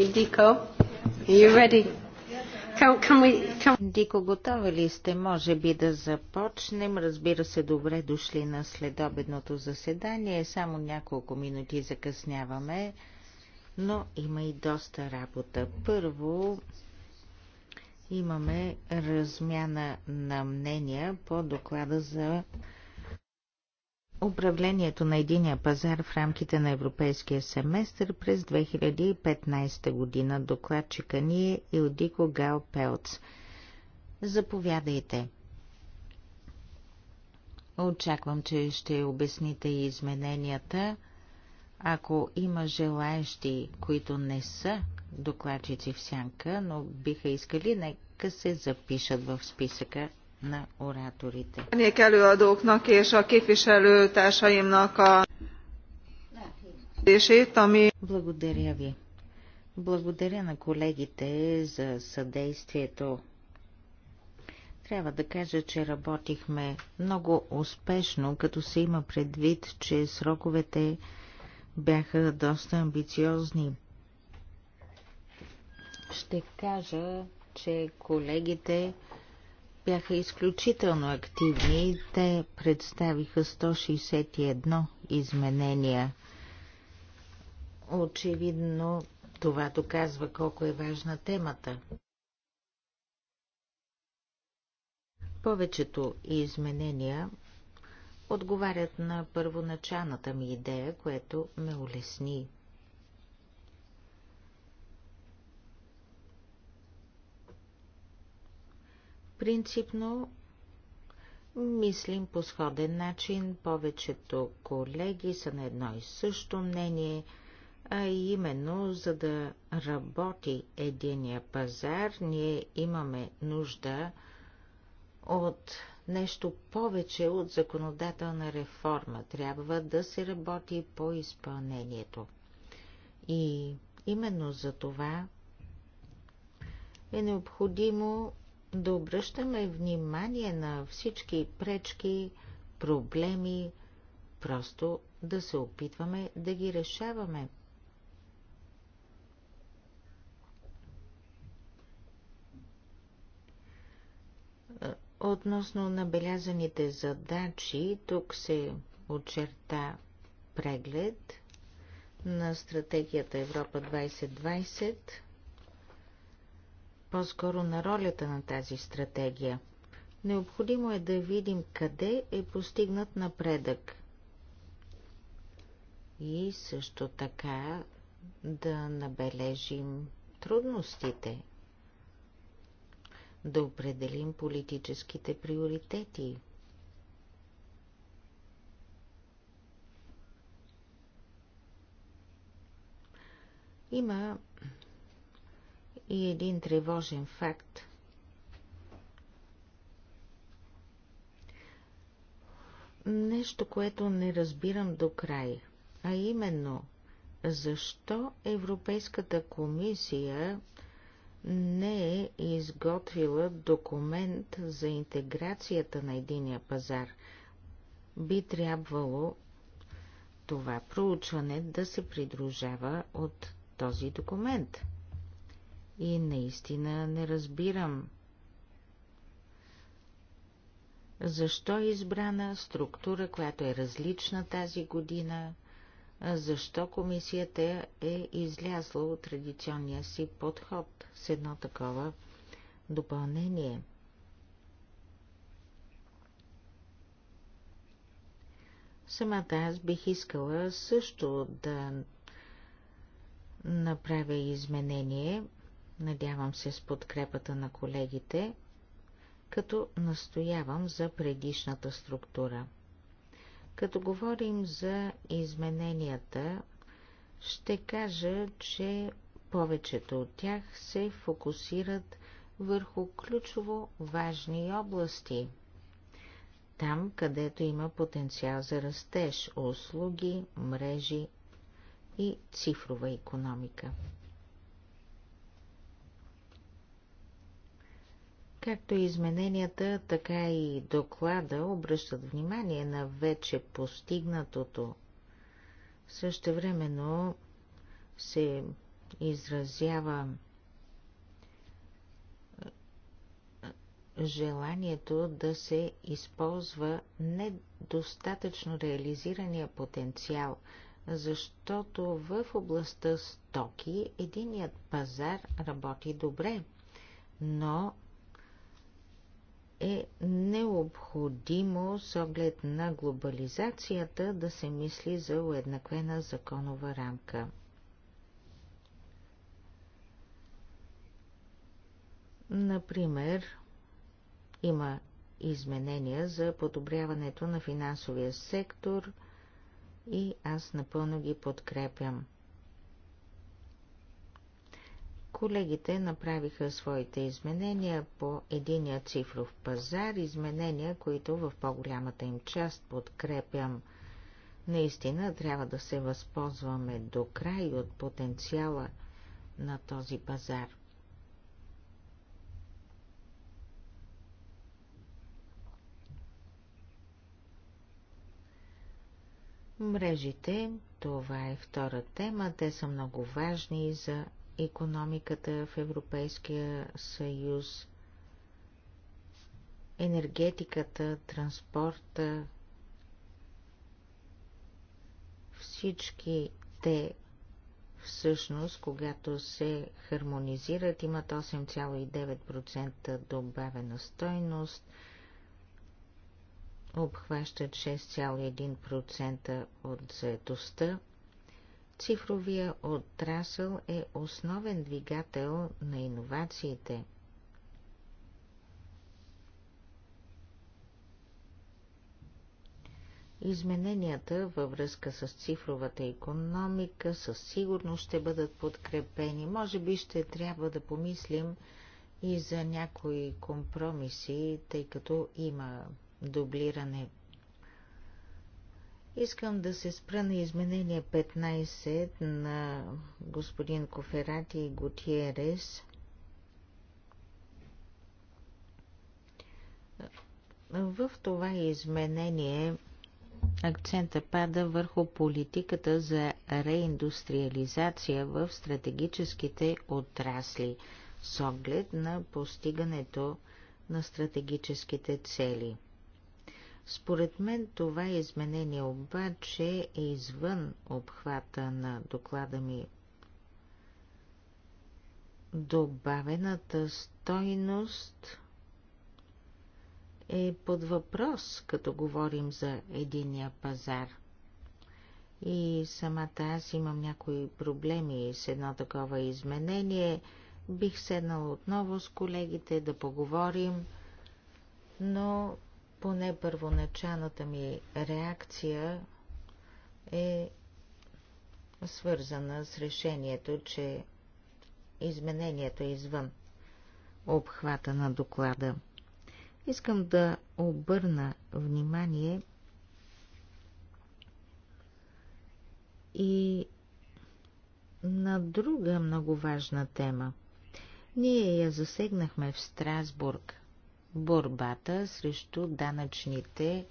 Индико, you ready? Can, can we, can... Дико, готова ли сте? Може би да започнем. Разбира се, добре дошли на следобедното заседание. Само няколко минути закъсняваме, но има и доста работа. Първо, имаме размяна на мнения по доклада за управлението на единия пазар в рамките на европейския семестър през 2015 година. Докладчика ни е Илдико Гал Пелц. Заповядайте. Очаквам, че ще обясните и измененията. Ако има желаящи, които не са докладчици в сянка, но биха искали, нека се запишат в списъка на ораторите. Благодаря ви. Благодаря на колегите за съдействието. Трябва да кажа, че работихме много успешно, като се има предвид, че сроковете бяха доста амбициозни. Ще кажа, че колегите бяха изключително активни. Те представиха 161 изменения. Очевидно, това доказва колко е важна темата. Повечето изменения отговарят на първоначалната ми идея, което ме улесни Принципно мислим по сходен начин, повечето колеги са на едно и също мнение, а именно за да работи единия пазар, ние имаме нужда от нещо повече от законодателна реформа. Трябва да се работи по изпълнението. И именно за това е необходимо да обръщаме внимание на всички пречки, проблеми, просто да се опитваме да ги решаваме. Относно набелязаните задачи, тук се очерта преглед на стратегията Европа 2020 по-скоро на ролята на тази стратегия. Необходимо е да видим къде е постигнат напредък. И също така да набележим трудностите, да определим политическите приоритети. Има и един тревожен факт. Нещо, което не разбирам до край, а именно защо Европейската комисия не е изготвила документ за интеграцията на единия пазар. Би трябвало това проучване да се придружава от този документ – и наистина не разбирам. Защо е избрана структура, която е различна тази година? Защо комисията е излязла от традиционния си подход с едно такова допълнение? Самата аз бих искала също да направя изменение надявам се с подкрепата на колегите, като настоявам за предишната структура. Като говорим за измененията, ще кажа, че повечето от тях се фокусират върху ключово важни области. Там, където има потенциал за растеж, услуги, мрежи и цифрова економика. Както и измененията, така и доклада обръщат внимание на вече постигнатото. Същевременно се изразява желанието да се използва недостатъчно реализирания потенциал, защото в областта стоки единият пазар работи добре, но е необходимо с оглед на глобализацията да се мисли за уеднаквена законова рамка. Например, има изменения за подобряването на финансовия сектор и аз напълно ги подкрепям. Колегите направиха своите изменения по единия цифров пазар, изменения, които в по-голямата им част подкрепям. Наистина трябва да се възползваме до край от потенциала на този пазар. Мрежите, това е втора тема, те са много важни за економиката в Европейския съюз, енергетиката, транспорта, всички те всъщност, когато се хармонизират, имат 8,9% добавена стойност, обхващат 6,1% от заедостта цифровия отрасъл е основен двигател на иновациите. Измененията във връзка с цифровата економика със сигурност ще бъдат подкрепени. Може би ще трябва да помислим и за някои компромиси, тъй като има дублиране Искам да се спра на изменение 15 на господин Коферати и Гутиерес. В това изменение акцента пада върху политиката за реиндустриализация в стратегическите отрасли с оглед на постигането на стратегическите цели – според мен това изменение обаче е извън обхвата на доклада ми. Добавената стойност е под въпрос, като говорим за единия пазар. И самата аз имам някои проблеми с едно такова изменение. Бих седнал отново с колегите да поговорим, но поне първоначалната ми реакция е свързана с решението, че изменението е извън обхвата на доклада. Искам да обърна внимание и на друга много важна тема. Ние я засегнахме в Страсбург борбата срещу данъчните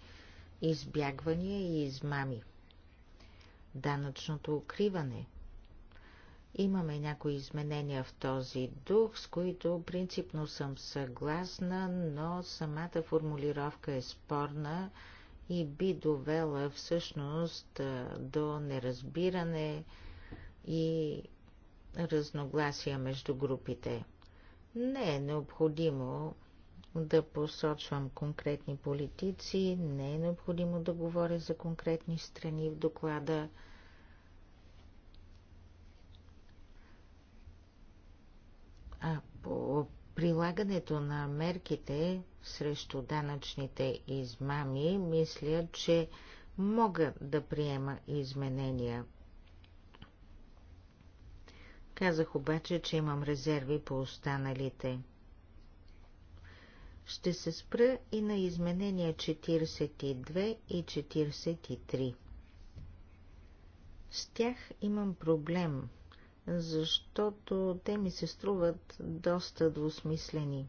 избягвания и измами, данъчното укриване. Имаме някои изменения в този дух, с които принципно съм съгласна, но самата формулировка е спорна и би довела всъщност до неразбиране и разногласия между групите. Не е необходимо да посочвам конкретни политици, не е необходимо да говоря за конкретни страни в доклада. А по прилагането на мерките срещу данъчните измами, мисля, че мога да приема изменения. Казах обаче, че имам резерви по останалите. Ще се спра и на изменения 42 и 43. С тях имам проблем, защото те ми се струват доста двусмислени.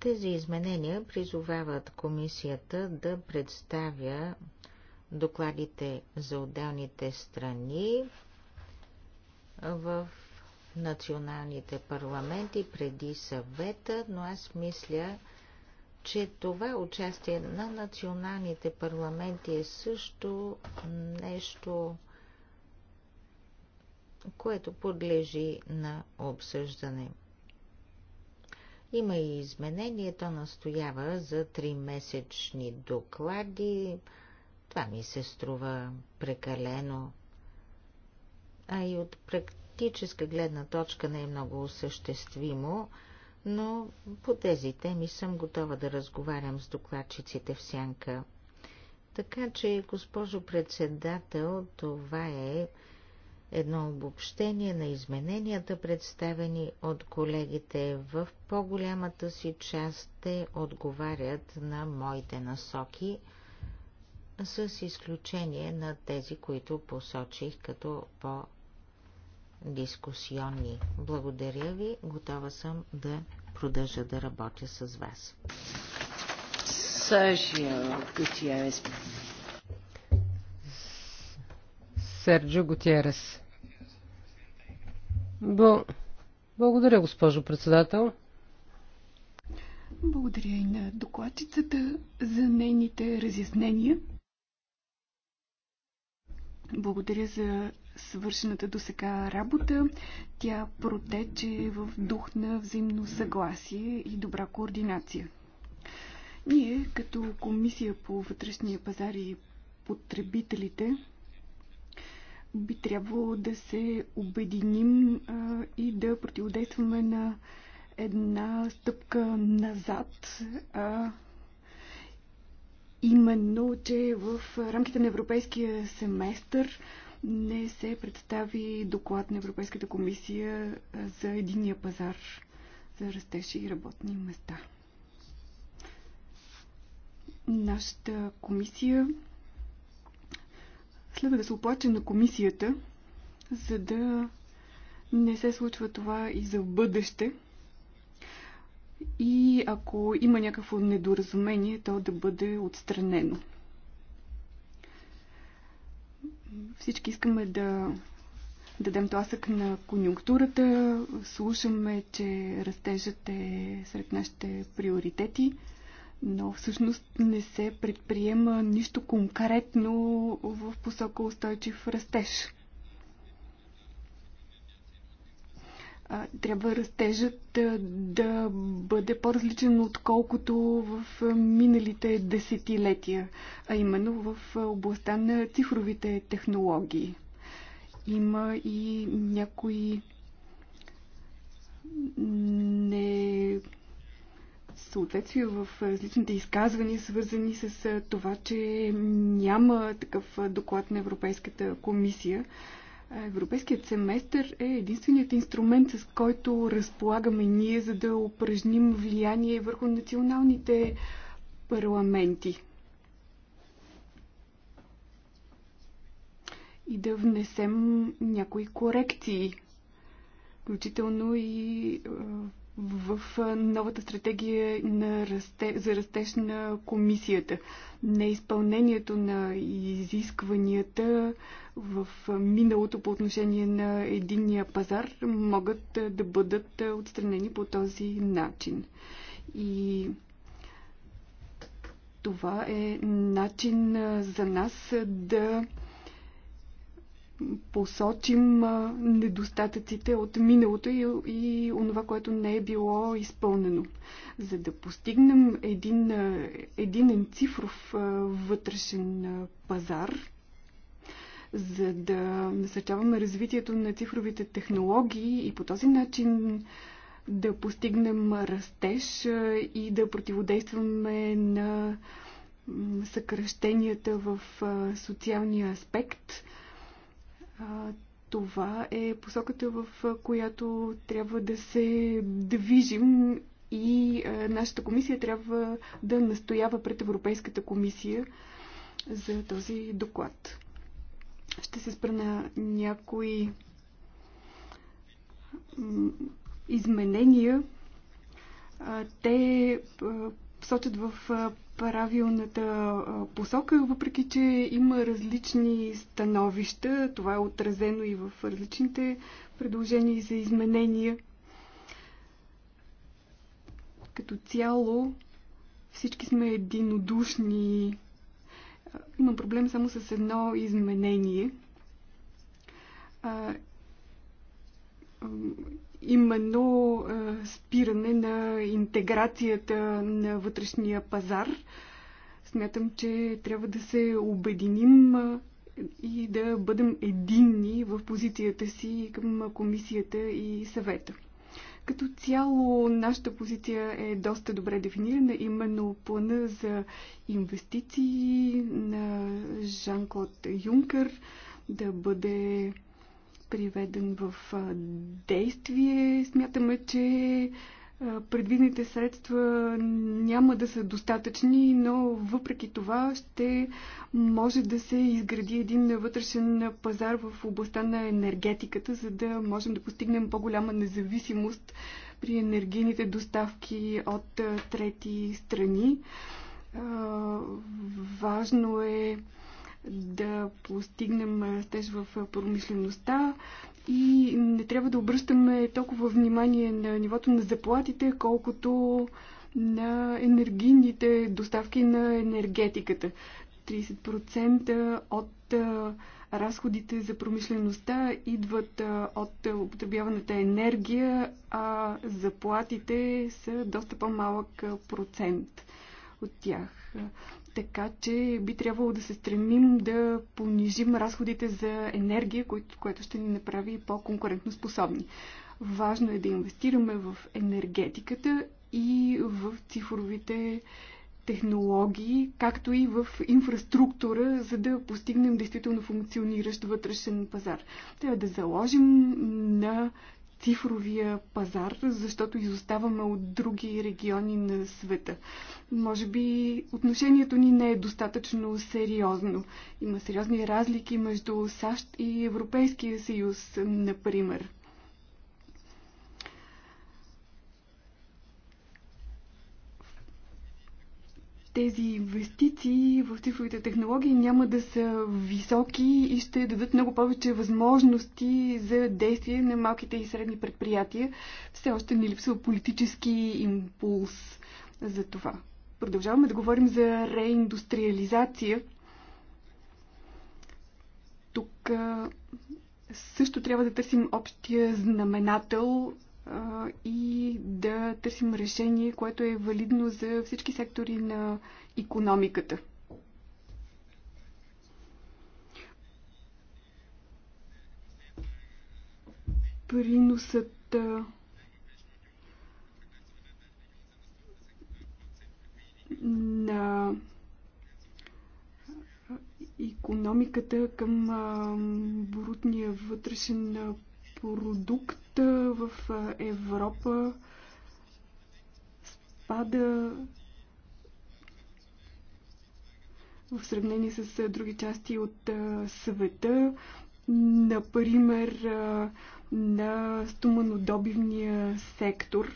Тези изменения призовават комисията да представя докладите за отделните страни в националните парламенти преди съвета, но аз мисля, че това участие на националните парламенти е също нещо, което подлежи на обсъждане. Има и изменение, то настоява за 3 месечни доклади, това ми се струва прекалено, а и от практическа гледна точка не е много осъществимо, но по тези теми съм готова да разговарям с докладчиците в сянка. Така че, госпожо председател, това е едно обобщение на измененията, представени от колегите. В по-голямата си част те отговарят на моите насоки – с изключение на тези, които посочих като по-дискусионни. Благодаря ви, готова съм да продължа да работя с вас. Сержио Гутиерес. Серджо Гутиерес. Благодаря, госпожо председател. Благодаря и на докладчицата за нейните разяснения. Благодаря за свършената до сега работа. Тя протече в дух на взаимно съгласие и добра координация. Ние, като Комисия по вътрешния пазар и потребителите, би трябвало да се обединим а, и да противодействаме на една стъпка назад, а именно, че в рамките на европейския семестър не се представи доклад на Европейската комисия за единия пазар за растеж и работни места. Нашата комисия следва да се оплаче на комисията, за да не се случва това и за бъдеще – и ако има някакво недоразумение, то да бъде отстранено. Всички искаме да дадем тласък на конюнктурата, слушаме, че растежът е сред нашите приоритети, но всъщност не се предприема нищо конкретно в посока устойчив растеж. трябва растежът да бъде по-различен отколкото в миналите десетилетия, а именно в областта на цифровите технологии. Има и някои не съответствия в различните изказвания, свързани с това, че няма такъв доклад на Европейската комисия. Европейският семестър е единственият инструмент, с който разполагаме ние, за да упражним влияние върху националните парламенти. И да внесем някои корекции, включително и в новата стратегия на расте, за растеж на комисията. Неизпълнението на изискванията в миналото по отношение на единния пазар могат да бъдат отстранени по този начин. И това е начин за нас да посочим недостатъците от миналото и, и онова, което не е било изпълнено. За да постигнем един един цифров вътрешен пазар, за да насърчаваме развитието на цифровите технологии и по този начин да постигнем растеж и да противодействаме на съкръщенията в социалния аспект – това е посоката, в която трябва да се движим и нашата комисия трябва да настоява пред Европейската комисия за този доклад. Ще се спра на някои изменения. Те сочат в правилната посока, въпреки че има различни становища. Това е отразено и в различните предложения за изменения. Като цяло всички сме единодушни. Имам проблем само с едно изменение именно спиране на интеграцията на вътрешния пазар. Смятам, че трябва да се обединим и да бъдем единни в позицията си към комисията и съвета. Като цяло нашата позиция е доста добре дефинирана, именно плана за инвестиции на Жан-Клод Юнкър да бъде приведен в действие. Смятаме, че предвидните средства няма да са достатъчни, но въпреки това ще може да се изгради един вътрешен пазар в областта на енергетиката, за да можем да постигнем по-голяма независимост при енергийните доставки от трети страни. Важно е да постигнем растеж в промишлеността и не трябва да обръщаме толкова внимание на нивото на заплатите, колкото на енергийните доставки на енергетиката. 30% от разходите за промишлеността идват от употребяваната енергия, а заплатите са доста по-малък процент от тях. Така че би трябвало да се стремим да понижим разходите за енергия, което, което ще ни направи по-конкурентно способни. Важно е да инвестираме в енергетиката и в цифровите технологии, както и в инфраструктура, за да постигнем действително функциониращ вътрешен пазар. Трябва да заложим на цифровия пазар, защото изоставаме от други региони на света. Може би отношението ни не е достатъчно сериозно. Има сериозни разлики между САЩ и Европейския съюз, например. тези инвестиции в цифровите технологии няма да са високи и ще дадат много повече възможности за действие на малките и средни предприятия. Все още ни липсва политически импулс за това. Продължаваме да говорим за реиндустриализация. Тук също трябва да търсим общия знаменател и да търсим решение, което е валидно за всички сектори на економиката. Приносът на економиката към брутния вътрешен продукт в Европа спада в сравнение с други части от света. Например, на стоманодобивния сектор.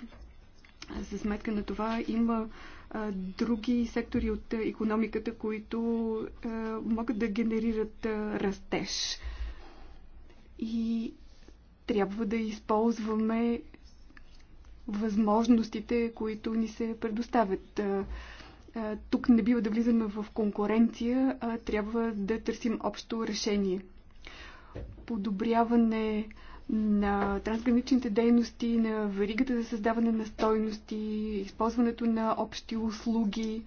За сметка на това има други сектори от економиката, които могат да генерират растеж. И трябва да използваме възможностите, които ни се предоставят. Тук не бива да влизаме в конкуренция, а трябва да търсим общо решение. Подобряване на трансграничните дейности, на веригата за създаване на стойности, използването на общи услуги.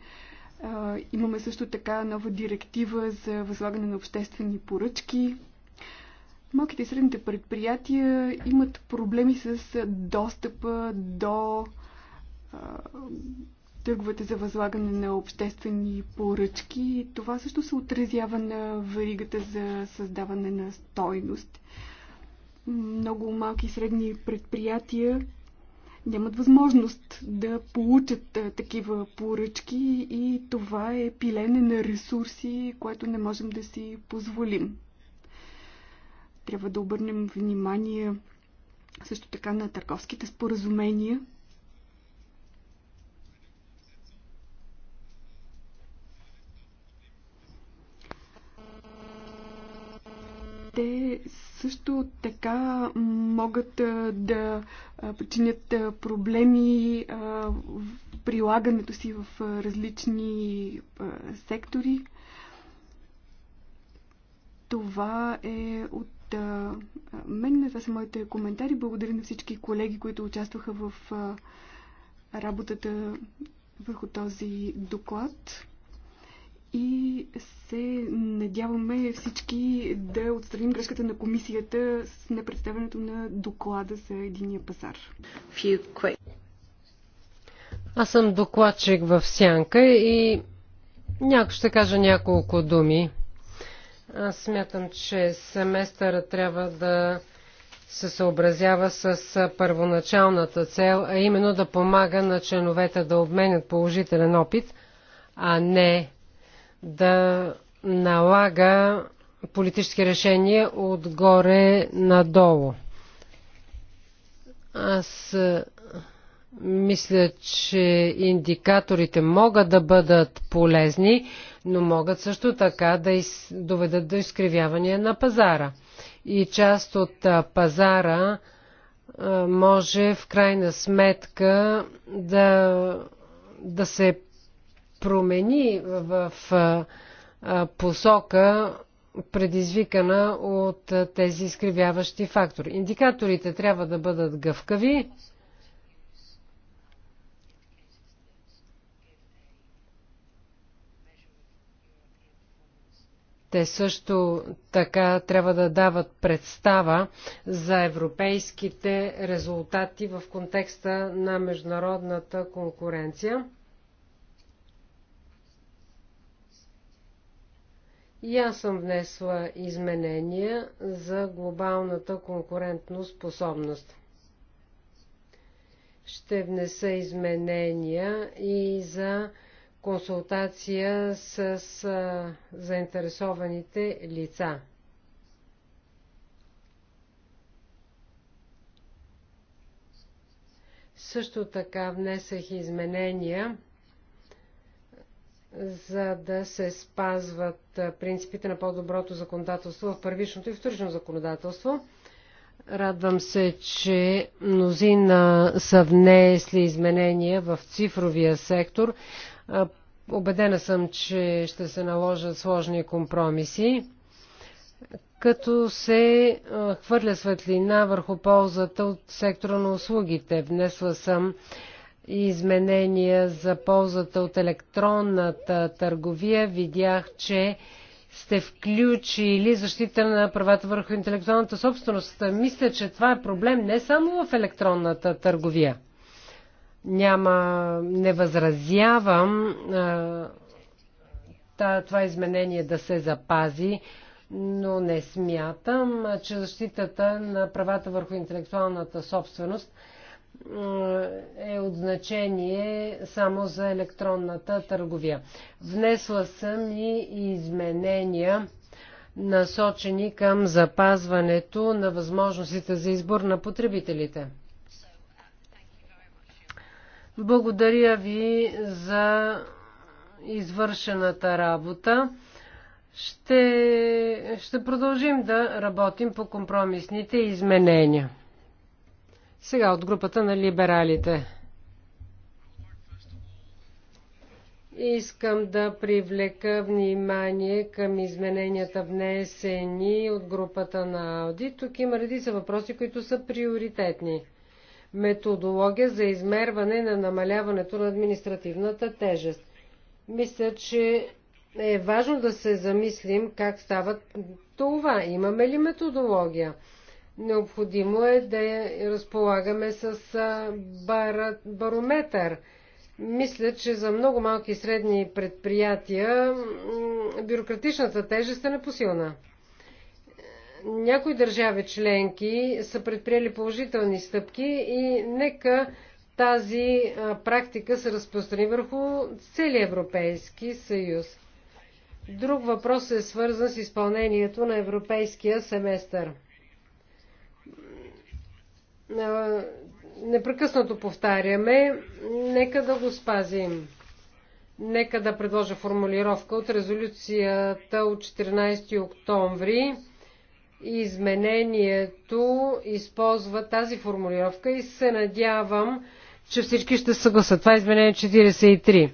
Имаме също така нова директива за възлагане на обществени поръчки. Малките и средните предприятия имат проблеми с достъпа до търговете за възлагане на обществени поръчки. Това също се отразява на варигата за създаване на стойност. Много малки и средни предприятия нямат възможност да получат такива поръчки и това е пилене на ресурси, което не можем да си позволим. Трябва да обърнем внимание също така на търговските споразумения. Те също така могат да причинят проблеми в прилагането си в различни сектори. Това е от от мен. Това са моите коментари. Благодаря на всички колеги, които участваха в работата върху този доклад. И се надяваме всички да отстраним грешката на комисията с непредставянето на доклада за единия пазар. Аз съм докладчик в Сянка и някой ще кажа няколко думи. Аз смятам, че семестъра трябва да се съобразява с първоначалната цел, а именно да помага на членовете да обменят положителен опит, а не да налага политически решения отгоре надолу. Аз мисля, че индикаторите могат да бъдат полезни, но могат също така да из... доведат до изкривяване на пазара. И част от пазара може в крайна сметка да, да се промени в посока предизвикана от тези изкривяващи фактори. Индикаторите трябва да бъдат гъвкави, Те също така трябва да дават представа за европейските резултати в контекста на международната конкуренция. И аз съм внесла изменения за глобалната конкурентно способност. Ще внеса изменения и за консултация с заинтересованите лица. Също така внесах изменения, за да се спазват принципите на по-доброто законодателство в първичното и вторично законодателство. Радвам се, че мнозина са внесли изменения в цифровия сектор, Обедена съм, че ще се наложат сложни компромиси, като се хвърля светлина върху ползата от сектора на услугите. Внесла съм изменения за ползата от електронната търговия. Видях, че сте включили защита на правата върху интелектуалната собственост. Мисля, че това е проблем не само в електронната търговия. Няма, не възразявам това изменение да се запази, но не смятам, че защитата на правата върху интелектуалната собственост е от значение само за електронната търговия. Внесла съм и изменения насочени към запазването на възможностите за избор на потребителите. Благодаря ви за извършената работа. Ще, ще продължим да работим по компромисните изменения. Сега от групата на либералите. Искам да привлека внимание към измененията внесени от групата на Ауди. Тук има редица въпроси, които са приоритетни методология за измерване на намаляването на административната тежест. Мисля, че е важно да се замислим как става това. Имаме ли методология? Необходимо е да я разполагаме с бар... барометър. Мисля, че за много малки и средни предприятия бюрократичната тежест е непосилна. Някои държави членки са предприели положителни стъпки и нека тази практика се разпространи върху целия Европейски съюз. Друг въпрос е свързан с изпълнението на европейския семестър. Непрекъснато повтаряме, нека да го спазим. Нека да предложа формулировка от резолюцията от 14 октомври изменението използва тази формулировка и се надявам, че всички ще съгласат. Това е изменение 43.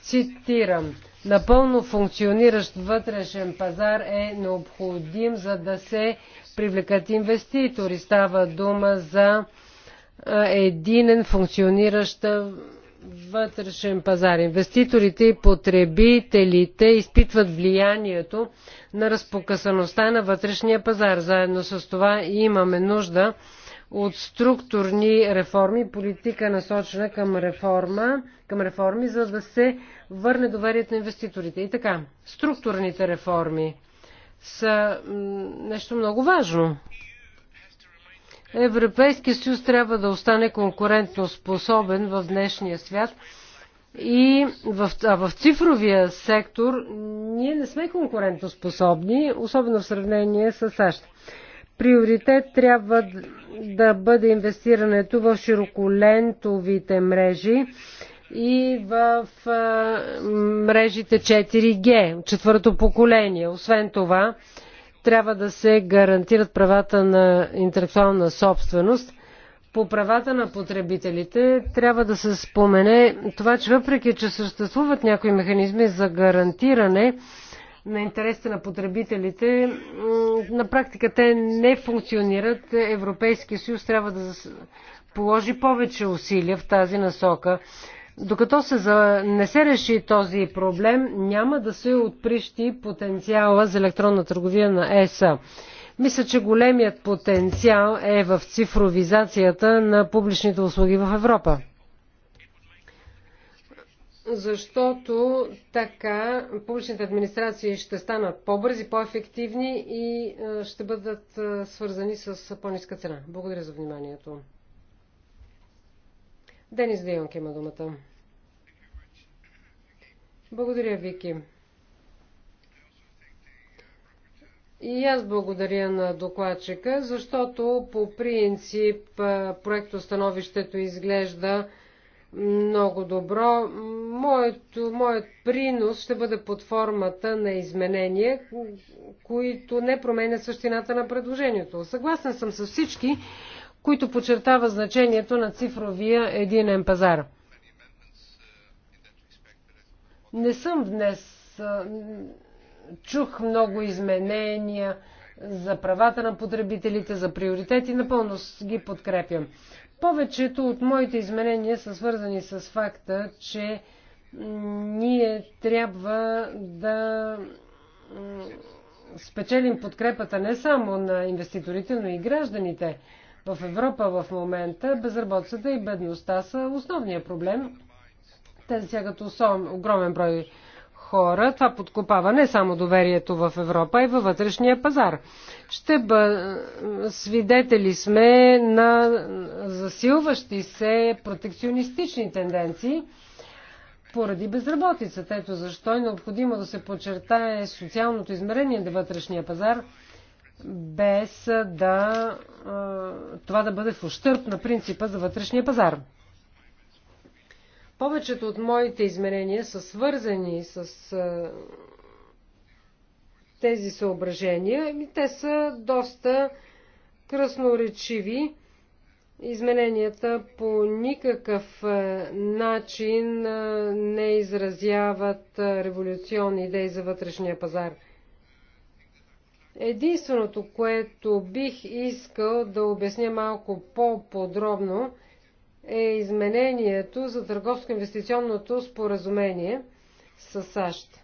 Цитирам. Напълно функциониращ вътрешен пазар е необходим, за да се привлекат инвеститори. Става дума за единен функциониращ вътрешен пазар. Инвеститорите и потребителите изпитват влиянието на разпокъсаността на вътрешния пазар. Заедно с това имаме нужда от структурни реформи, политика насочена към, реформа, към реформи, за да се върне доверието на инвеститорите. И така, структурните реформи са нещо много важно. Европейския съюз трябва да остане конкурентно способен в днешния свят. И в, а в цифровия сектор ние не сме конкурентоспособни, особено в сравнение с САЩ. Приоритет трябва да бъде инвестирането в широколентовите мрежи и в мрежите 4G, четвърто поколение. Освен това, трябва да се гарантират правата на интелектуална собственост. По правата на потребителите трябва да се спомене това, че въпреки, че съществуват някои механизми за гарантиране на интересите на потребителите, на практика те не функционират. Европейския съюз трябва да положи повече усилия в тази насока. Докато се за... не се реши този проблем, няма да се отприщи потенциала за електронна търговия на ЕСА. Мисля, че големият потенциал е в цифровизацията на публичните услуги в Европа. Защото така публичните администрации ще станат по-бързи, по-ефективни и ще бъдат свързани с по-ниска цена. Благодаря за вниманието. Денис Дейонки има думата. Благодаря, Вики. И аз благодаря на докладчика, защото по принцип е, проектостановището изглежда много добро. Моят, моят принос ще бъде под формата на изменения, които не променят същината на предложението. Съгласен съм с всички, които подчертава значението на цифровия единен пазар. Не съм днес. Чух много изменения за правата на потребителите, за приоритети. Напълно ги подкрепям. Повечето от моите изменения са свързани с факта, че ние трябва да спечелим подкрепата не само на инвеститорите, но и гражданите. В Европа в момента безработицата и бедността са основния проблем. Те засягат особ... огромен брой хора. Това подкопава не само доверието в Европа, и във вътрешния пазар. Ще бъ... свидетели сме на засилващи се протекционистични тенденции поради безработицата. Ето защо е необходимо да се подчертае социалното измерение на вътрешния пазар, без да това да бъде в ущърп на принципа за вътрешния пазар. Повечето от моите изменения са свързани с тези съображения и те са доста кръсноречиви. Измененията по никакъв начин не изразяват революционни идеи за вътрешния пазар. Единственото, което бих искал да обясня малко по-подробно, е изменението за търговско-инвестиционното споразумение с САЩ.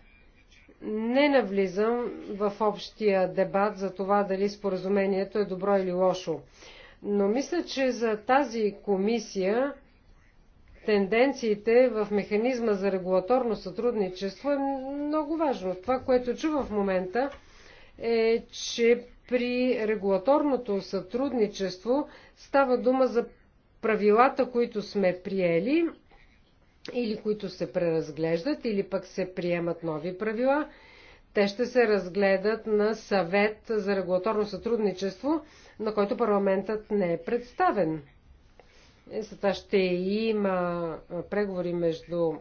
Не навлизам в общия дебат за това дали споразумението е добро или лошо, но мисля, че за тази комисия тенденциите в механизма за регулаторно сътрудничество е много важно. Това, което чу в момента е, че при регулаторното сътрудничество става дума за правилата, които сме приели, или които се преразглеждат, или пък се приемат нови правила, те ще се разгледат на съвет за регулаторно сътрудничество, на който парламентът не е представен. Е, това ще има преговори между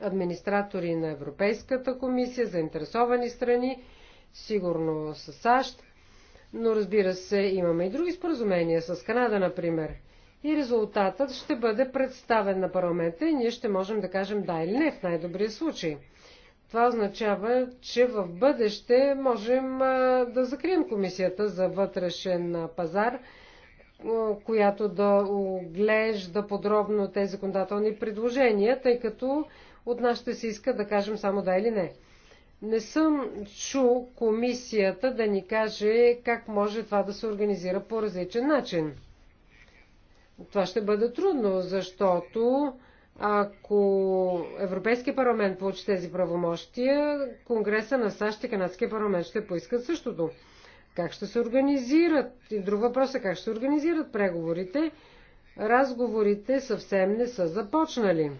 администратори на Европейската комисия, заинтересовани страни, сигурно с САЩ, но разбира се, имаме и други споразумения с Канада, например – и резултатът ще бъде представен на парламента и ние ще можем да кажем да или не в най-добрия случай. Това означава, че в бъдеще можем да закрием комисията за вътрешен пазар, която да оглежда подробно тези законодателни предложения, тъй като от нас ще се иска да кажем само да или не. Не съм чу комисията да ни каже как може това да се организира по различен начин. Това ще бъде трудно, защото ако Европейския парламент получи тези правомощия, Конгреса на САЩ и Канадския парламент ще поискат същото. Как ще се организират? И друг въпрос е как ще се организират преговорите. Разговорите съвсем не са започнали.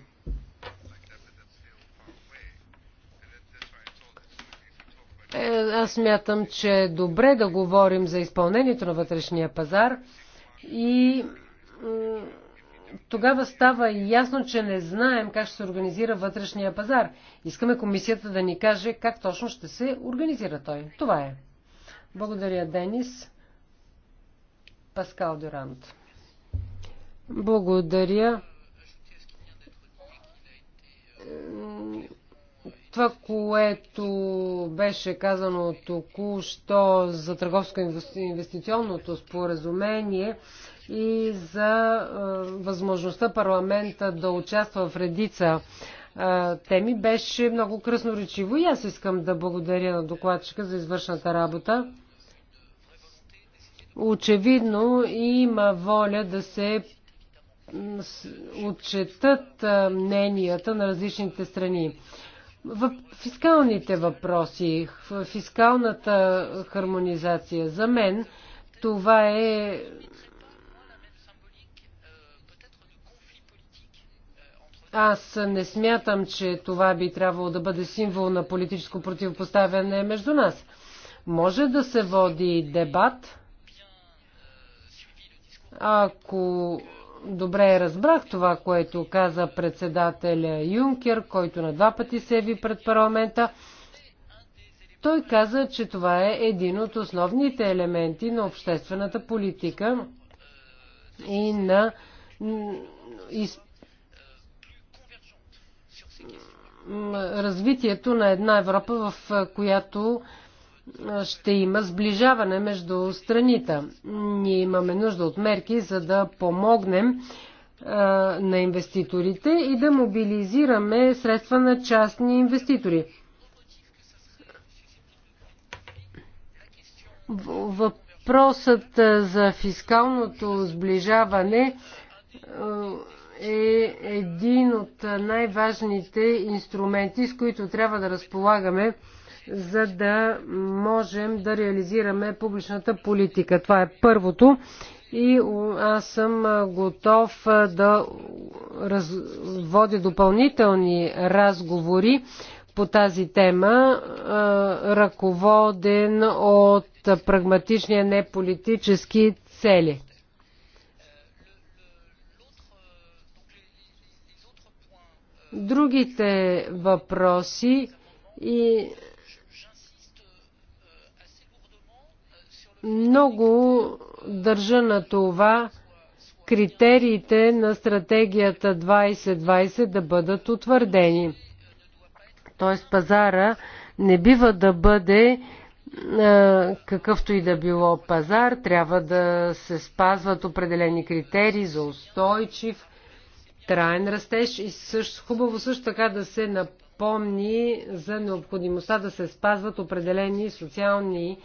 Е, аз мятам, че е добре да говорим за изпълнението на вътрешния пазар и тогава става ясно, че не знаем как ще се организира вътрешния пазар. Искаме комисията да ни каже как точно ще се организира той. Това е. Благодаря, Денис. Паскал Дюрант. Благодаря. Това, което беше казано току-що за търговско-инвестиционното споразумение, и за възможността парламента да участва в редица теми беше много кръсноречиво и аз искам да благодаря на докладчика за извършната работа. Очевидно има воля да се отчетат мненията на различните страни. В фискалните въпроси, фискалната хармонизация, за мен това е Аз не смятам, че това би трябвало да бъде символ на политическо противопоставяне между нас. Може да се води дебат, ако добре разбрах това, което каза председателя Юнкер, който на два пъти се яви пред парламента. Той каза, че това е един от основните елементи на обществената политика и на развитието на една Европа, в която ще има сближаване между страните. Ние имаме нужда от мерки, за да помогнем на инвеститорите и да мобилизираме средства на частни инвеститори. Въпросът за фискалното сближаване е един от най-важните инструменти, с които трябва да разполагаме, за да можем да реализираме публичната политика. Това е първото и аз съм готов да раз... водя допълнителни разговори по тази тема, ръководен от прагматичния неполитически цели. Другите въпроси и много държа на това критериите на стратегията 2020 да бъдат утвърдени. Тоест пазара не бива да бъде е, какъвто и да било пазар, трябва да се спазват определени критерии за устойчив траен растеж и също, хубаво също така да се напомни за необходимостта да се спазват определени социални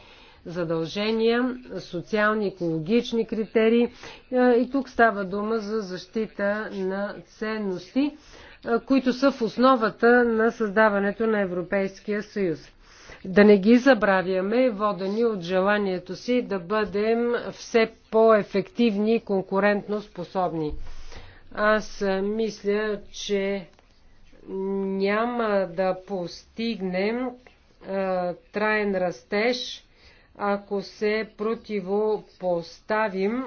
задължения, социални, екологични критерии. И тук става дума за защита на ценности, които са в основата на създаването на Европейския съюз. Да не ги забравяме, водени от желанието си да бъдем все по-ефективни и конкурентно способни. Аз мисля, че няма да постигнем а, траен растеж, ако се противопоставим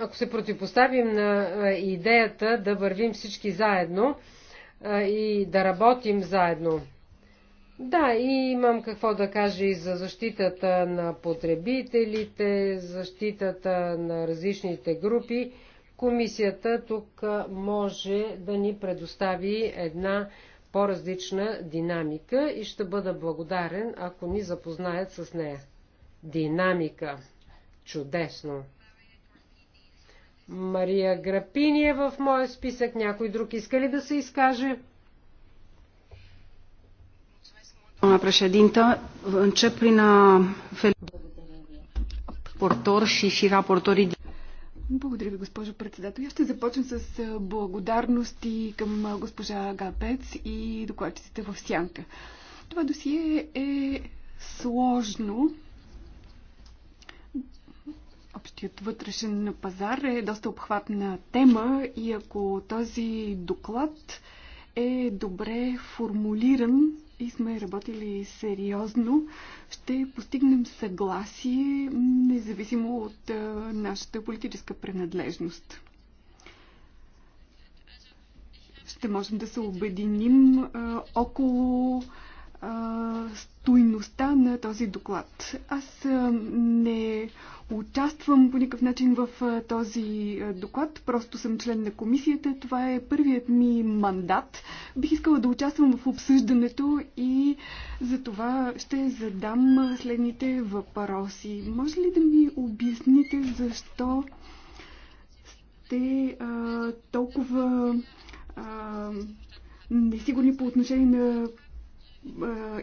ако се противопоставим на идеята да вървим всички заедно и да работим заедно. Да, и имам какво да кажа и за защитата на потребителите, защитата на различните групи. Комисията тук може да ни предостави една по-различна динамика и ще бъда благодарен, ако ни запознаят с нея. Динамика. Чудесно. Мария Грапини е в моя списък. Някой друг иска ли да се изкаже? Doamna președintă, încep prin a raportor și și raportorii. Благодаря ви, госпожо председател. Я ще започна с благодарности към госпожа Гапец и докладчиците в Сянка. Това досие е сложно. Общият вътрешен пазар е доста обхватна тема и ако този доклад е добре формулиран, и сме работили сериозно, ще постигнем съгласие, независимо от нашата политическа принадлежност. Ще можем да се обединим около стойността на този доклад. Аз не участвам по никакъв начин в този доклад, просто съм член на комисията. Това е първият ми мандат. Бих искала да участвам в обсъждането и за това ще задам следните въпроси. Може ли да ми обясните защо сте а, толкова а, несигурни по отношение на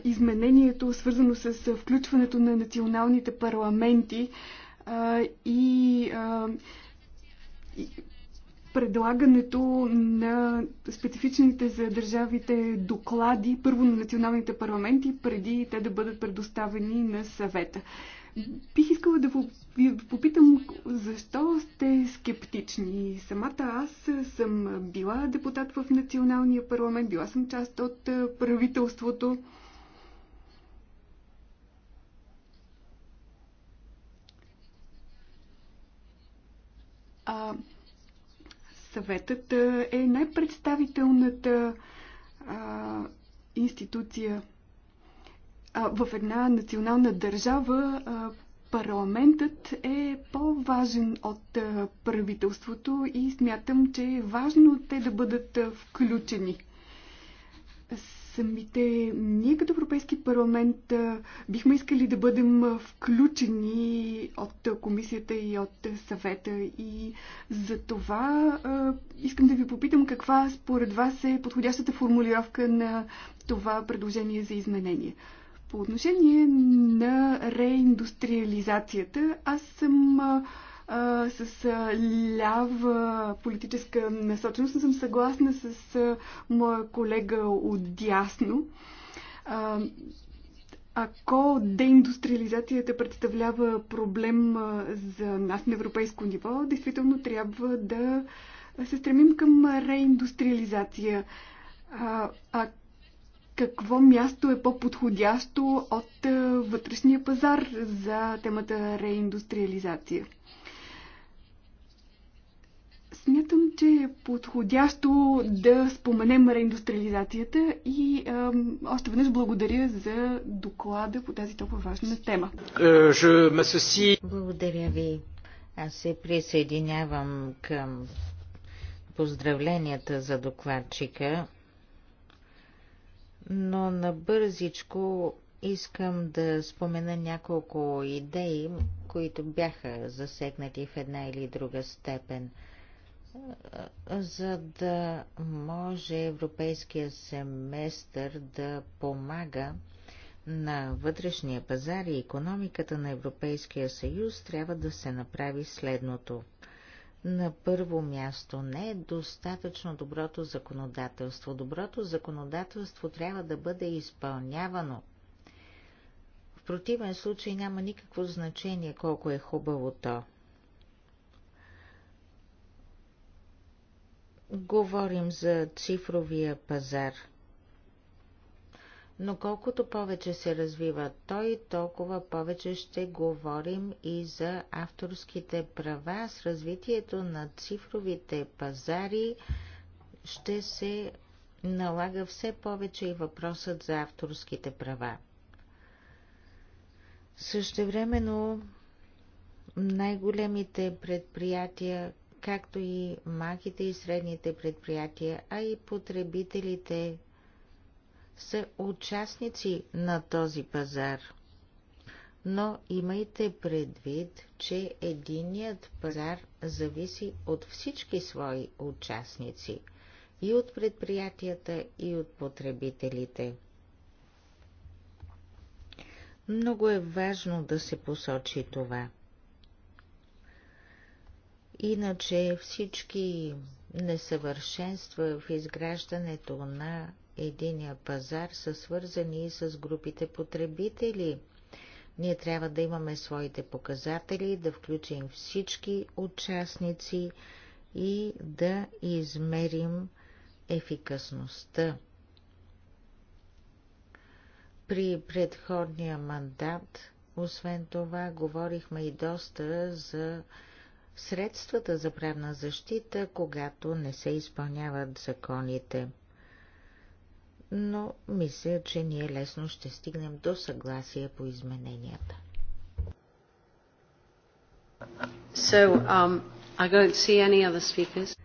изменението, свързано с включването на националните парламенти и предлагането на специфичните за държавите доклади първо на националните парламенти, преди те да бъдат предоставени на съвета. Бих искала да и попитам защо сте скептични. Самата аз съм била депутат в Националния парламент, била съм част от правителството. А, съветът е най-представителната институция а, в една национална държава а, Парламентът е по-важен от правителството и смятам, че е важно те да бъдат включени. Самите ние като Европейски парламент бихме искали да бъдем включени от комисията и от съвета и за това искам да ви попитам каква според вас е подходящата формулировка на това предложение за изменение. По отношение на реиндустриализацията, аз съм а, с а, лява политическа насоченост, но съм съгласна с а, моя колега дясно. А, ако деиндустриализацията представлява проблем за нас на европейско ниво, действително трябва да се стремим към реиндустриализация. а какво място е по-подходящо от е, вътрешния пазар за темата реиндустриализация. Смятам, че е подходящо да споменем реиндустриализацията и е, още веднъж благодаря за доклада по тази толкова важна тема. Е, благодаря ви. Аз се присъединявам към поздравленията за докладчика но набързичко искам да спомена няколко идеи, които бяха засегнати в една или друга степен, за да може европейския семестър да помага на вътрешния пазар и економиката на Европейския съюз трябва да се направи следното – на първо място не е достатъчно доброто законодателство. Доброто законодателство трябва да бъде изпълнявано. В противен случай няма никакво значение колко е хубаво то. Говорим за цифровия пазар – но колкото повече се развива той, толкова повече ще говорим и за авторските права. С развитието на цифровите пазари ще се налага все повече и въпросът за авторските права. Същевременно най-големите предприятия, както и малките и средните предприятия, а и потребителите са участници на този пазар. Но имайте предвид, че единият пазар зависи от всички свои участници – и от предприятията, и от потребителите. Много е важно да се посочи това. Иначе всички несъвършенства в изграждането на единия пазар са свързани и с групите потребители. Ние трябва да имаме своите показатели, да включим всички участници и да измерим ефикасността. При предходния мандат, освен това, говорихме и доста за средствата за правна защита, когато не се изпълняват законите но мисля, че ние лесно ще стигнем до съгласие по измененията. So, um, I don't see any other speakers.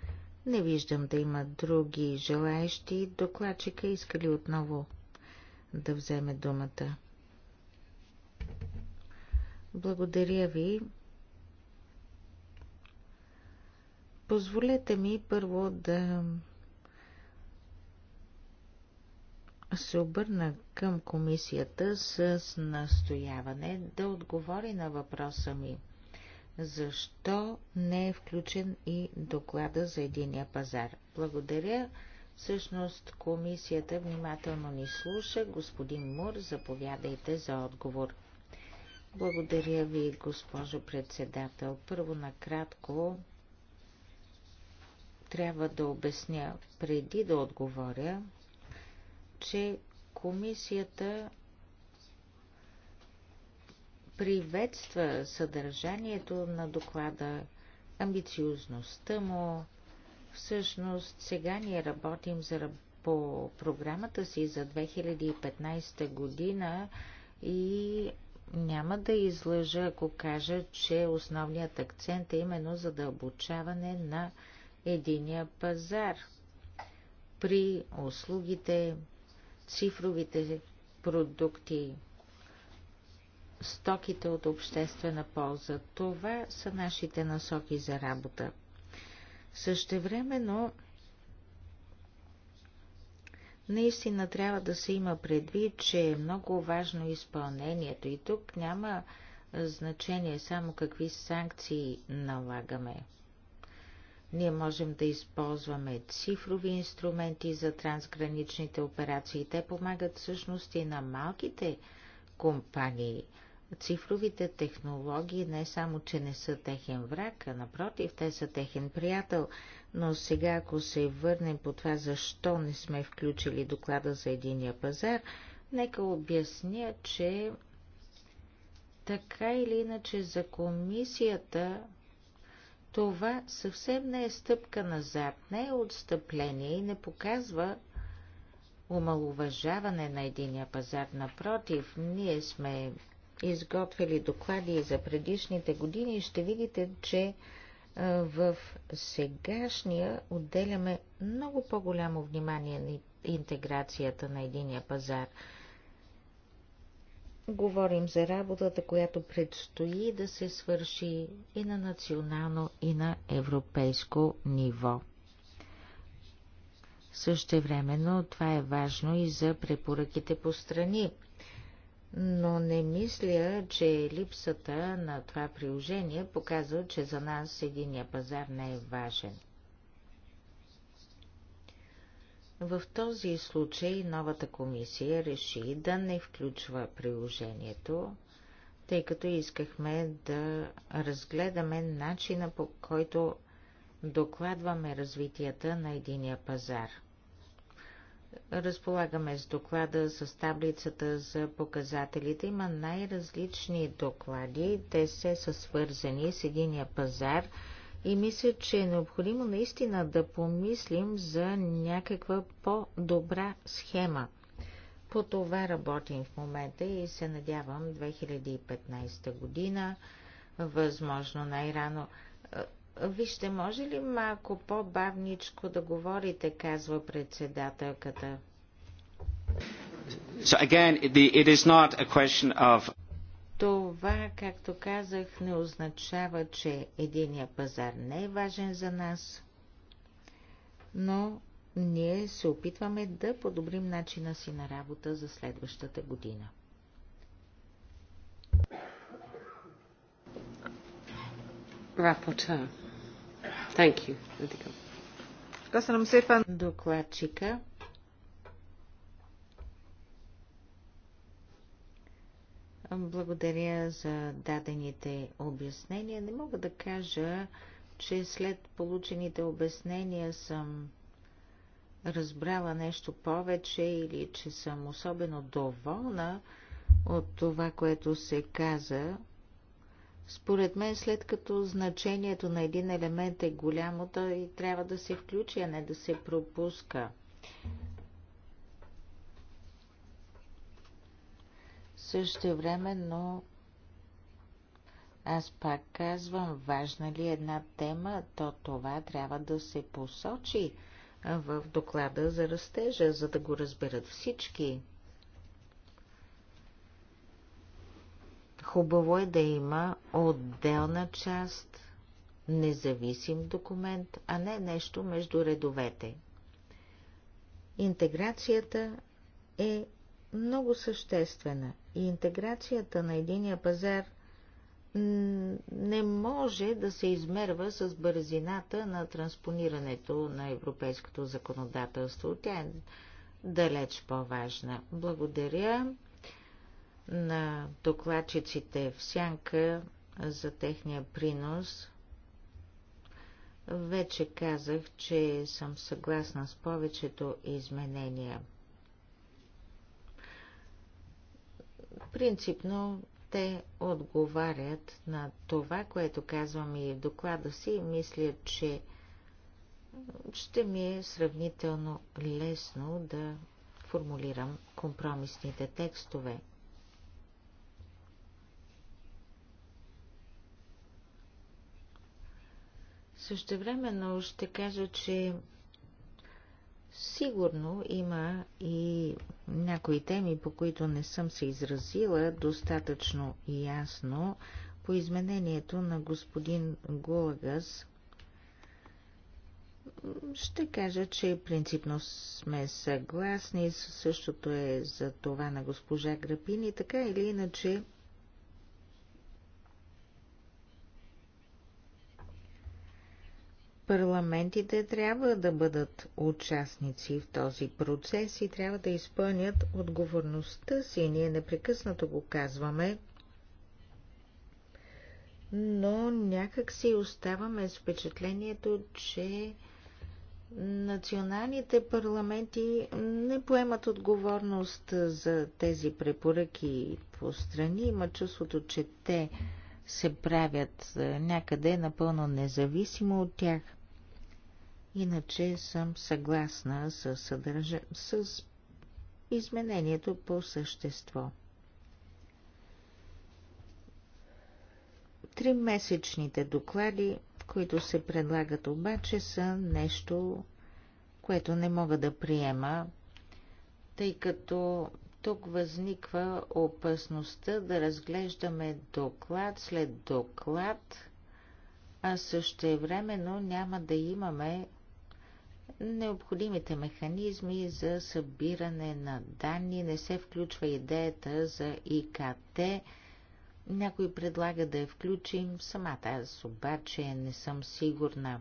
Не виждам да има други желаещи. Докладчика искали отново да вземе думата? Благодаря ви. Позволете ми първо да се обърна към комисията с настояване да отговори на въпроса ми. Защо не е включен и доклада за единия пазар? Благодаря. Всъщност комисията внимателно ни слуша. Господин Мур, заповядайте за отговор. Благодаря ви, госпожо председател. Първо накратко трябва да обясня преди да отговоря че комисията приветства съдържанието на доклада, амбициозността му. Всъщност сега ние работим за, по програмата си за 2015 година и няма да излъжа, ако кажа, че основният акцент е именно задълбочаване на единия пазар при услугите, цифровите продукти, стоките от обществена полза. Това са нашите насоки за работа. Същевременно, наистина трябва да се има предвид, че е много важно изпълнението и тук няма значение само какви санкции налагаме. Ние можем да използваме цифрови инструменти за трансграничните операции. Те помагат всъщност и на малките компании. Цифровите технологии не само, че не са техен враг, а напротив, те са техен приятел. Но сега, ако се върнем по това, защо не сме включили доклада за единия пазар, нека обясня, че така или иначе за комисията това съвсем не е стъпка назад, не е отстъпление и не показва омалуважаване на единия пазар. Напротив, ние сме изготвили доклади за предишните години и ще видите, че в сегашния отделяме много по-голямо внимание на интеграцията на единия пазар – Говорим за работата, която предстои да се свърши и на национално, и на европейско ниво. Същевременно това е важно и за препоръките по страни. Но не мисля, че липсата на това приложение показва, че за нас единия пазар не е важен – В този случай новата комисия реши да не включва приложението, тъй като искахме да разгледаме начина по който докладваме развитията на единия пазар. Разполагаме с доклада, с таблицата за показателите. Има най-различни доклади. Те се са свързани с единия пазар – и мисля, че е необходимо наистина да помислим за някаква по-добра схема. По това работим в момента и се надявам 2015 година, възможно най-рано. Е, вижте, може ли малко по-бавничко да говорите, казва председателката. So again, it is not a question of това, както казах, не означава, че единия пазар не е важен за нас, но ние се опитваме да подобрим начина си на работа за следващата година. Рапорта. Thank you. Докладчика. Благодаря за дадените обяснения. Не мога да кажа, че след получените обяснения съм разбрала нещо повече или че съм особено доволна от това, което се каза. Според мен, след като значението на един елемент е голямо, той трябва да се включи, а не да се пропуска. Също време, но аз пак казвам, важна ли е една тема, то това трябва да се посочи в доклада за растежа, за да го разберат всички. Хубаво е да има отделна част, независим документ, а не нещо между редовете. Интеграцията е много съществена и интеграцията на единия пазар не може да се измерва с бързината на транспонирането на европейското законодателство. Тя е далеч по-важна. Благодаря на докладчиците в Сянка за техния принос. Вече казах, че съм съгласна с повечето изменения. Принципно те отговарят на това, което казвам и в доклада си и мисля, че ще ми е сравнително лесно да формулирам компромисните текстове. Същевременно ще кажа, че Сигурно има и някои теми, по които не съм се изразила достатъчно ясно по изменението на господин Гулагас. Ще кажа, че принципно сме съгласни, същото е за това на госпожа Грапини, така или иначе Парламентите трябва да бъдат участници в този процес и трябва да изпълнят отговорността си. Ние непрекъснато го казваме, но някак си оставаме с впечатлението, че националните парламенти не поемат отговорност за тези препоръки по страни. Има чувството, че те се правят е, някъде напълно независимо от тях – Иначе съм съгласна с, съдържа... с изменението по същество. Тримесечните доклади, които се предлагат обаче, са нещо, което не мога да приема, тъй като тук възниква опасността да разглеждаме доклад след доклад, а същевременно няма да имаме необходимите механизми за събиране на данни. Не се включва идеята за ИКТ. Някой предлага да я включим, самата аз обаче не съм сигурна.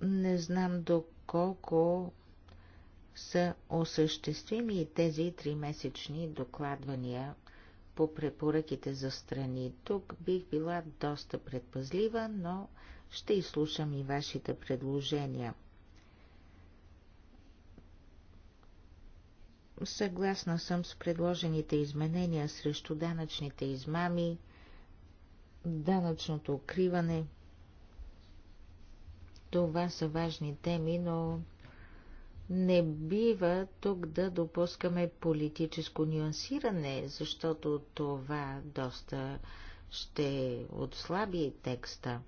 Не знам доколко са осъществими тези тримесечни докладвания по препоръките за страни. Тук бих била доста предпазлива, но ще изслушам и вашите предложения. Съгласна съм с предложените изменения срещу данъчните измами, данъчното укриване. Това са важни теми, но не бива тук да допускаме политическо нюансиране, защото това доста ще отслаби текста.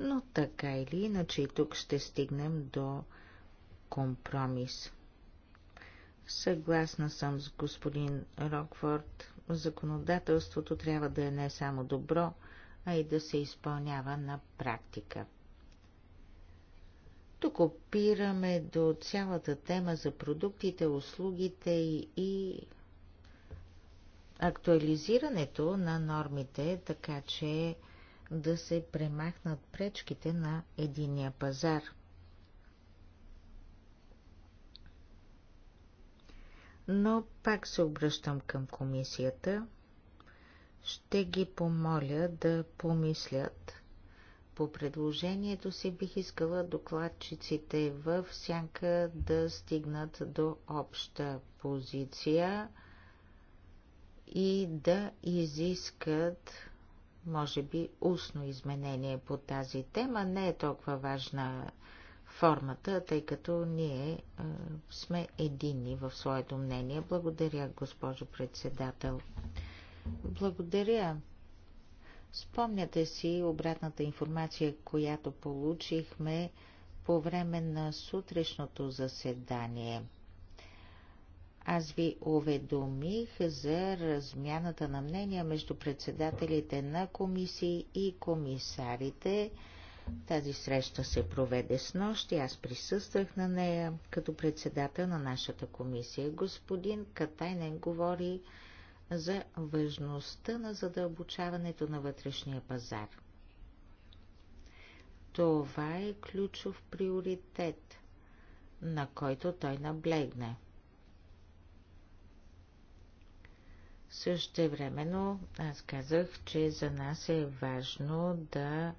Но така или иначе тук ще стигнем до компромис. Съгласна съм с господин Рокфорд, законодателството трябва да е не само добро, а и да се изпълнява на практика. Тук опираме до цялата тема за продуктите, услугите и актуализирането на нормите, така че да се премахнат пречките на единия пазар. Но пак се обръщам към комисията. Ще ги помоля да помислят по предложението си бих искала докладчиците в сянка да стигнат до обща позиция и да изискат може би устно изменение по тази тема. Не е толкова важна формата, тъй като ние е, сме единни в своето мнение. Благодаря, госпожо председател. Благодаря. Спомняте си обратната информация, която получихме по време на сутрешното заседание. Аз ви уведомих за размяната на мнения между председателите на комисии и комисарите. Тази среща се проведе с нощи, аз присъствах на нея като председател на нашата комисия. Господин Катайнен говори за важността на задълбочаването на вътрешния пазар. Това е ключов приоритет, на който той Също Същевременно аз казах, че за нас е важно да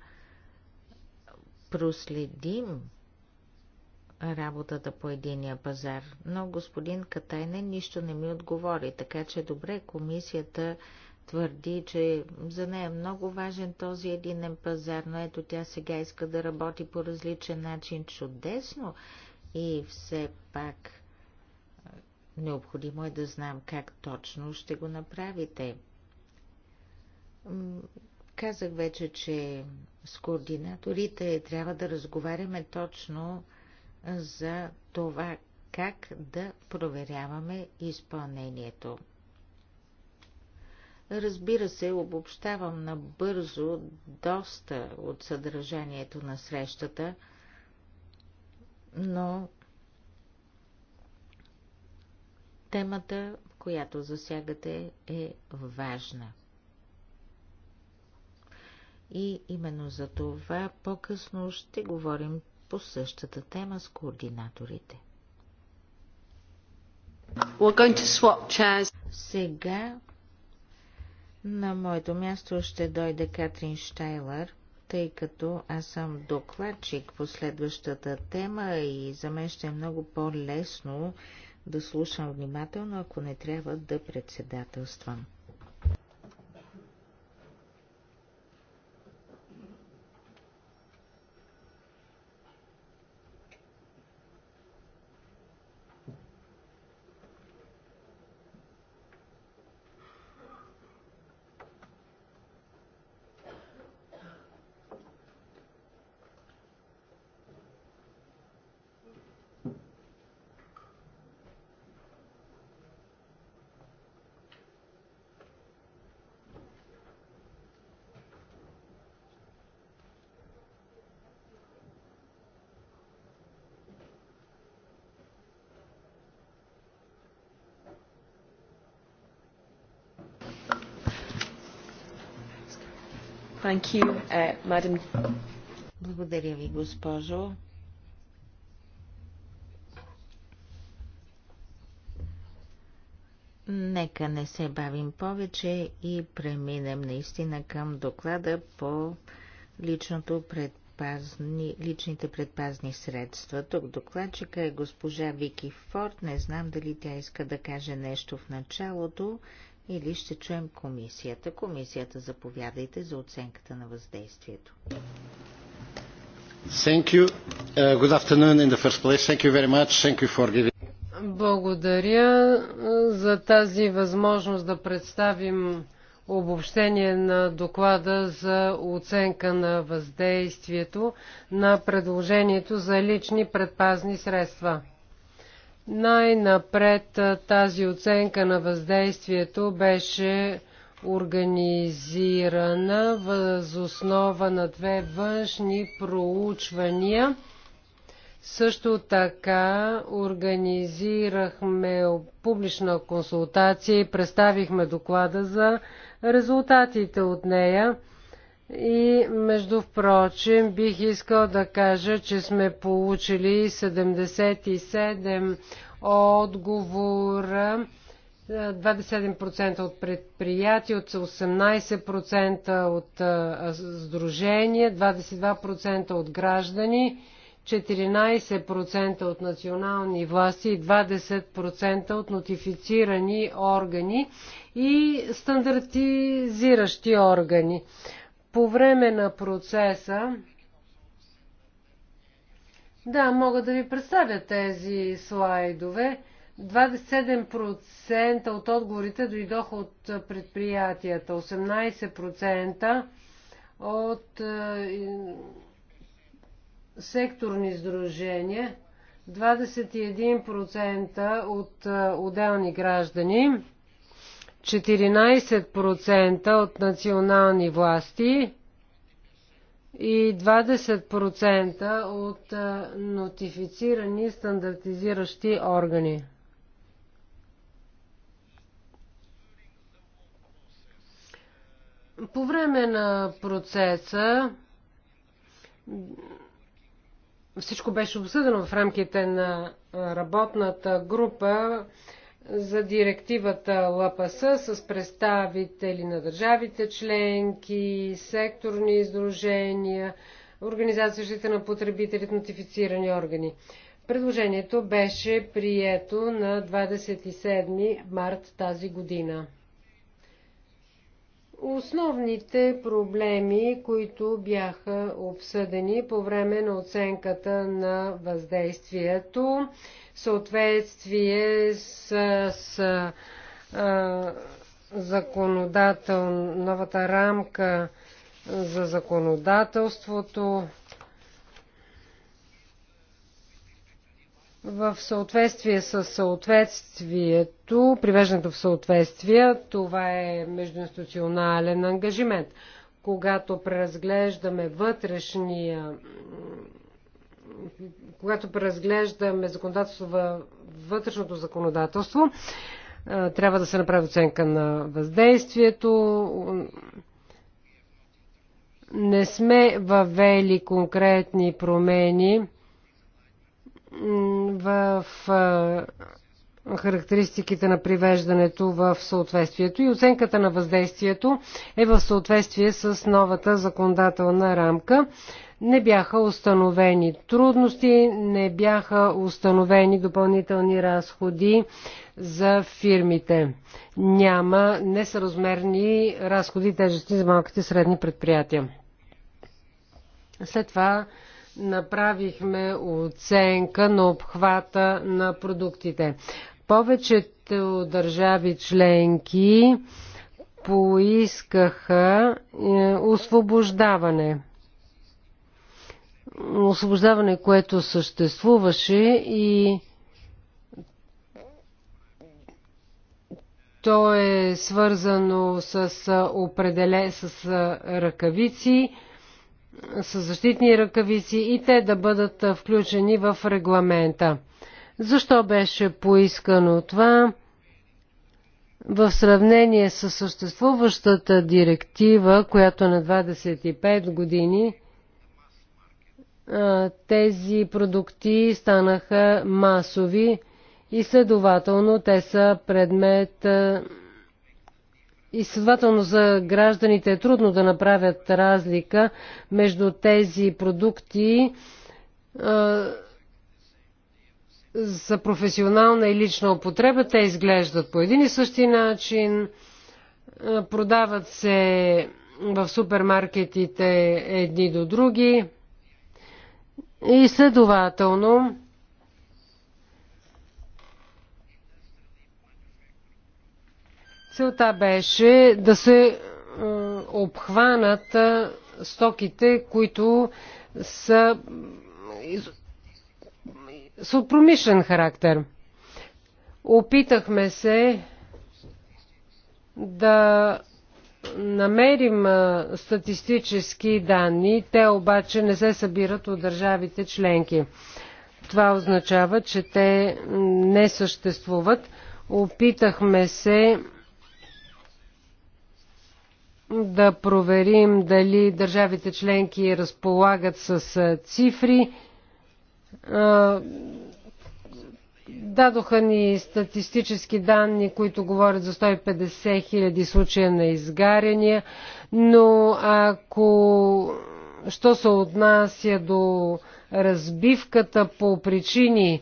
проследим работата по единия пазар. Но господин Катайне нищо не ми отговори, така че добре, комисията твърди, че за нея е много важен този единен пазар, но ето тя сега иска да работи по различен начин чудесно и все пак необходимо е да знам как точно ще го направите. Казах вече, че с координаторите трябва да разговаряме точно за това как да проверяваме изпълнението. Разбира се, обобщавам набързо доста от съдържанието на срещата, но темата, която засягате, е важна. И именно за това по-късно ще говорим по същата тема с координаторите. Сега на моето място ще дойде Катрин Штайлер, тъй като аз съм докладчик по следващата тема и за мен ще е много по-лесно да слушам внимателно, ако не трябва да председателствам. Thank you, uh, madam. Благодаря ви, госпожо. Нека не се бавим повече и преминем наистина към доклада по личното предпазни, личните предпазни средства. Тук докладчика е госпожа Вики Форд. Не знам дали тя иска да каже нещо в началото или ще чуем комисията. Комисията заповядайте за оценката на въздействието. Благодаря за тази възможност да представим обобщение на доклада за оценка на въздействието на предложението за лични предпазни средства. Най-напред тази оценка на въздействието беше организирана основа на две външни проучвания. Също така организирахме публична консултация и представихме доклада за резултатите от нея. И между впрочем бих искал да кажа, че сме получили 77 отговора, 27% от предприятия, от 18% от сдружения, 22% от граждани, 14% от национални власти и 20% от нотифицирани органи и стандартизиращи органи. По време на процеса, да, мога да ви представя тези слайдове. 27% от отговорите дойдоха от предприятията, 18% от е, секторни сдружения, 21% от е, отделни граждани. 14% от национални власти и 20% от нотифицирани стандартизиращи органи. По време на процеса всичко беше обсъдено в рамките на работната група за директивата ЛПС с представители на държавите членки, секторни издружения, Организация защита на потребителите, нотифицирани органи. Предложението беше прието на 27 март тази година. Основните проблеми, които бяха обсъдени по време на оценката на въздействието, съответствие с, с а, законодател, новата рамка за законодателството, в съответствие с съответствието, привеждането в съответствие, това е междуинституционален ангажимент. Когато преразглеждаме вътрешния когато преразглеждаме законодателство във вътрешното законодателство, трябва да се направи оценка на въздействието. Не сме въвели конкретни промени в характеристиките на привеждането в съответствието и оценката на въздействието е в съответствие с новата законодателна рамка. Не бяха установени трудности, не бяха установени допълнителни разходи за фирмите. Няма несъразмерни разходи и тежести за малките и средни предприятия. След това направихме оценка на обхвата на продуктите. Повечето държави членки поискаха е, освобождаване освобождаване, което съществуваше и то е свързано с, определе, с ръкавици, с защитни ръкавици и те да бъдат включени в регламента. Защо беше поискано това? В сравнение с съществуващата директива, която е на 25 години тези продукти станаха масови и следователно те са предмет и следователно за гражданите е трудно да направят разлика между тези продукти за професионална и лична употреба. Те изглеждат по един и същи начин, продават се в супермаркетите едни до други. И следователно, целта беше да се е, обхванат е, стоките, които са, са от промишлен характер. Опитахме се да намерим статистически данни, те обаче не се събират от държавите членки. Това означава, че те не съществуват. Опитахме се да проверим дали държавите членки разполагат с цифри Дадоха ни статистически данни, които говорят за 150 хиляди случая на изгаряния, но ако що се отнася до разбивката по причини,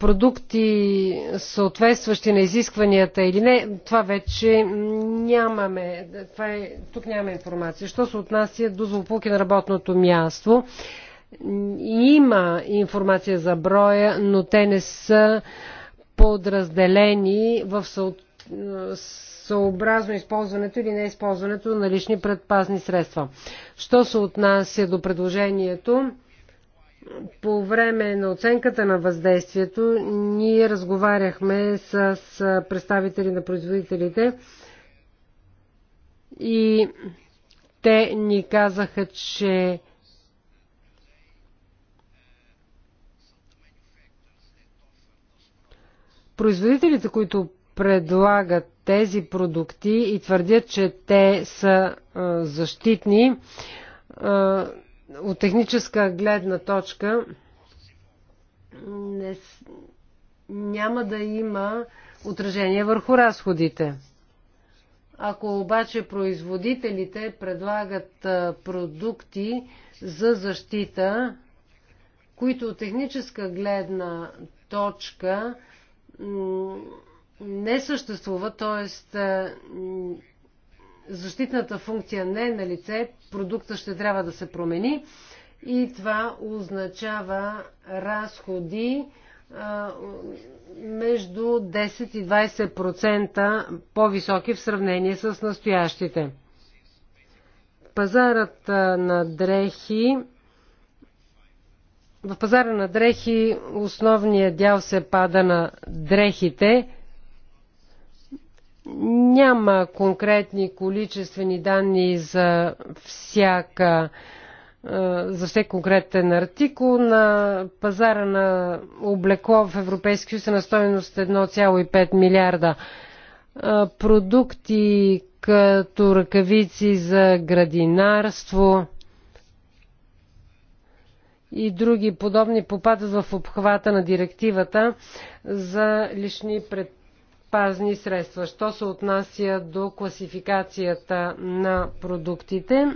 продукти, съответстващи на изискванията или не, това вече нямаме. Това е, тук нямаме информация. Що се отнася до злополуки на работното място, има информация за броя, но те не са подразделени в съобразно използването или неизползването на лични предпазни средства. Що се отнася до предложението, по време на оценката на въздействието ние разговаряхме с представители на производителите и те ни казаха, че производителите, които предлагат тези продукти и твърдят, че те са защитни от техническа гледна точка, не, няма да има отражение върху разходите. Ако обаче производителите предлагат продукти за защита, които от техническа гледна точка не съществува, т.е. Е, защитната функция не е на лице, продукта ще трябва да се промени и това означава разходи е, между 10 и 20% по-високи в сравнение с настоящите. Пазарът е, на дрехи в пазара на дрехи основният дял се пада на дрехите. Няма конкретни количествени данни за всяка за всеки конкретен артикул на пазара на облекло в Европейския съюз е на стоеност 1,5 милиарда. Продукти като ръкавици за градинарство, и други подобни попадат в обхвата на директивата за лични предпазни средства. Що се отнася до класификацията на продуктите,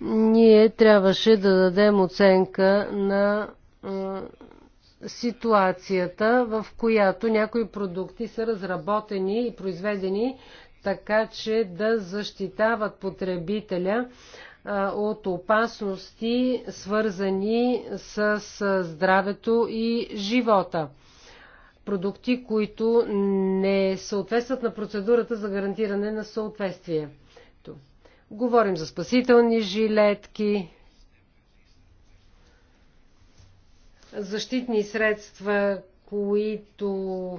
ние трябваше да дадем оценка на ситуацията, в която някои продукти са разработени и произведени така, че да защитават потребителя от опасности, свързани с здравето и живота. Продукти, които не съответстват на процедурата за гарантиране на съответствие. Говорим за спасителни жилетки, защитни средства, които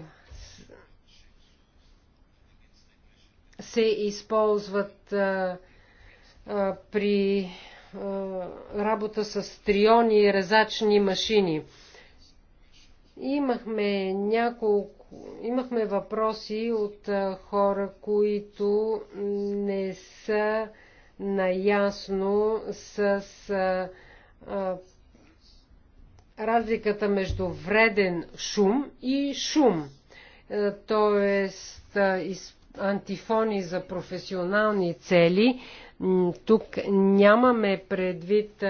се използват а, при работа с триони и резачни машини. Имахме няколко, имахме въпроси от хора, които не са наясно с а, разликата между вреден шум и шум, т.е. антифони за професионални цели тук нямаме предвид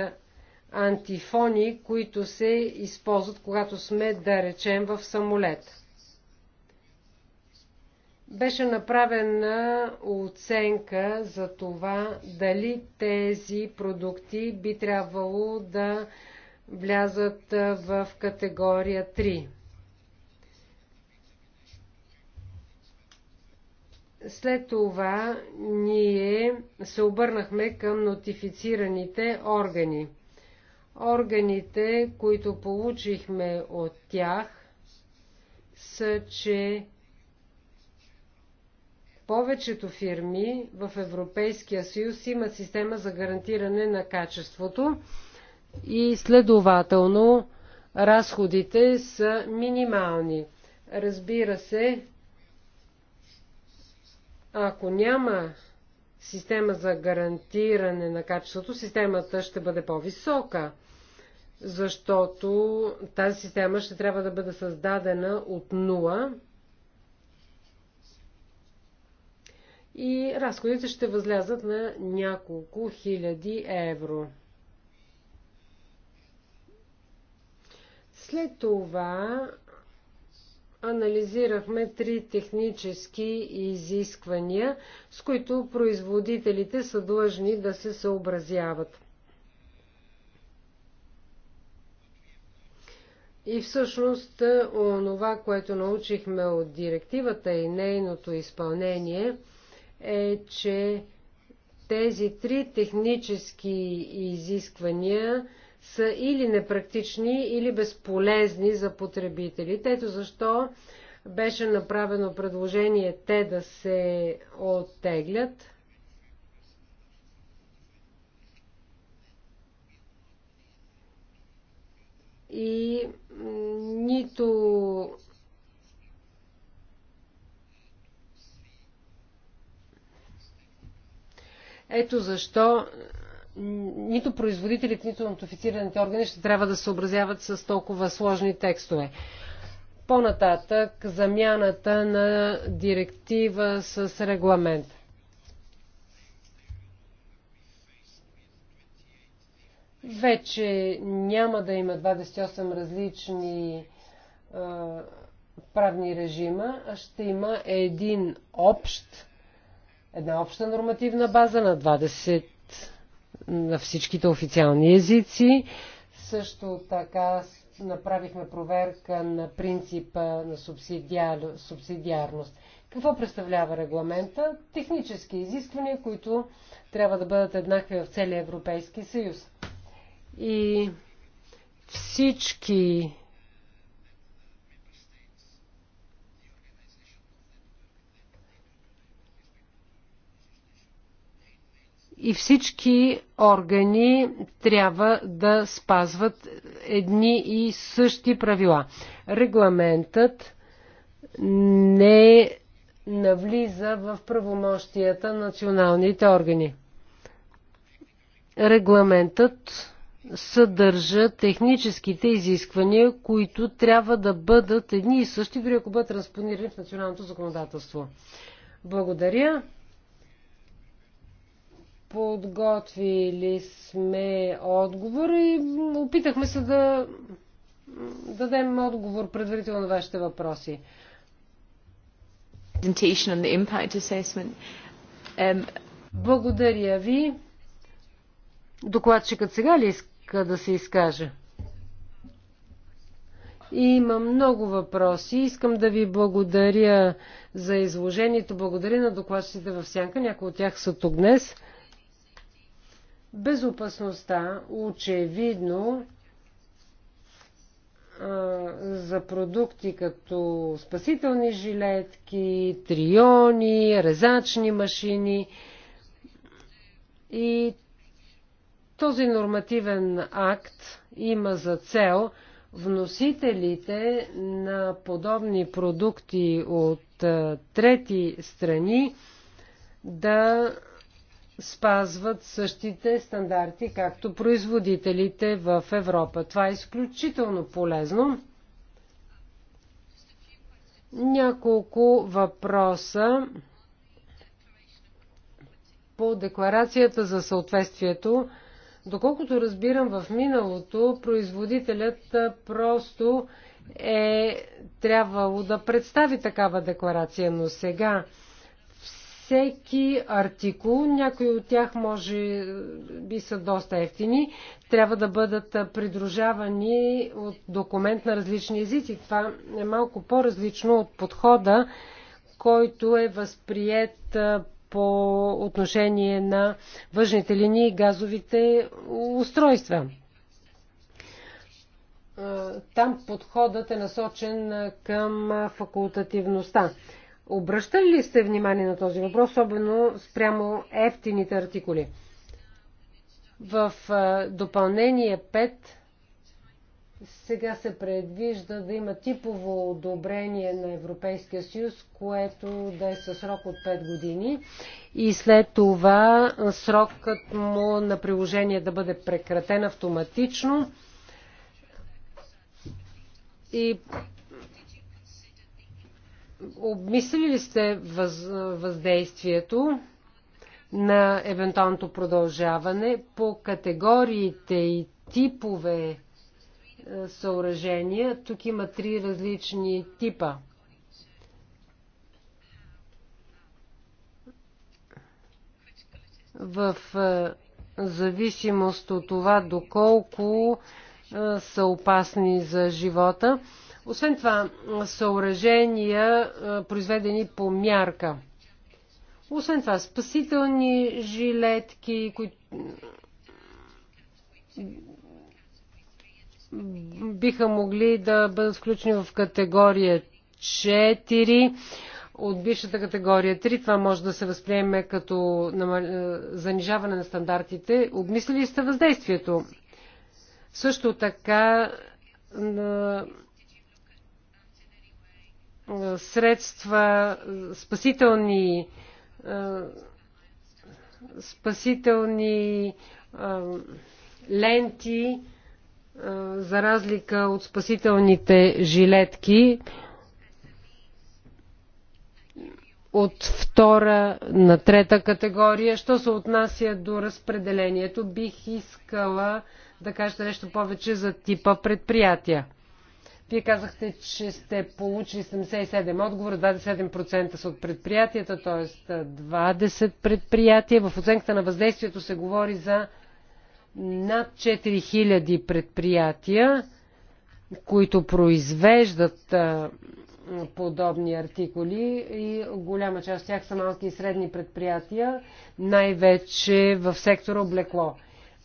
антифони, които се използват, когато сме, да речем, в самолет. Беше направена оценка за това дали тези продукти би трябвало да влязат в категория 3. След това ние се обърнахме към нотифицираните органи. Органите, които получихме от тях, са, че повечето фирми в Европейския съюз имат система за гарантиране на качеството и следователно разходите са минимални. Разбира се, ако няма система за гарантиране на качеството, системата ще бъде по-висока, защото тази система ще трябва да бъде създадена от нула и разходите ще възлязат на няколко хиляди евро. След това анализирахме три технически изисквания, с които производителите са длъжни да се съобразяват. И всъщност е, онова, което научихме от директивата и нейното изпълнение е, че тези три технически изисквания са или непрактични, или безполезни за потребителите. Ето защо беше направено предложение те да се оттеглят. И нито Ето защо нито производителите, нито нотифицираните органи ще трябва да се образяват с толкова сложни текстове. По-нататък замяната на директива с регламент. Вече няма да има 28 различни а, правни режима, а ще има един общ, една обща нормативна база на 20 на всичките официални езици. Също така направихме проверка на принципа на субсидиар... субсидиарност. Какво представлява регламента? Технически изисквания, които трябва да бъдат еднакви в целия Европейски съюз. И всички и всички органи трябва да спазват едни и същи правила. Регламентът не навлиза в правомощията на националните органи. Регламентът съдържа техническите изисквания, които трябва да бъдат едни и същи, дори ако бъдат транспонирани в националното законодателство. Благодаря. Подготвили сме отговор и опитахме се да дадем отговор предварително на вашите въпроси. Um, благодаря ви. Докладчикът сега ли иска да се изкаже? Има много въпроси. Искам да ви благодаря за изложението. Благодаря на докладчиците в Сянка. Някои от тях са тук днес. Безопасността очевидно за продукти като спасителни жилетки, триони, резачни машини. И този нормативен акт има за цел вносителите на подобни продукти от трети страни да спазват същите стандарти, както производителите в Европа. Това е изключително полезно. Няколко въпроса по декларацията за съответствието. Доколкото разбирам в миналото, производителят просто е трябвало да представи такава декларация, но сега всеки артикул, някои от тях може би са доста ефтини, трябва да бъдат придружавани от документ на различни езици. Това е малко по-различно от подхода, който е възприят по отношение на въжните линии и газовите устройства. Там подходът е насочен към факултативността. Обръщали ли сте внимание на този въпрос, особено спрямо ефтините артикули? В допълнение 5 сега се предвижда да има типово одобрение на Европейския съюз, което да е със срок от 5 години и след това срокът му на приложение да бъде прекратен автоматично и Обмислили ли сте въз, въздействието на евентуалното продължаване по категориите и типове е, съоръжения? Тук има три различни типа. В е, зависимост от това доколко е, са опасни за живота. Освен това, съоръжения, произведени по мярка. Освен това, спасителни жилетки, които биха могли да бъдат включени в категория 4 от бившата категория 3. Това може да се възприеме като занижаване на стандартите. Обмислили сте въздействието. Също така средства, спасителни, спасителни ленти, за разлика от спасителните жилетки, от втора на трета категория. Що се отнася до разпределението, бих искала да кажа нещо повече за типа предприятия. Вие казахте, че сте получили 77 отговора, 27% са от предприятията, т.е. 20 предприятия. В оценката на въздействието се говори за над 4000 предприятия, които произвеждат подобни артикули и голяма част от тях са малки и средни предприятия, най-вече в сектора облекло.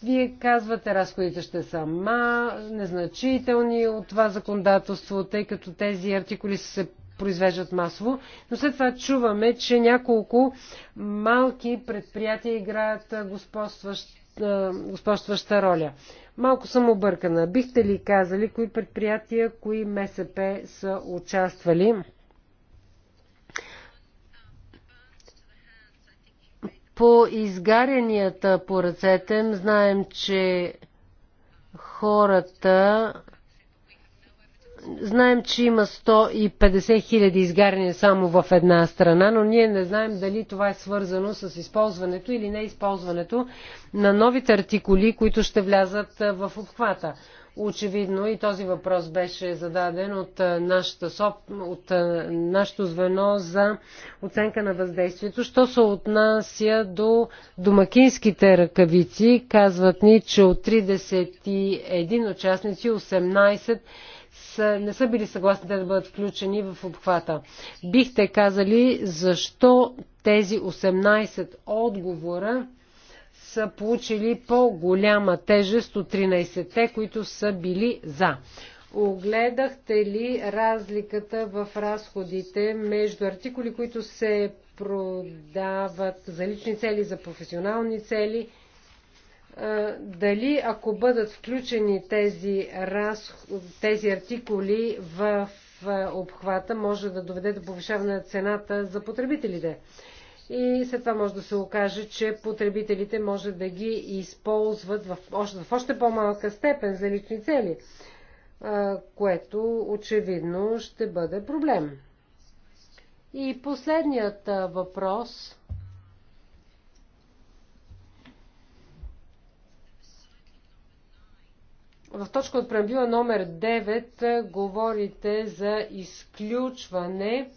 Вие казвате, разходите ще са ма, незначителни от това законодателство, тъй като тези артикули се произвеждат масово, но след това чуваме, че няколко малки предприятия играят господстващ, господстваща роля. Малко съм объркана. Бихте ли казали кои предприятия, кои МСП са участвали? По изгаренията по ръцете знаем, че хората знаем, че има 150 хиляди изгаряния само в една страна, но ние не знаем дали това е свързано с използването или не използването на новите артикули, които ще влязат в обхвата. Очевидно и този въпрос беше зададен от, нашата СОП, от нашето звено за оценка на въздействието. Що се отнася до домакинските ръкавици, казват ни, че от 31 участници 18 не са били съгласни те да бъдат включени в обхвата. Бихте казали защо тези 18 отговора са получили по-голяма тежест от 13-те, които са били за. Огледахте ли разликата в разходите между артикули, които се продават за лични цели, за професионални цели? Дали ако бъдат включени тези, раз... тези артикули в обхвата, може да доведе до повишаване на цената за потребителите? и след това може да се окаже, че потребителите може да ги използват в още, в още по-малка степен за лични цели, което очевидно ще бъде проблем. И последният въпрос. В точка от преамбила номер 9 говорите за изключване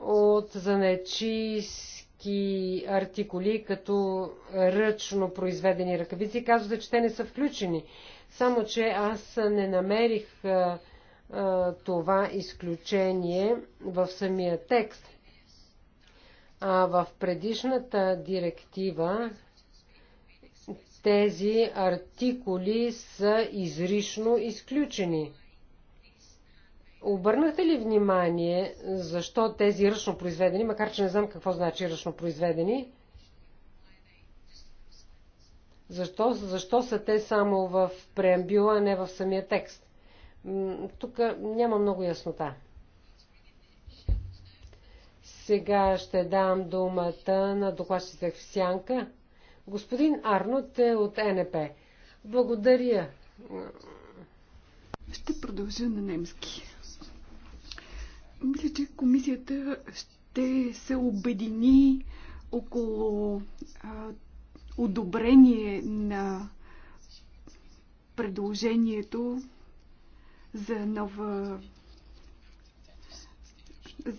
от занечийски леки артикули, като ръчно произведени ръкавици, казвате, че те не са включени. Само, че аз не намерих а, а, това изключение в самия текст. А в предишната директива тези артикули са изрично изключени. Обърнахте ли внимание, защо тези ръчно произведени, макар че не знам какво значи ръчно произведени, защо, защо са те само в преамбюла, а не в самия текст? Тук няма много яснота. Сега ще дам думата на докладчица в Сянка. Господин Арнот е от НП. Благодаря. Ще продължа на немски. Мисля, че комисията ще се обедини около а, одобрение на предложението за нова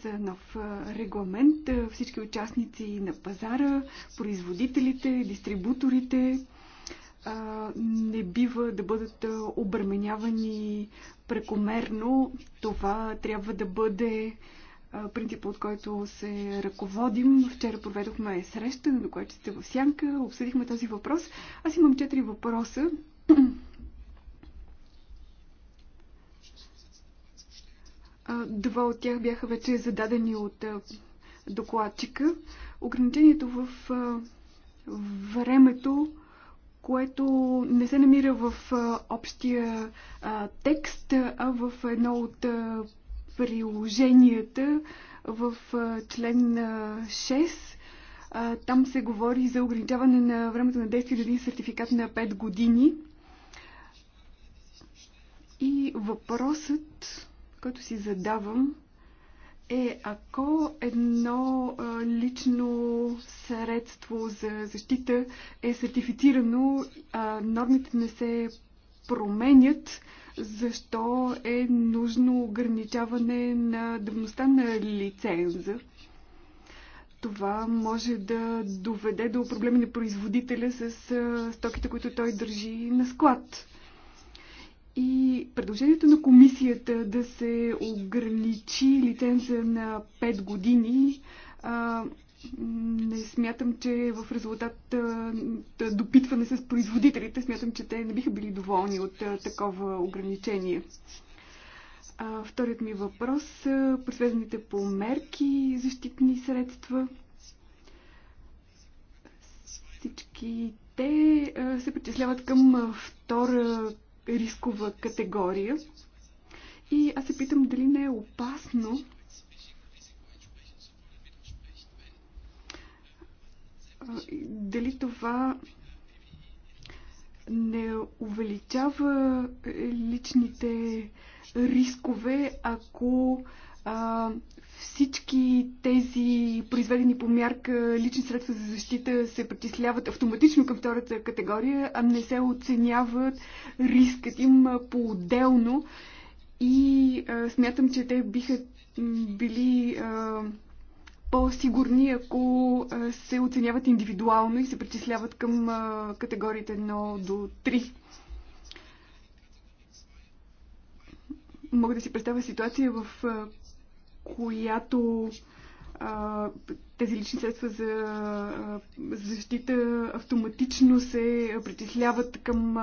за нов регламент. Всички участници на пазара, производителите, дистрибуторите, не бива да бъдат обременявани прекомерно. Това трябва да бъде принципа, от който се ръководим. Вчера проведохме среща, на сте в Сянка, обсъдихме този въпрос. Аз имам четири въпроса. Два от тях бяха вече зададени от докладчика. Ограничението в времето което не се намира в общия текст, а в едно от приложенията в член 6. Там се говори за ограничаване на времето на действие за един сертификат на 5 години. И въпросът, който си задавам, е ако едно лично средство за защита е сертифицирано, а нормите не се променят, защо е нужно ограничаване на давността на лиценза. Това може да доведе до проблеми на производителя с стоките, които той държи на склад. И предложението на комисията да се ограничи лиценза на 5 години, а, не смятам, че е в резултат а, допитване с производителите, смятам, че те не биха били доволни от а, такова ограничение. А, вторият ми въпрос са произведените по мерки защитни средства. Всички те а, се причисляват към втора рискова категория. И аз се питам дали не е опасно дали това не увеличава личните рискове, ако а, а, всички тези произведени по мярка лични средства за защита се причисляват автоматично към втората категория, а не се оценяват рискът им по-отделно. И а, смятам, че те биха били а, по-сигурни, ако а, се оценяват индивидуално и се причисляват към а, категориите 1 до 3. мога да си представя ситуация, в която тези лични средства за защита автоматично се притесляват към,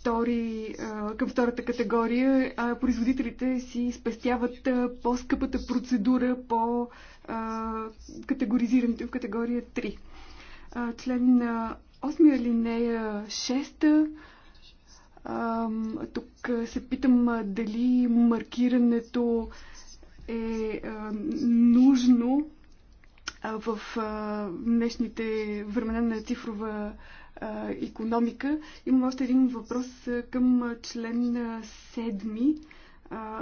втори, към втората категория, а производителите си спестяват по-скъпата процедура по категоризирането в категория 3. Член на 8 алинея 6 тук се питам дали маркирането е нужно в днешните времена на цифрова економика. Имам още един въпрос към член 7,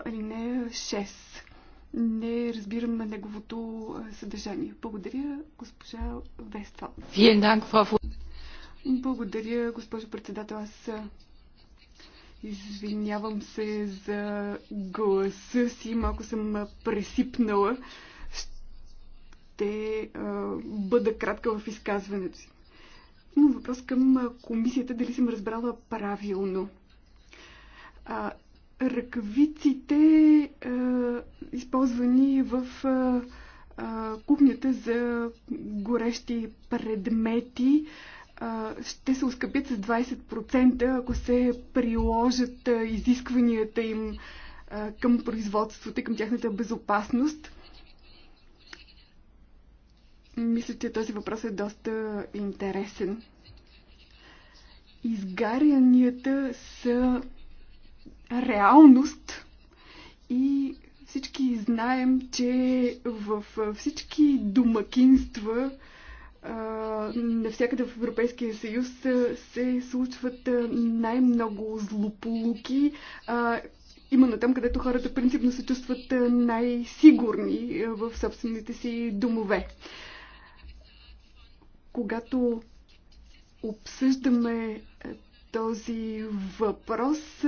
алинея 6. Не разбирам на неговото съдържание. Благодаря, госпожа Вестал. Благодаря, госпожо председател. Аз Извинявам се за гласа си, малко съм пресипнала. Ще а, бъда кратка в изказването си. Имам въпрос към комисията, дали съм разбрала правилно. А, ръкавиците, а, използвани в а, а, кухнята за горещи предмети, а, ще се ускъпят с 20%, ако се приложат изискванията им към производството и към тяхната безопасност. Мисля, че този въпрос е доста интересен. Изгарянията са реалност и всички знаем, че във всички домакинства навсякъде в Европейския съюз се случват най-много злополуки. Именно там, където хората принципно се чувстват най-сигурни в собствените си домове. Когато обсъждаме този въпрос,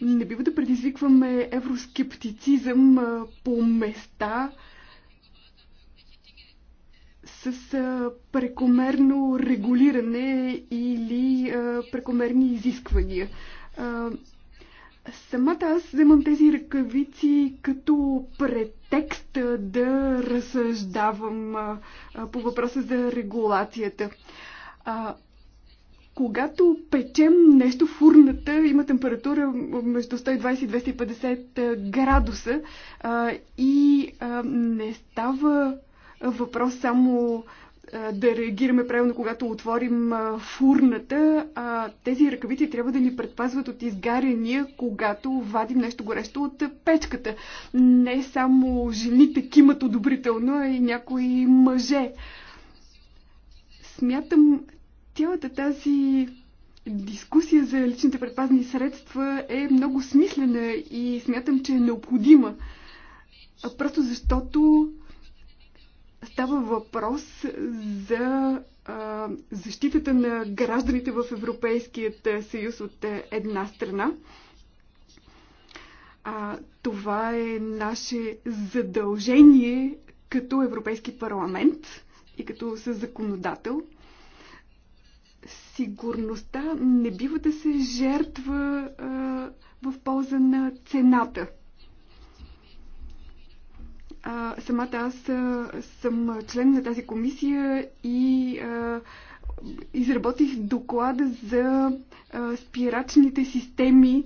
не бива да предизвикваме евроскептицизъм по места, с прекомерно регулиране или прекомерни изисквания. Самата аз вземам тези ръкавици като претекст да разсъждавам по въпроса за регулацията. Когато печем нещо в урната, има температура между 120 и 250 градуса и не става въпрос само да реагираме правилно, когато отворим фурната. Тези ръкавици трябва да ни предпазват от изгаряния, когато вадим нещо горещо от печката. Не само жените кимат одобрително, а и някои мъже. Смятам, цялата тази дискусия за личните предпазни средства е много смислена и смятам, че е необходима. Просто защото Става въпрос за а, защитата на гражданите в Европейският съюз от е, една страна. А, това е наше задължение като Европейски парламент и като законодател. Сигурността не бива да се жертва а, в полза на цената. А, самата аз а, съм член на тази комисия и а, изработих доклада за а, спирачните системи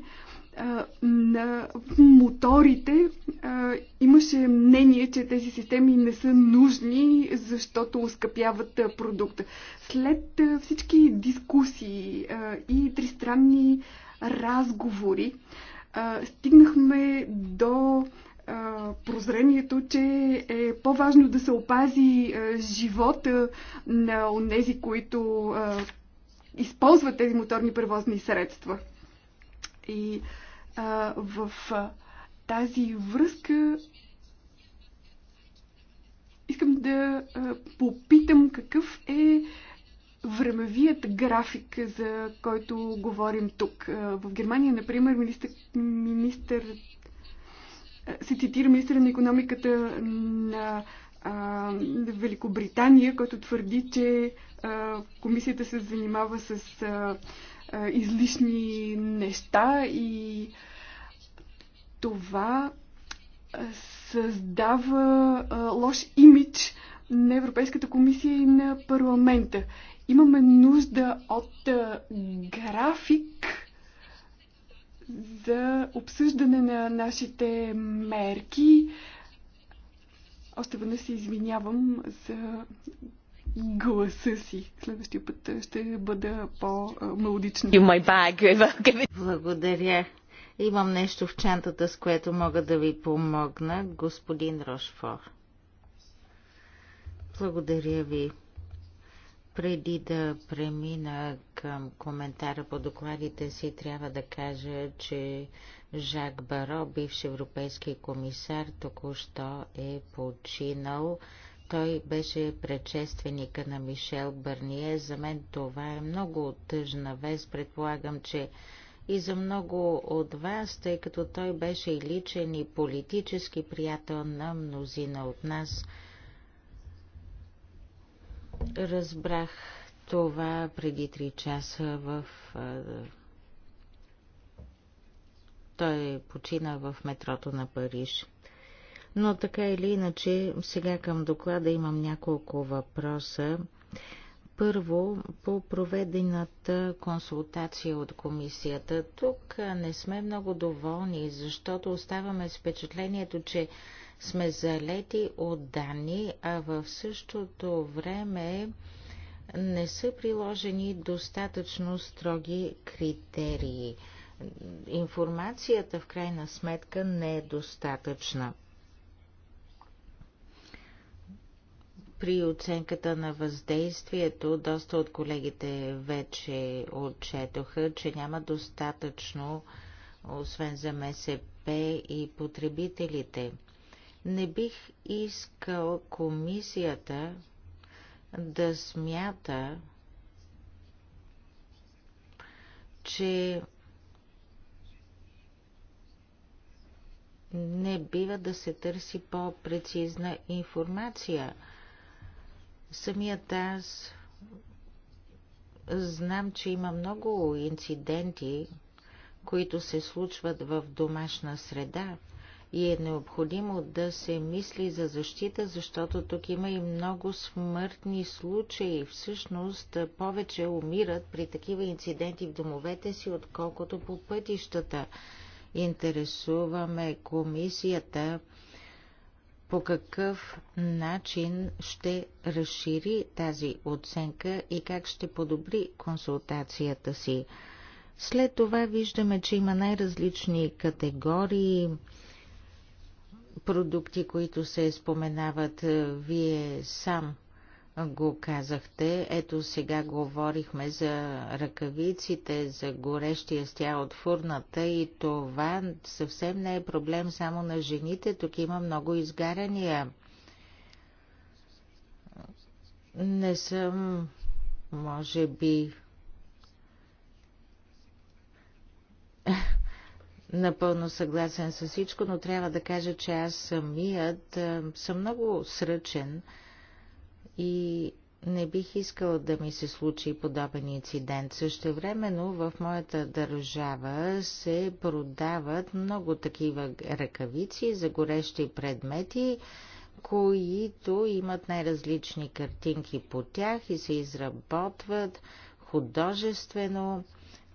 а, на моторите. А, имаше мнение, че тези системи не са нужни, защото ускъпяват продукта. След а, всички дискусии а, и тристранни разговори, а, стигнахме до прозрението, че е по-важно да се опази а, живота на тези, които а, използват тези моторни превозни средства. И а, в а, тази връзка искам да а, попитам какъв е времевият график, за който говорим тук. В Германия, например, министър, министър се цитира министра на економиката на Великобритания, който твърди, че комисията се занимава с излишни неща и това създава лош имидж на Европейската комисия и на парламента. Имаме нужда от график за обсъждане на нашите мерки. Още веднъж се извинявам за гласа си. Следващия път ще бъда по-мелодична. Благодаря. Имам нещо в чантата, с което мога да ви помогна, господин Рошфор. Благодаря ви. Преди да премина към коментара по докладите си, трябва да кажа, че Жак Баро, бивш европейски комисар, току-що е починал. Той беше предшественика на Мишел Бърние. За мен това е много тъжна вест. Предполагам, че и за много от вас, тъй като той беше и личен и политически приятел на мнозина от нас – Разбрах това преди 3 часа в... Той почина в метрото на Париж. Но така или иначе, сега към доклада имам няколко въпроса. Първо, по проведената консултация от комисията, тук не сме много доволни, защото оставаме с впечатлението, че сме залети от данни, а в същото време не са приложени достатъчно строги критерии. Информацията в крайна сметка не е достатъчна. При оценката на въздействието, доста от колегите вече отчетоха, че няма достатъчно, освен за МСП и потребителите – не бих искал комисията да смята, че не бива да се търси по-прецизна информация. Самият аз знам, че има много инциденти, които се случват в домашна среда, и е необходимо да се мисли за защита, защото тук има и много смъртни случаи. Всъщност повече умират при такива инциденти в домовете си, отколкото по пътищата. Интересуваме комисията по какъв начин ще разшири тази оценка и как ще подобри консултацията си. След това виждаме, че има най-различни категории продукти, които се споменават. Е, вие сам го казахте. Ето сега говорихме за ръкавиците, за горещия стя от фурната и това съвсем не е проблем само на жените. Тук има много изгарания. Не съм, може би, напълно съгласен с всичко, но трябва да кажа, че аз самият съм много сръчен и не бих искал да ми се случи подобен инцидент. времено в моята държава се продават много такива ръкавици за горещи предмети, които имат най-различни картинки по тях и се изработват художествено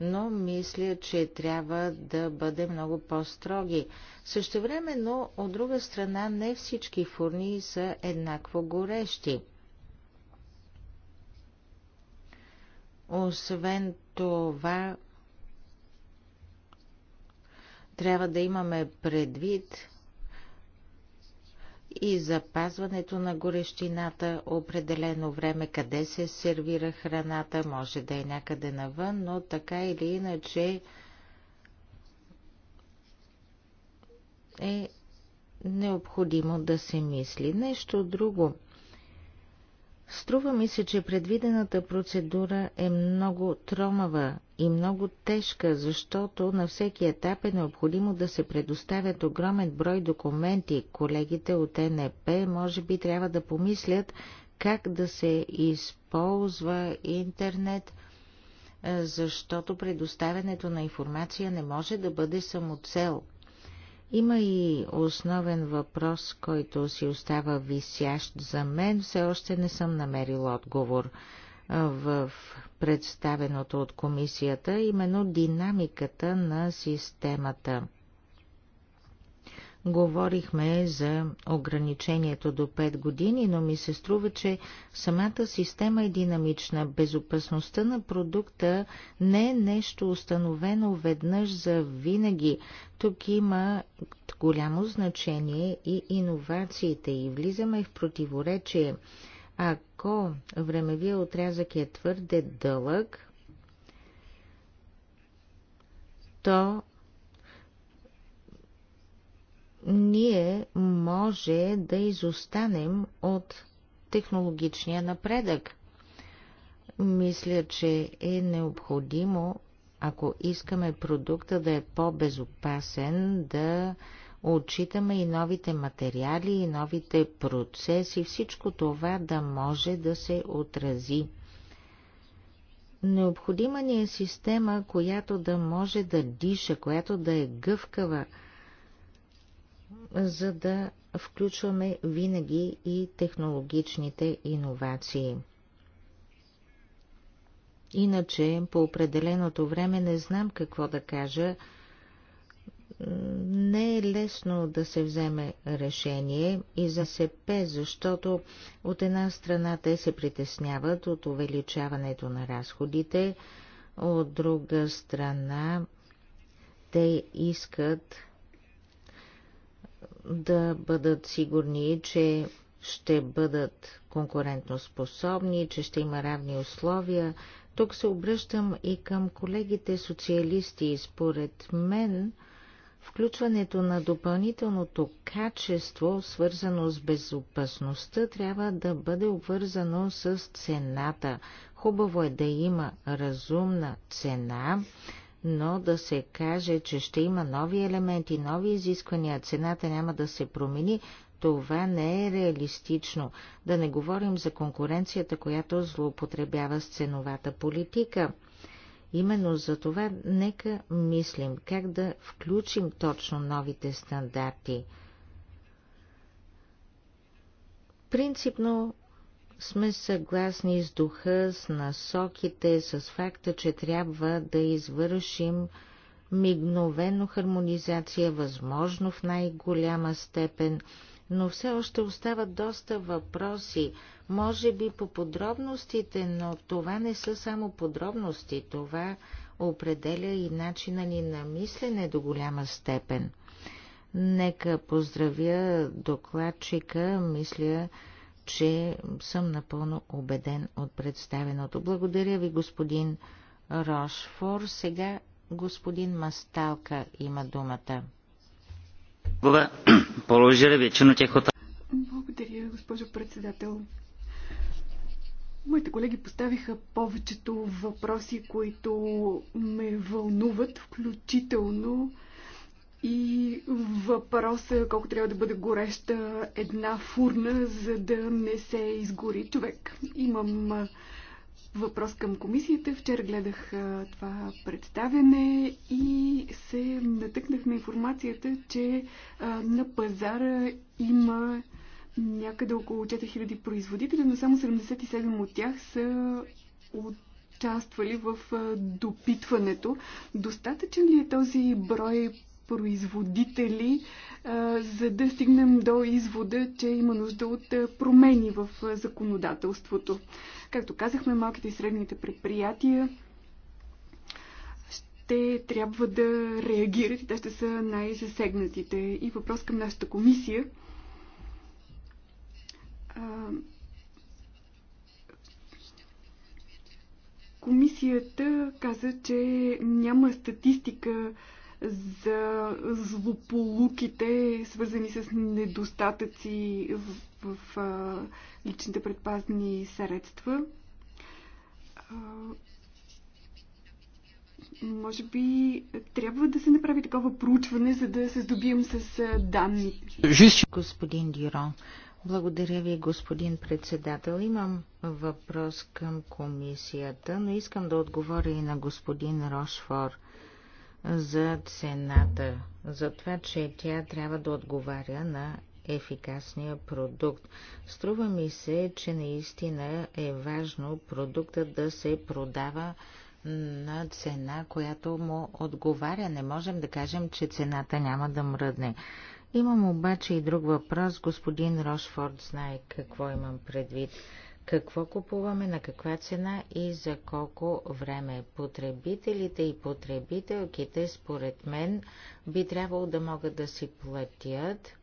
но мисля, че трябва да бъдем много по-строги. Също но от друга страна, не всички фурни са еднакво горещи. Освен това, трябва да имаме предвид, и запазването на горещината, определено време къде се сервира храната, може да е някъде навън, но така или иначе е необходимо да се мисли. Нещо друго. Струва ми се, че предвидената процедура е много тромава и много тежка, защото на всеки етап е необходимо да се предоставят огромен брой документи. Колегите от НП може би трябва да помислят как да се използва интернет, е, защото предоставянето на информация не може да бъде самоцел. Има и основен въпрос, който си остава висящ за мен. Все още не съм намерил отговор. Е, в представеното от комисията, именно динамиката на системата. Говорихме за ограничението до 5 години, но ми се струва, че самата система е динамична. Безопасността на продукта не е нещо установено веднъж за винаги. Тук има голямо значение и иновациите и влизаме в противоречие ако времевия отрязък е твърде дълъг, то ние може да изостанем от технологичния напредък. Мисля, че е необходимо, ако искаме продукта да е по-безопасен, да отчитаме и новите материали, и новите процеси, всичко това да може да се отрази. Необходима ни е система, която да може да диша, която да е гъвкава, за да включваме винаги и технологичните иновации. Иначе по определеното време не знам какво да кажа не е лесно да се вземе решение и за СП, защото от една страна те се притесняват от увеличаването на разходите, от друга страна те искат да бъдат сигурни, че ще бъдат конкурентоспособни, че ще има равни условия. Тук се обръщам и към колегите социалисти. Според мен, Включването на допълнителното качество, свързано с безопасността, трябва да бъде обвързано с цената. Хубаво е да има разумна цена, но да се каже, че ще има нови елементи, нови изисквания, цената няма да се промени, това не е реалистично. Да не говорим за конкуренцията, която злоупотребява с ценовата политика – Именно за това нека мислим как да включим точно новите стандарти. Принципно сме съгласни с духа, с насоките, с факта, че трябва да извършим мигновено хармонизация, възможно в най-голяма степен, но все още остават доста въпроси може би по подробностите, но това не са само подробности, това определя и начина ни на мислене до голяма степен. Нека поздравя докладчика, мисля, че съм напълно убеден от представеното. Благодаря ви, господин Рошфор. Сега господин Масталка има думата. Благодаря, госпожо председател. Моите колеги поставиха повечето въпроси, които ме вълнуват, включително и въпроса колко трябва да бъде гореща една фурна, за да не се изгори човек. Имам въпрос към комисията. Вчера гледах това представяне и се натъкнах на информацията, че на пазара има някъде около 4000 производители, но само 77 от тях са участвали в допитването. Достатъчен ли е този брой производители, за да стигнем до извода, че има нужда от промени в законодателството? Както казахме, малките и средните предприятия ще трябва да реагират и те ще са най-засегнатите. И въпрос към нашата комисия – Комисията каза, че няма статистика за злополуките, свързани с недостатъци в, в в личните предпазни средства. може би трябва да се направи такова проучване, за да се здобием с данни. Господин Дирон, благодаря ви, господин председател. Имам въпрос към комисията, но искам да отговоря и на господин Рошфор за цената, за това, че тя трябва да отговаря на ефикасния продукт. Струва ми се, че наистина е важно продуктът да се продава на цена, която му отговаря. Не можем да кажем, че цената няма да мръдне. Имам обаче и друг въпрос. Господин Рошфорд знае какво имам предвид. Какво купуваме, на каква цена и за колко време? Потребителите и потребителките, според мен, би трябвало да могат да си платят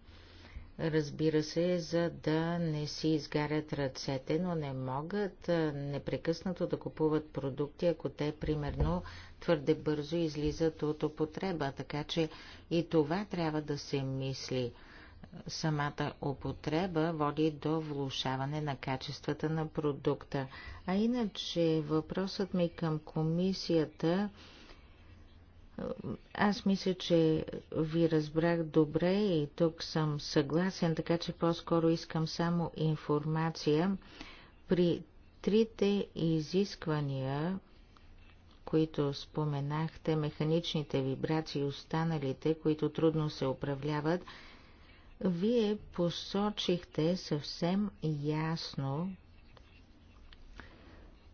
разбира се, за да не си изгарят ръцете, но не могат непрекъснато да купуват продукти, ако те, примерно, твърде бързо излизат от употреба. Така че и това трябва да се мисли. Самата употреба води до влушаване на качествата на продукта. А иначе въпросът ми към комисията аз мисля, че ви разбрах добре и тук съм съгласен, така че по-скоро искам само информация. При трите изисквания, които споменахте, механичните вибрации, останалите, които трудно се управляват, вие посочихте съвсем ясно,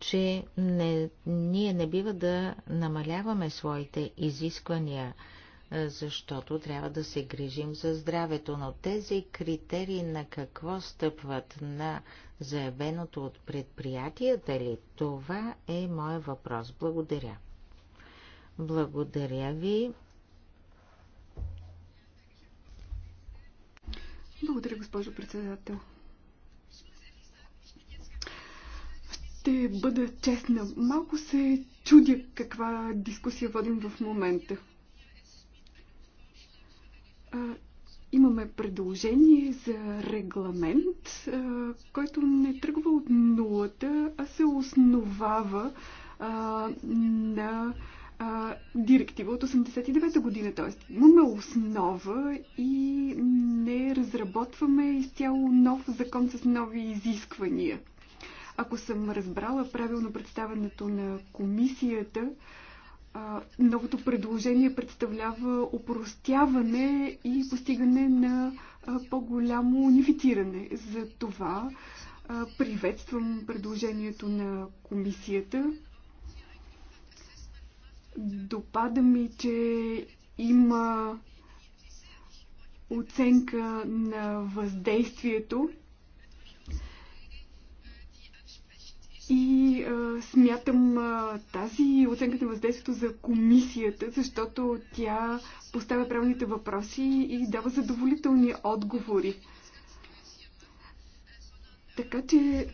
че не, ние не бива да намаляваме своите изисквания, е, защото трябва да се грижим за здравето, но тези критерии на какво стъпват на заявеното от предприятията ли? Това е моят въпрос. Благодаря. Благодаря ви. Благодаря, госпожо председател. Ще бъда честна. Малко се чудя каква дискусия водим в момента. имаме предложение за регламент, който не тръгва от нулата, а се основава на директива от 89-та година. Т.е. имаме основа и не разработваме изцяло нов закон с нови изисквания. Ако съм разбрала правилно представенето на комисията, новото предложение представлява опростяване и постигане на по-голямо унифициране. За това приветствам предложението на комисията. Допада ми, че има оценка на въздействието И а, смятам а, тази оценка на въздействието за комисията, защото тя поставя правилните въпроси и дава задоволителни отговори. Така че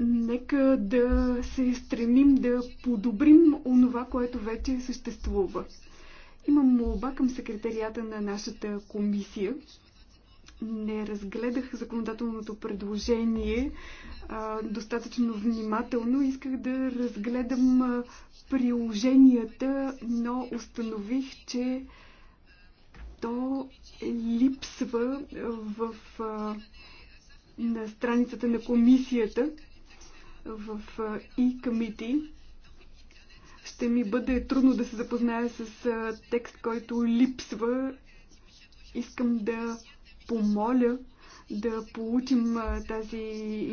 нека да се стремим да подобрим онова, което вече съществува. Имам молба към секретарията на нашата комисия не разгледах законодателното предложение а, достатъчно внимателно. Исках да разгледам а, приложенията, но установих, че то липсва в, а, на страницата на комисията в e-committee. Ще ми бъде трудно да се запозная с текст, който липсва. Искам да помоля да получим тази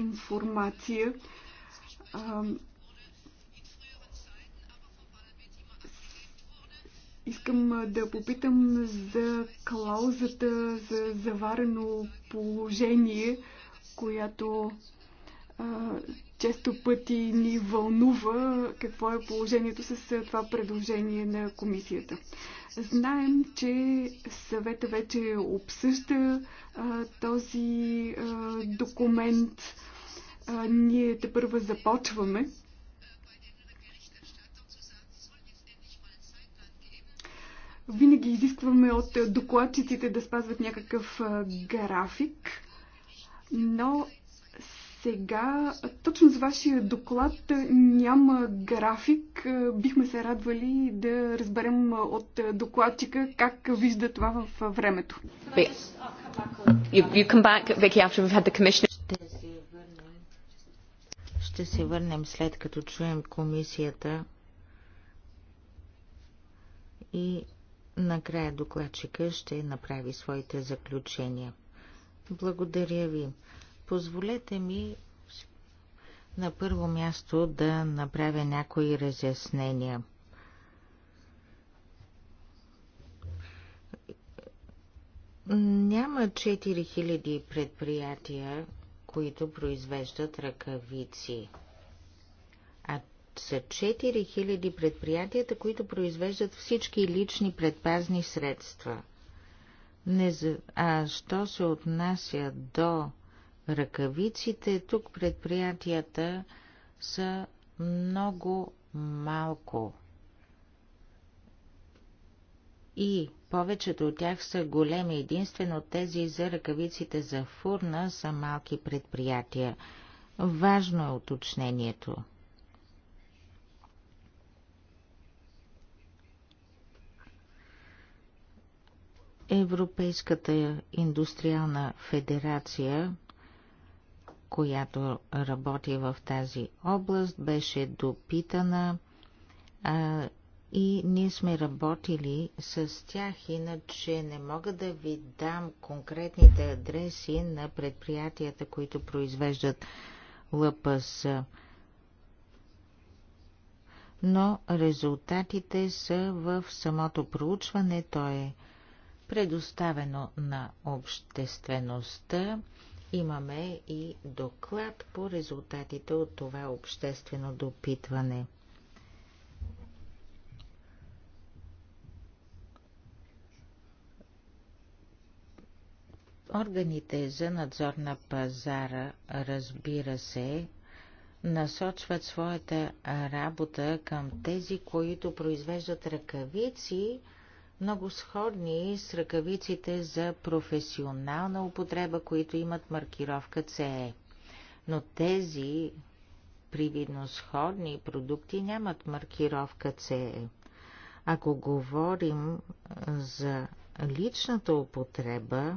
информация. Искам да попитам за клаузата за заварено положение, която често пъти ни вълнува какво е положението с това предложение на комисията. Знаем, че съвета вече обсъжда а, този а, документ. А, ние те първа започваме. Винаги изискваме от докладчиците да спазват някакъв график, но сега, точно с вашия доклад няма график. Бихме се радвали да разберем от докладчика как вижда това в времето. Ще се върнем, след като чуем комисията и накрая докладчика ще направи своите заключения. Благодаря ви. Позволете ми на първо място да направя някои разяснения. Няма 4000 предприятия, които произвеждат ръкавици. А са 4000 предприятията, които произвеждат всички лични предпазни средства. Не, а що се отнася до ръкавиците. Тук предприятията са много малко. И повечето от тях са големи, единствено тези за ръкавиците за фурна са малки предприятия. Важно е уточнението. Европейската индустриална федерация която работи в тази област, беше допитана а, и ние сме работили с тях, иначе не мога да ви дам конкретните адреси на предприятията, които произвеждат ЛПС. Но резултатите са в самото проучване, то е предоставено на обществеността имаме и доклад по резултатите от това обществено допитване. Органите за надзор на пазара, разбира се, насочват своята работа към тези, които произвеждат ръкавици, много сходни с ръкавиците за професионална употреба, които имат маркировка CE. Но тези привидно сходни продукти нямат маркировка CE. Ако говорим за личната употреба,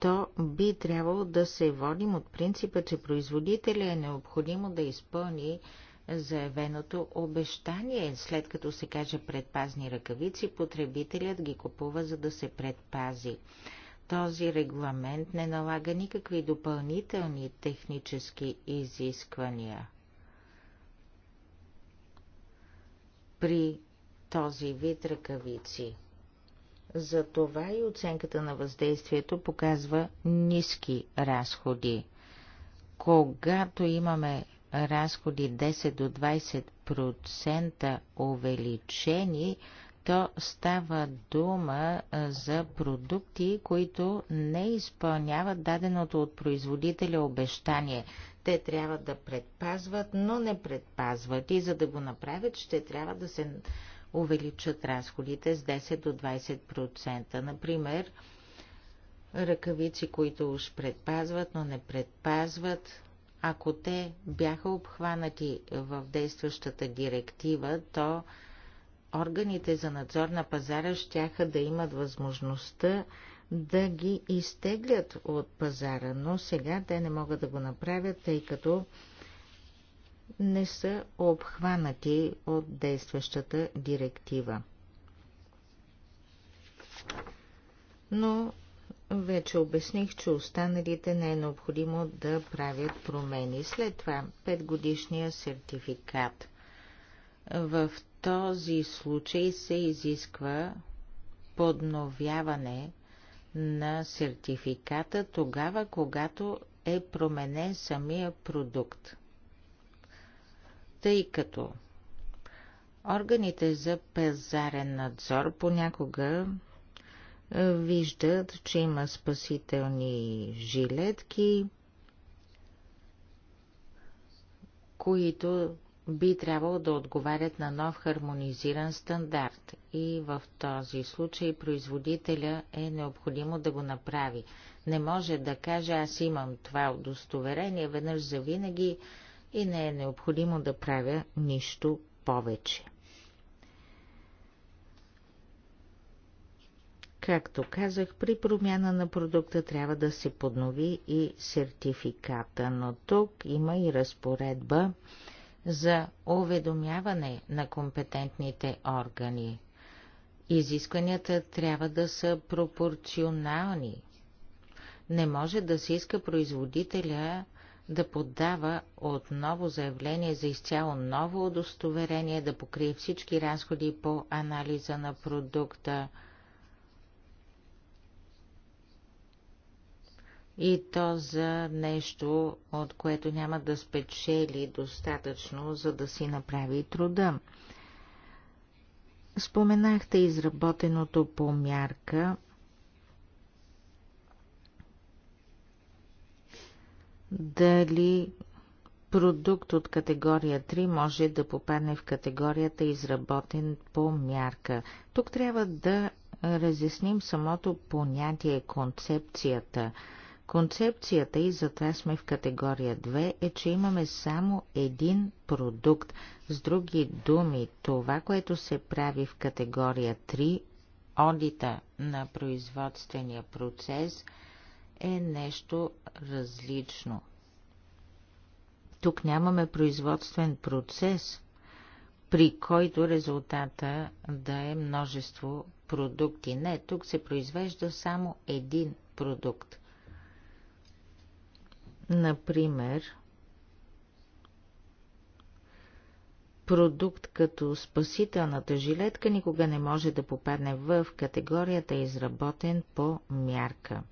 то би трябвало да се водим от принципа, че производителя е необходимо да изпълни заявеното обещание. След като се каже предпазни ръкавици, потребителят ги купува, за да се предпази. Този регламент не налага никакви допълнителни технически изисквания. При този вид ръкавици. Затова и оценката на въздействието показва ниски разходи. Когато имаме разходи 10 до 20% увеличени, то става дума за продукти, които не изпълняват даденото от производителя обещание. Те трябва да предпазват, но не предпазват и за да го направят ще трябва да се увеличат разходите с 10 до 20%. Например, ръкавици, които уж предпазват, но не предпазват, ако те бяха обхванати в действащата директива, то органите за надзор на пазара щяха да имат възможността да ги изтеглят от пазара, но сега те не могат да го направят, тъй като не са обхванати от действащата директива. Но вече обясних, че останалите не е необходимо да правят промени. След това 5 годишния сертификат. В този случай се изисква подновяване на сертификата тогава, когато е променен самия продукт. Тъй като органите за пазарен надзор понякога виждат, че има спасителни жилетки, които би трябвало да отговарят на нов хармонизиран стандарт и в този случай производителя е необходимо да го направи. Не може да каже аз имам това удостоверение веднъж за винаги и не е необходимо да правя нищо повече. Както казах, при промяна на продукта трябва да се поднови и сертификата, но тук има и разпоредба за уведомяване на компетентните органи. Изискванията трябва да са пропорционални. Не може да се иска производителя да подава отново заявление за изцяло ново удостоверение, да покрие всички разходи по анализа на продукта, и то за нещо, от което няма да спечели достатъчно, за да си направи труда. Споменахте изработеното по мярка. Дали продукт от категория 3 може да попадне в категорията изработен по мярка? Тук трябва да разясним самото понятие, концепцията – Концепцията и затова сме в категория 2 е, че имаме само един продукт. С други думи, това, което се прави в категория 3, одита на производствения процес, е нещо различно. Тук нямаме производствен процес, при който резултата да е множество продукти. Не, тук се произвежда само един продукт – Например, продукт като спасителната жилетка никога не може да попадне в категорията изработен по мярка.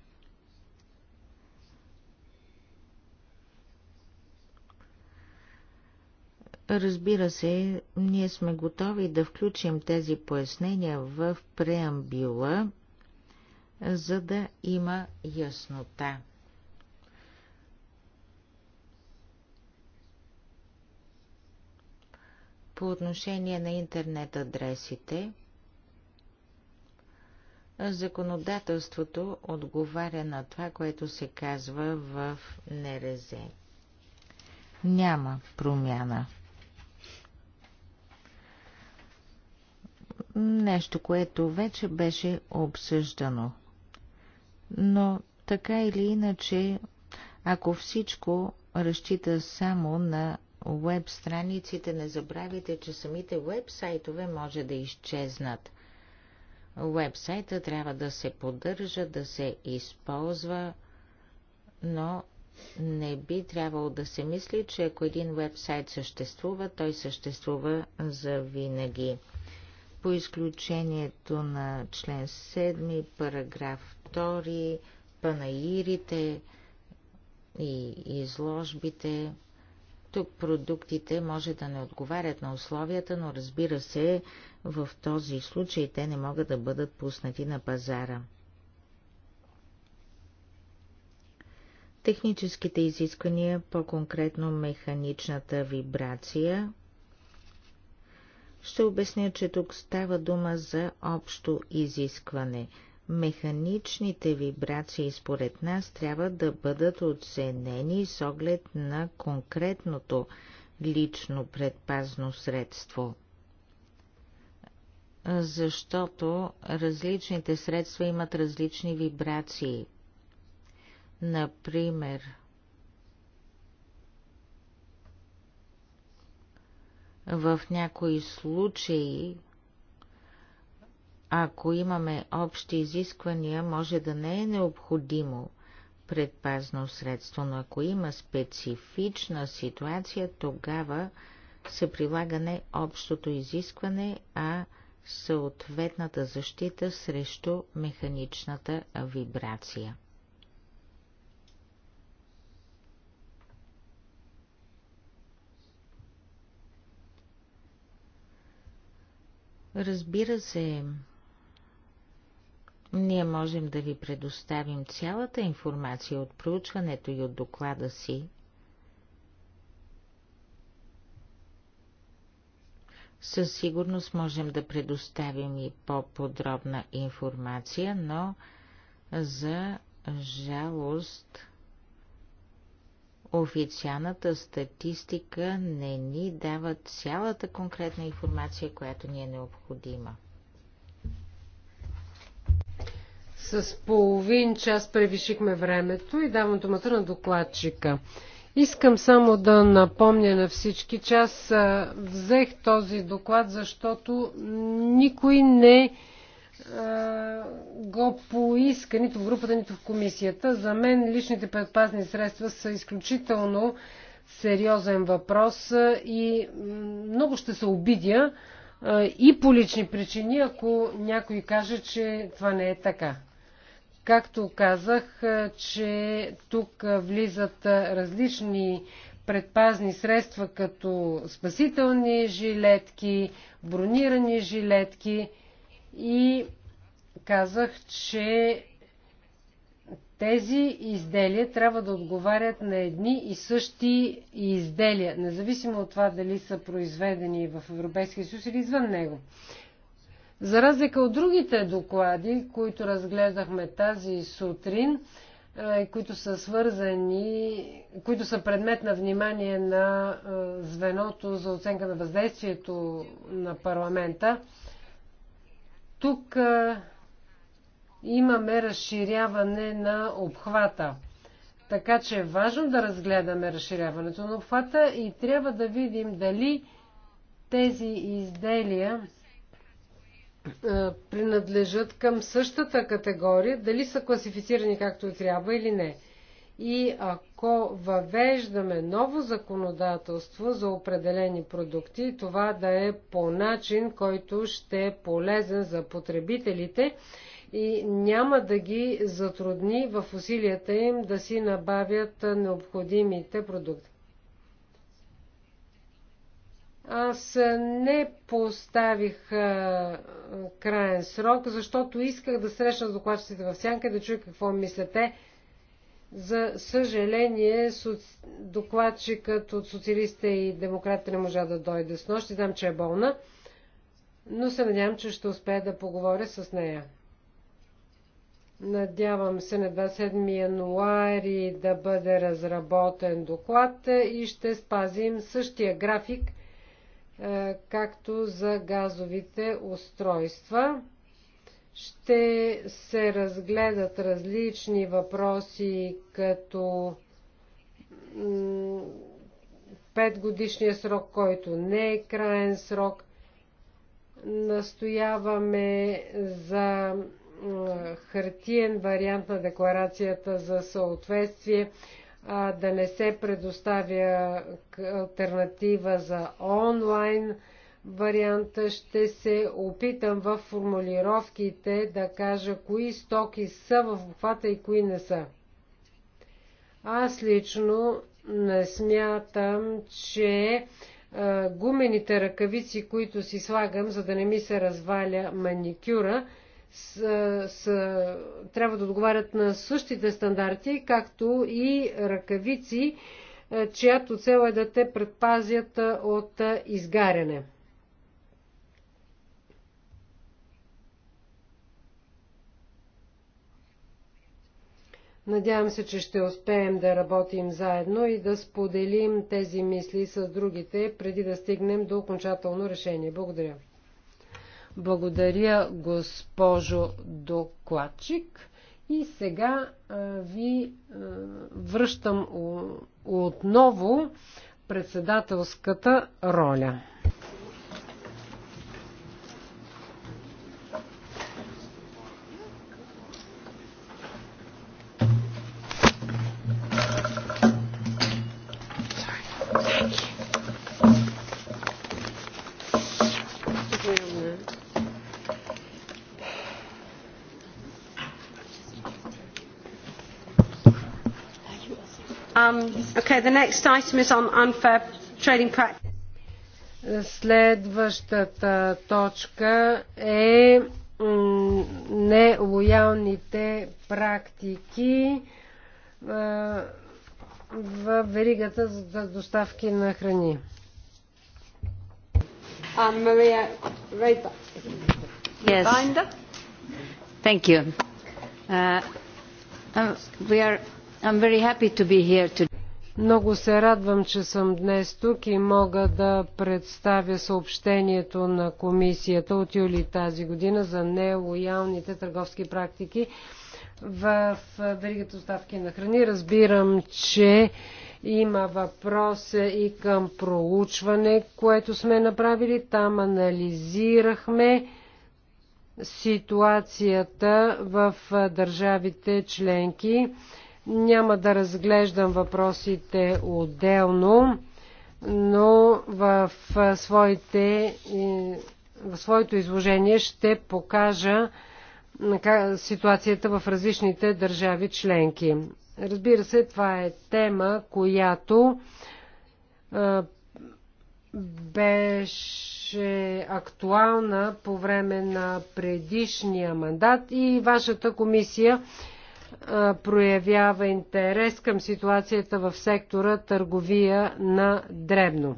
Разбира се, ние сме готови да включим тези пояснения в преамбюла, за да има яснота. По отношение на интернет адресите, законодателството отговаря на това, което се казва в НРЗ. Няма промяна. Нещо, което вече беше обсъждано. Но така или иначе, ако всичко разчита само на веб страниците. Не забравяйте, че самите веб сайтове може да изчезнат. Вебсайта трябва да се поддържа, да се използва, но не би трябвало да се мисли, че ако един сайт съществува, той съществува за винаги. По изключението на член 7, параграф 2, панаирите и изложбите, тук продуктите може да не отговарят на условията, но разбира се, в този случай те не могат да бъдат пуснати на пазара. Техническите изисквания, по-конкретно механичната вибрация, ще обясня, че тук става дума за общо изискване – Механичните вибрации според нас трябва да бъдат оценени с оглед на конкретното лично предпазно средство. Защото различните средства имат различни вибрации. Например, в някои случаи ако имаме общи изисквания, може да не е необходимо предпазно средство, но ако има специфична ситуация, тогава се прилага не общото изискване, а съответната защита срещу механичната вибрация. Разбира се, ние можем да ви предоставим цялата информация от проучването и от доклада си. Със сигурност можем да предоставим и по-подробна информация, но за жалост официалната статистика не ни дава цялата конкретна информация, която ни е необходима. С половин час превишихме времето и давам думата на докладчика. Искам само да напомня на всички, че аз взех този доклад, защото никой не го поиска нито в групата, нито в комисията. За мен личните предпазни средства са изключително сериозен въпрос и много ще се обидя и по лични причини, ако някой каже, че това не е така. Както казах, е, че тук влизат различни предпазни средства, като спасителни жилетки, бронирани жилетки и казах, че тези изделия трябва да отговарят на едни и същи изделия, независимо от това дали са произведени в Европейския съюз или извън него. За разлика от другите доклади, които разгледахме тази сутрин, е, които са свързани, които са предмет на внимание на е, звеното за оценка на въздействието на парламента. Тук е, имаме разширяване на обхвата. Така че е важно да разгледаме разширяването на обхвата и трябва да видим дали тези изделия е, принадлежат към същата категория, дали са класифицирани както трябва или не. И ако въвеждаме ново законодателство за определени продукти, това да е по начин, който ще е полезен за потребителите и няма да ги затрудни в усилията им да си набавят необходимите продукти. Аз не поставих а, краен срок, защото исках да срещна с докладчиците в сянка и да чуя какво мислите. За съжаление, соци... докладчикът от социалистите и демократите не можа да дойде с нощ. Знам, че е болна, но се надявам, че ще успея да поговоря с нея. Надявам се на 27 януари да бъде разработен доклад и ще спазим същия график – е, както за газовите устройства. Ще се разгледат различни въпроси, като петгодишния срок, който не е краен срок. Настояваме за хартиен вариант на декларацията за съответствие а, да не се предоставя альтернатива за онлайн варианта. Ще се опитам в формулировките да кажа кои стоки са в обхвата и кои не са. Аз лично не смятам, че гумените ръкавици, които си слагам, за да не ми се разваля маникюра, с, с, трябва да отговарят на същите стандарти, както и ръкавици, е, чиято цел е да те предпазят е, от е, изгаряне. Надявам се, че ще успеем да работим заедно и да споделим тези мисли с другите, преди да стигнем до окончателно решение. Благодаря. Благодаря, госпожо докладчик. И сега а, ви а, връщам отново председателската роля. Um, Следващата точка е нелоялните практики в веригата за доставки на храни. Мария um, Рейба. Yes. Thank you. Uh, uh, we are I'm very happy to be here today. Много се радвам, че съм днес тук и мога да представя съобщението на комисията от юли тази година за нелоялните търговски практики в веригата доставки на храни. Разбирам, че има въпрос и към проучване, което сме направили. Там анализирахме ситуацията в държавите членки няма да разглеждам въпросите отделно, но в, своите, в своето изложение ще покажа ситуацията в различните държави членки. Разбира се, това е тема, която беше актуална по време на предишния мандат и вашата комисия проявява интерес към ситуацията в сектора търговия на дребно.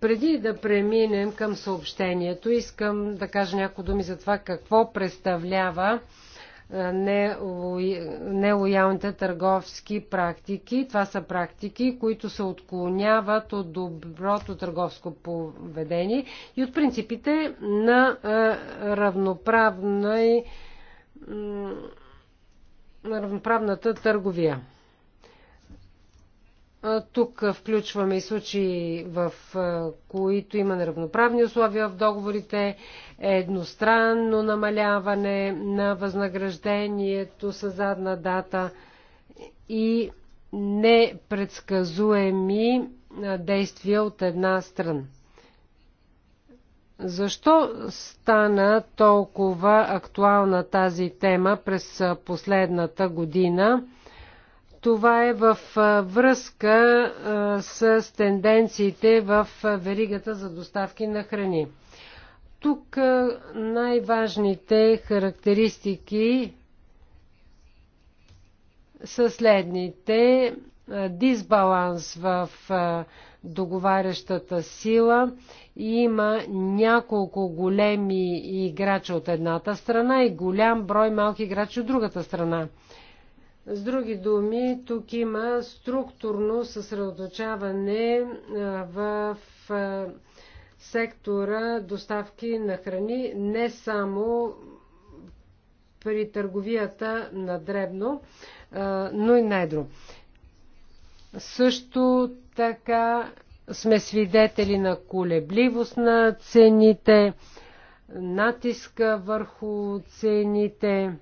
Преди да преминем към съобщението, искам да кажа някои думи за това какво представлява е, нелоялните търговски практики. Това са практики, които се отклоняват от доброто търговско поведение и от принципите на е, равноправна равноправната търговия. Тук включваме и случаи, в които има неравноправни условия в договорите, едностранно намаляване на възнаграждението с задна дата и непредсказуеми действия от една страна. Защо стана толкова актуална тази тема през последната година? Това е в връзка с тенденциите в веригата за доставки на храни. Тук най-важните характеристики са следните. Дисбаланс в договарящата сила има няколко големи играча от едната страна и голям брой малки играчи от другата страна. С други думи, тук има структурно съсредоточаване в сектора доставки на храни, не само при търговията на дребно, но и на едро. Също така сме свидетели на колебливост на цените, натиска върху цените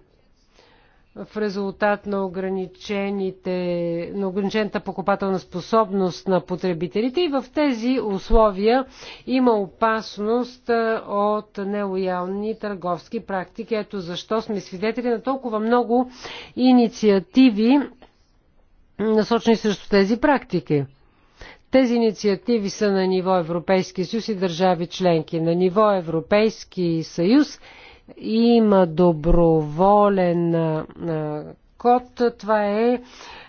в резултат на, ограничените, на ограничената покупателна способност на потребителите и в тези условия има опасност от нелоялни търговски практики. Ето защо сме свидетели на толкова много инициативи, насочени срещу тези практики. Тези инициативи са на ниво Европейски съюз и държави членки. На ниво Европейски съюз има доброволен код. Това е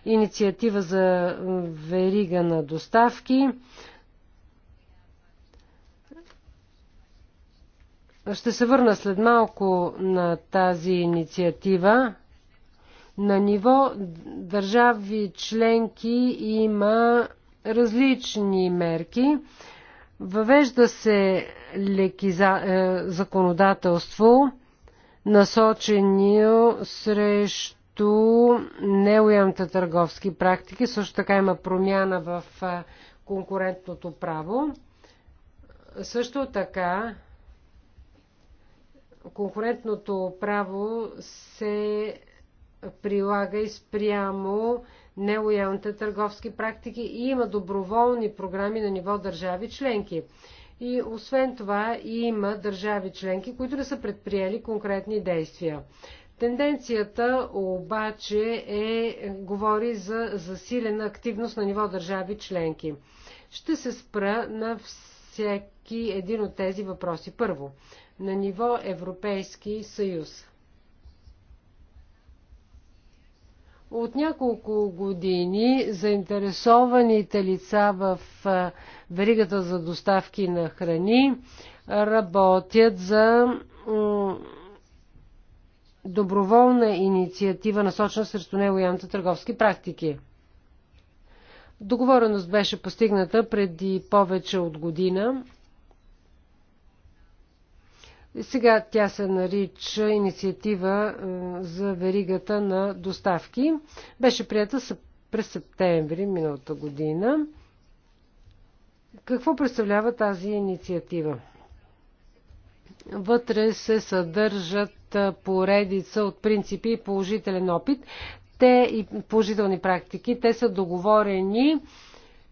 инициатива за верига на доставки. Ще се върна след малко на тази инициатива. На ниво държави членки има различни мерки. Въвежда се леки за, е, законодателство, насочено срещу неуемните търговски практики. Също така има промяна в е, конкурентното право. Също така конкурентното право се прилага и спрямо нелоялните търговски практики и има доброволни програми на ниво държави членки. И освен това има държави членки, които не са предприели конкретни действия. Тенденцията обаче е, говори за засилена активност на ниво държави членки. Ще се спра на всеки един от тези въпроси. Първо, на ниво Европейски съюз. От няколко години заинтересованите лица в веригата за доставки на храни работят за доброволна инициатива, насочена срещу нелоялните търговски практики. Договореност беше постигната преди повече от година сега тя се нарича инициатива е, за веригата на доставки. Беше прията през септември миналата година. Какво представлява тази инициатива? Вътре се съдържат е, поредица от принципи и положителен опит. Те и положителни практики, те са договорени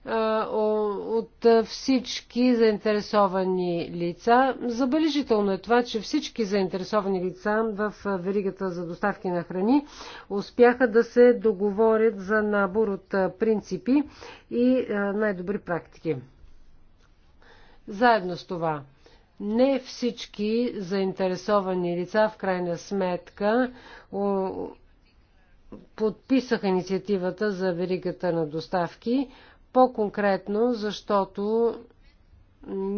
от всички заинтересовани лица. Забележително е това, че всички заинтересовани лица в веригата за доставки на храни успяха да се договорят за набор от принципи и най-добри практики. Заедно с това, не всички заинтересовани лица в крайна сметка подписаха инициативата за веригата на доставки, по-конкретно, защото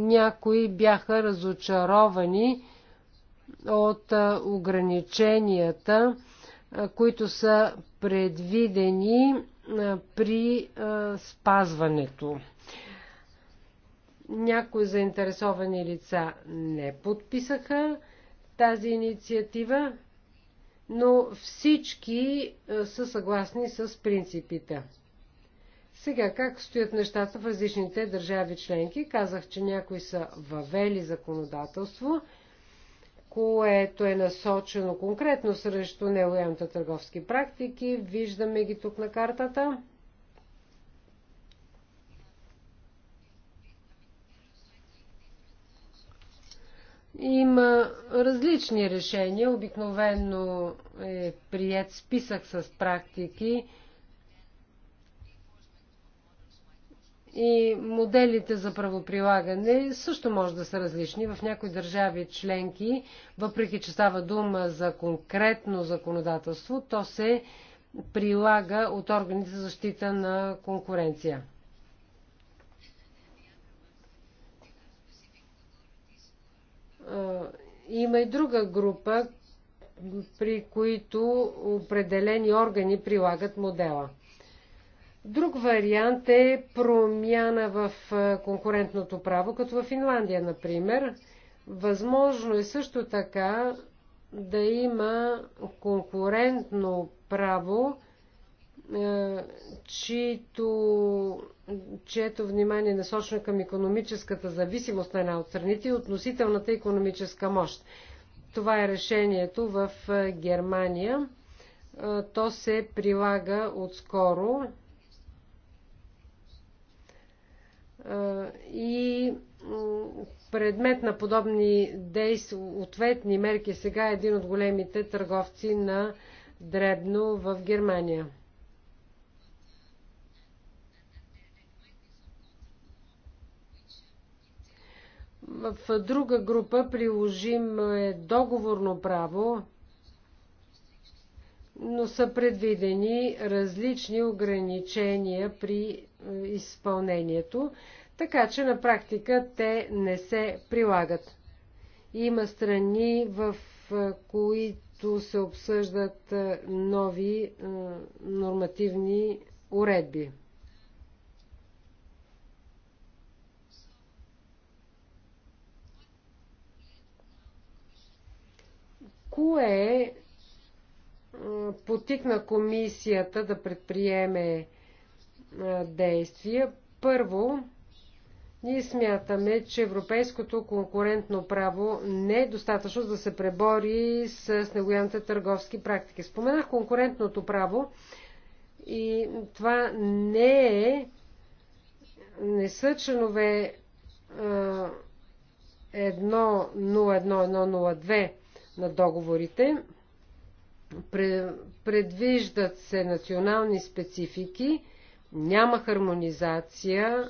някои бяха разочаровани от ограниченията, които са предвидени при спазването. Някои заинтересовани лица не подписаха тази инициатива, но всички са съгласни с принципите. Сега, как стоят нещата в различните държави членки? Казах, че някои са въвели законодателство, което е насочено конкретно срещу нелоялните търговски практики. Виждаме ги тук на картата. Има различни решения. Обикновено е прият списък с практики, и моделите за правоприлагане също може да са различни. В някои държави членки, въпреки че става дума за конкретно законодателство, то се прилага от органите за защита на конкуренция. Има и друга група, при които определени органи прилагат модела. Друг вариант е промяна в е, конкурентното право, като в Финландия, например. Възможно е също така да има конкурентно право, е, чието, чието внимание е насочено към економическата зависимост на една от страните и относителната економическа мощ. Това е решението в е, Германия. То се прилага отскоро и предмет на подобни действия, ответни мерки сега е един от големите търговци на Дребно в Германия. В друга група приложим е договорно право, но са предвидени различни ограничения при е, изпълнението, така че на практика те не се прилагат. Има страни, в е, които се обсъждат е, нови нормативни уредби. Кое е потикна комисията да предприеме действия. Първо, ние смятаме, че европейското конкурентно право не е достатъчно да се пребори с негояните търговски практики. Споменах конкурентното право и това не е не са членове 1.01.1.02 на договорите, Предвиждат се национални специфики, няма хармонизация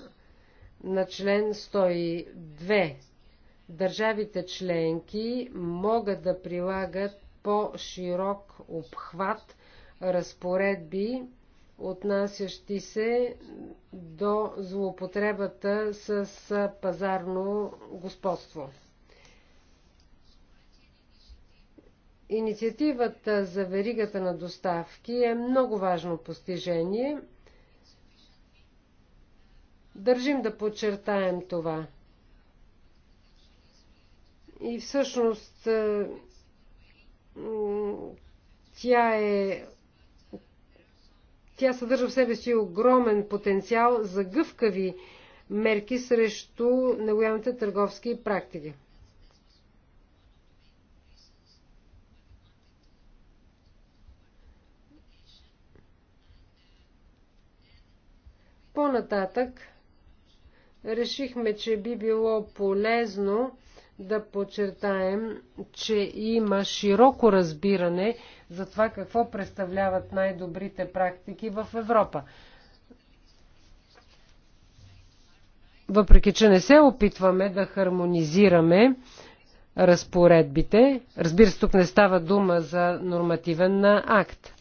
на член 102. Държавите членки могат да прилагат по-широк обхват разпоредби, отнасящи се до злоупотребата с пазарно господство. Инициативата за веригата на доставки е много важно постижение. Държим да подчертаем това. И всъщност е, тя е тя съдържа в себе си огромен потенциал за гъвкави мерки срещу нелоялните търговски практики. По-нататък решихме, че би било полезно да подчертаем, че има широко разбиране за това какво представляват най-добрите практики в Европа. Въпреки, че не се опитваме да хармонизираме разпоредбите, разбира се, тук не става дума за нормативен акт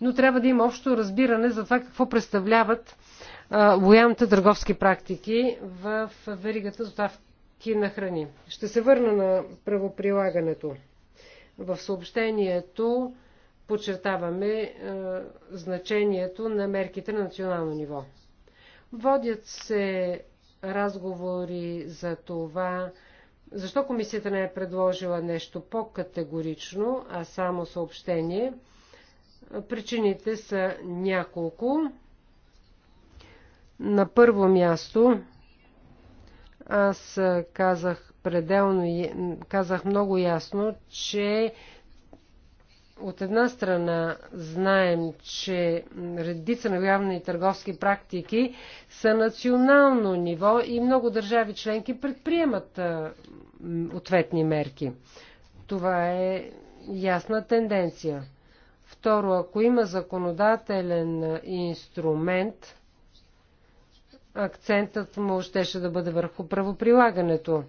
но трябва да има общо разбиране за това какво представляват лоялните търговски практики в веригата доставки на храни. Ще се върна на правоприлагането. В съобщението подчертаваме е, значението на мерките на национално ниво. Водят се разговори за това, защо комисията не е предложила нещо по-категорично, а само съобщение – Причините са няколко. На първо място аз казах пределно, казах много ясно, че от една страна знаем, че редица на главни търговски практики са национално ниво и много държави членки предприемат ответни мерки. Това е ясна тенденция. Второ, ако има законодателен инструмент, акцентът му щеше да бъде върху правоприлагането.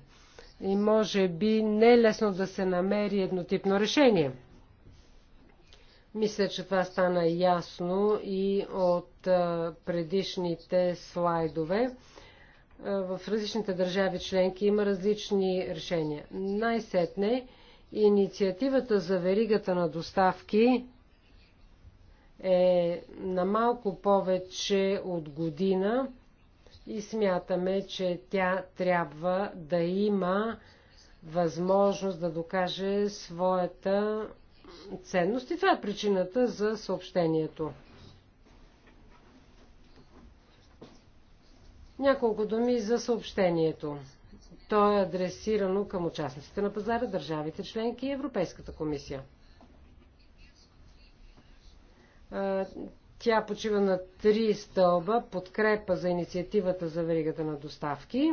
И може би не е лесно да се намери еднотипно решение. Мисля, че това стана ясно и от предишните слайдове. В различните държави членки има различни решения. Най-сетне инициативата за веригата на доставки е на малко повече от година и смятаме, че тя трябва да има възможност да докаже своята ценност. И това е причината за съобщението. Няколко думи за съобщението. То е адресирано към участниците на пазара, държавите членки и Европейската комисия. Тя почива на три стълба подкрепа за инициативата за веригата на доставки,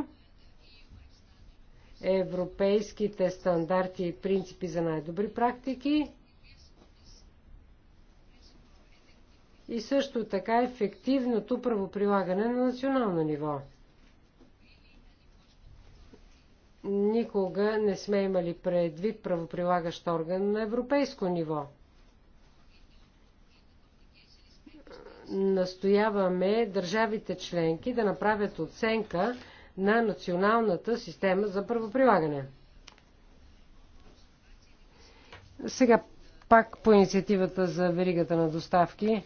европейските стандарти и принципи за най-добри практики и също така ефективното правоприлагане на национално ниво. Никога не сме имали предвид правоприлагащ орган на европейско ниво – настояваме държавите членки да направят оценка на националната система за правоприлагане. Сега пак по инициативата за веригата на доставки.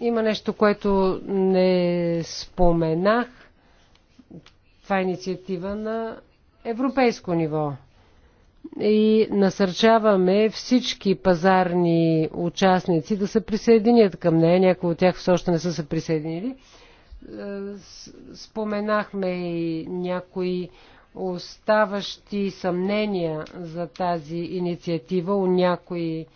Има нещо, което не споменах. Това е инициатива на европейско ниво и насърчаваме всички пазарни участници да се присъединят към нея. Някои от тях все още не са се присъединили. Е, споменахме и някои оставащи съмнения за тази инициатива у някои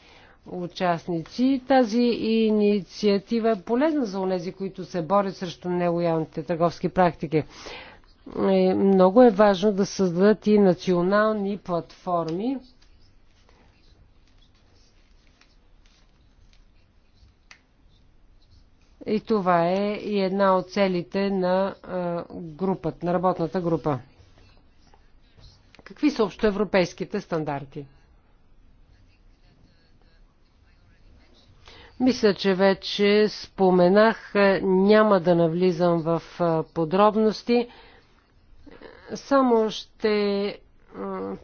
участници. Тази инициатива е полезна за онези, които се борят срещу нелоялните търговски практики много е важно да създадат и национални платформи. И това е и една от целите на групата, на работната група. Какви са общо европейските стандарти? Мисля, че вече споменах, няма да навлизам в подробности. Само ще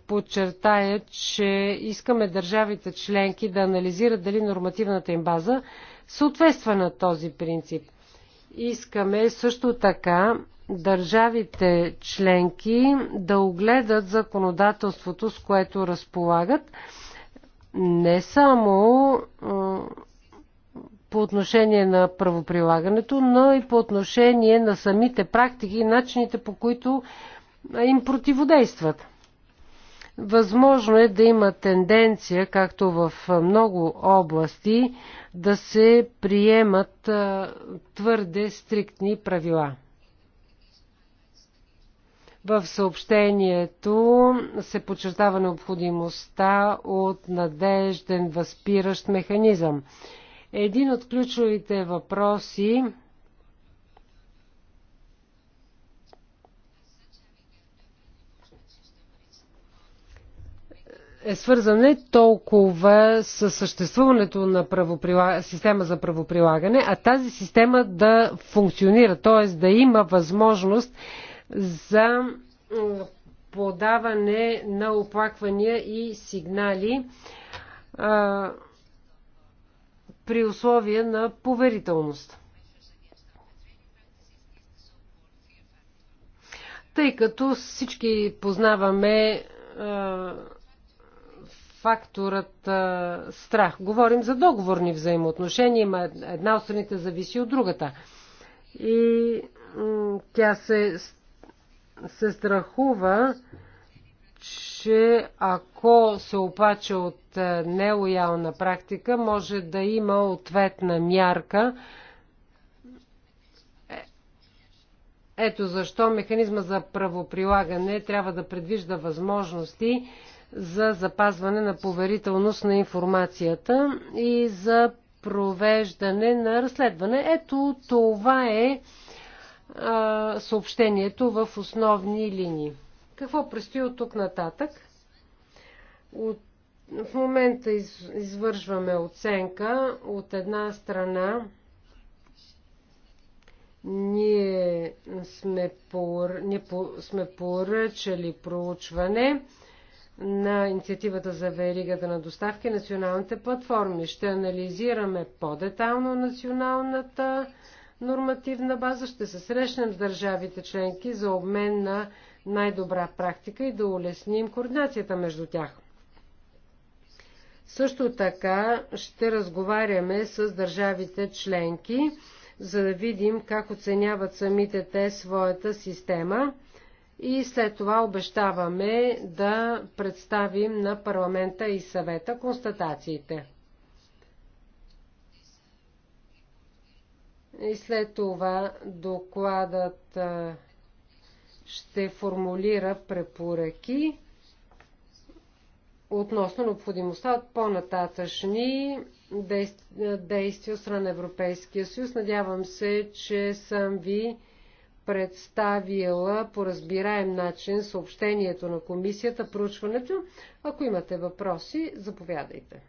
подчертая, че искаме държавите членки да анализират дали нормативната им база съответства на този принцип. Искаме също така държавите членки да огледат законодателството, с което разполагат, не само по отношение на правоприлагането, но и по отношение на самите практики и начините по които им противодействат. Възможно е да има тенденция, както в много области, да се приемат твърде стриктни правила. В съобщението се подчертава необходимостта от надежден възпиращ механизъм. Един от ключовите въпроси е свързан не толкова с съществуването на система за правоприлагане, а тази система да функционира, т.е. да има възможност за подаване на оплаквания и сигнали а, при условия на поверителност. Тъй като всички познаваме а, факторът а, страх. Говорим за договорни взаимоотношения. Има една от страните зависи от другата. И тя се, се страхува, че ако се опача от нелоялна практика, може да има ответна мярка. Е, ето защо механизма за правоприлагане трябва да предвижда възможности за запазване на поверителност на информацията и за провеждане на разследване. Ето това е а, съобщението в основни линии. Какво предстои от тук нататък? От, в момента из, извършваме оценка. От една страна ние сме, пор, ние по, сме поръчали проучване на инициативата за веригата на доставки националните платформи. Ще анализираме по-детално националната нормативна база, ще се срещнем с държавите членки за обмен на най-добра практика и да улесним координацията между тях. Също така ще разговаряме с държавите членки, за да видим как оценяват самите те своята система и след това обещаваме да представим на парламента и съвета констатациите. И след това докладът ще формулира препоръки относно необходимостта от по-нататъчни действия от страна на Европейския съюз. Надявам се, че съм ви представила по разбираем начин съобщението на комисията, проучването. Ако имате въпроси, заповядайте.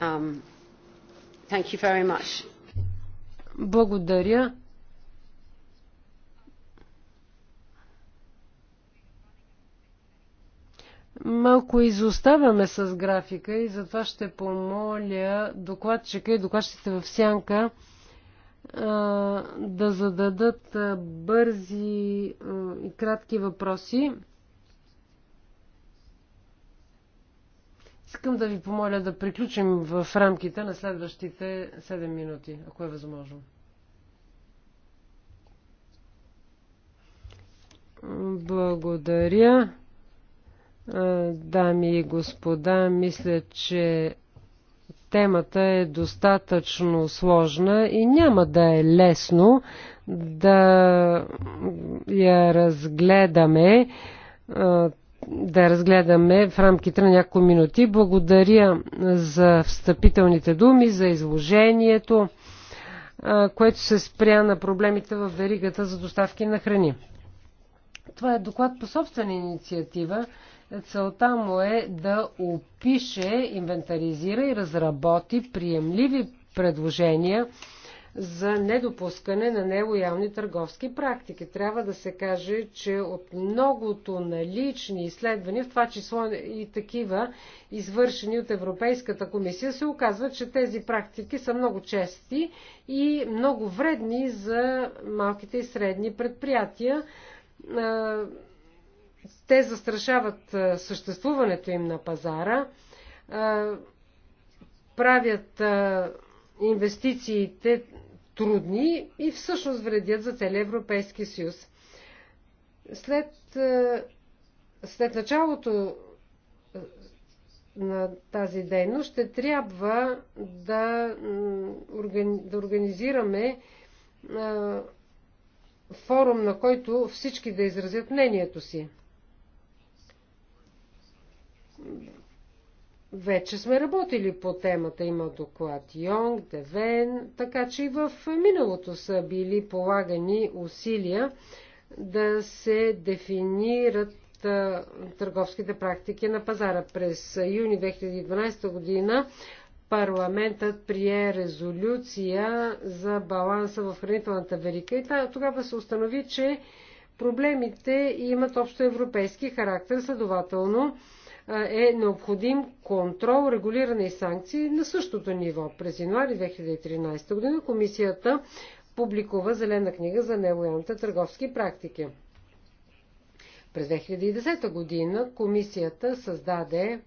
Um, thank you very much. Благодаря. Малко изоставаме с графика и затова ще помоля докладчика и докладчите в сянка да зададат бързи и кратки въпроси. Искам да ви помоля да приключим в рамките на следващите 7 минути, ако е възможно. Благодаря. Дами и господа, мисля, че темата е достатъчно сложна и няма да е лесно да я разгледаме да разгледаме в рамките на няколко минути. Благодаря за встъпителните думи, за изложението, което се спря на проблемите в веригата за доставки на храни. Това е доклад по собствена инициатива. Целта му е да опише, инвентаризира и разработи приемливи предложения за недопускане на нелоялни търговски практики. Трябва да се каже, че от многото налични изследвания, в това число и такива, извършени от Европейската комисия, се оказва, че тези практики са много чести и много вредни за малките и средни предприятия. Те застрашават съществуването им на пазара, правят инвестициите трудни и всъщност вредят за целия Европейски съюз. След, е, след началото е, на тази дейност ще трябва да, да организираме е, форум, на който всички да изразят мнението си. Вече сме работили по темата, има доклад Йонг, Девен, така че и в миналото са били полагани усилия да се дефинират търговските практики на пазара. През юни 2012 година парламентът прие резолюция за баланса в хранителната верика и тогава се установи, че проблемите имат общо европейски характер, следователно е необходим контрол, регулиране и санкции на същото ниво. През януари 2013 година комисията публикува зелена книга за нелоялните търговски практики. През 2010 година комисията създаде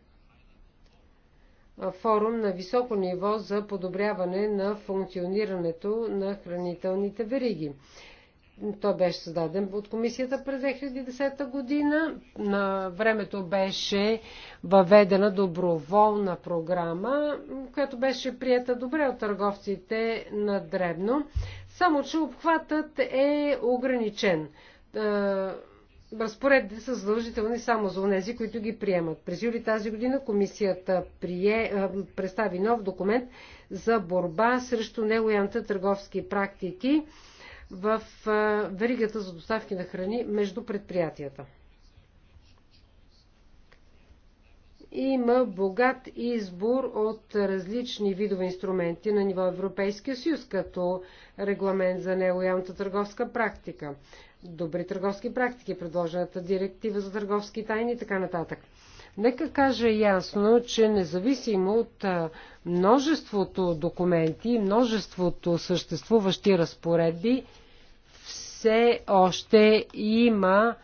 форум на високо ниво за подобряване на функционирането на хранителните вериги. Той беше създаден от комисията през 2010 година. На времето беше въведена доброволна програма, която беше прията добре от търговците на Дребно. Само, че обхватът е ограничен. Е, Разпоредите са задължителни само за унези, които ги приемат. През юли тази година комисията прие, е, представи нов документ за борба срещу нелоянта търговски практики в веригата за доставки на храни между предприятията. Има богат избор от различни видове инструменти на ниво Европейския съюз, като регламент за нелоялната търговска практика, добри търговски практики, предложената директива за търговски тайни и така нататък. Нека кажа ясно, че независимо от множеството документи, множеството съществуващи разпоредби, все още има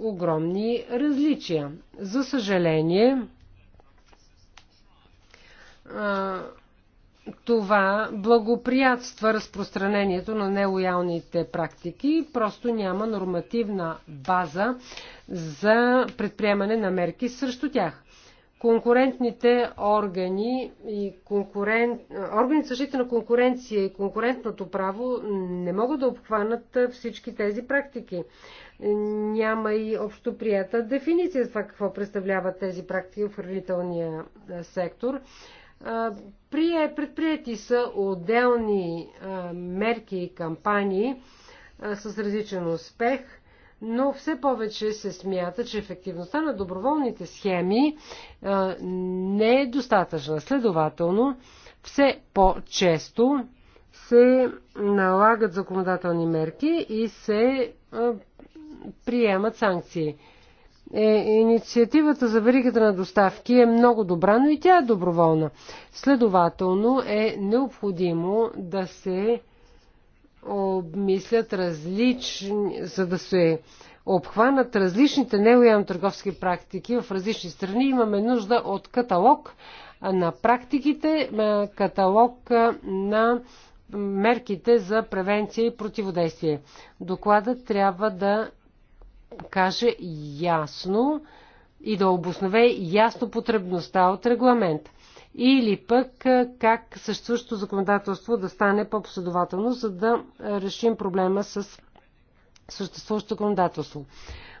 огромни различия. За съжаление, това благоприятства разпространението на нелоялните практики. Просто няма нормативна база за предприемане на мерки срещу тях. Конкурентните органи и конкурен... органи защита на конкуренция и конкурентното право не могат да обхванат всички тези практики. Няма и общоприята дефиниция за това какво представляват тези практики в хранителния сектор Предприяти са отделни мерки и кампании с различен успех, но все повече се смята, че ефективността на доброволните схеми не е достатъчна. Следователно, все по-често се налагат законодателни мерки и се приемат санкции. Е, инициативата за веригата на доставки е много добра, но и тя е доброволна. Следователно е необходимо да се обмислят различни, за да се обхванат различните нелоялни търговски практики в различни страни. Имаме нужда от каталог на практиките, е, каталог е, на мерките за превенция и противодействие. Докладът трябва да каже ясно и да обоснове ясно потребността от регламент. Или пък как съществуващото законодателство да стане по-последователно, за да решим проблема с съществуващото законодателство.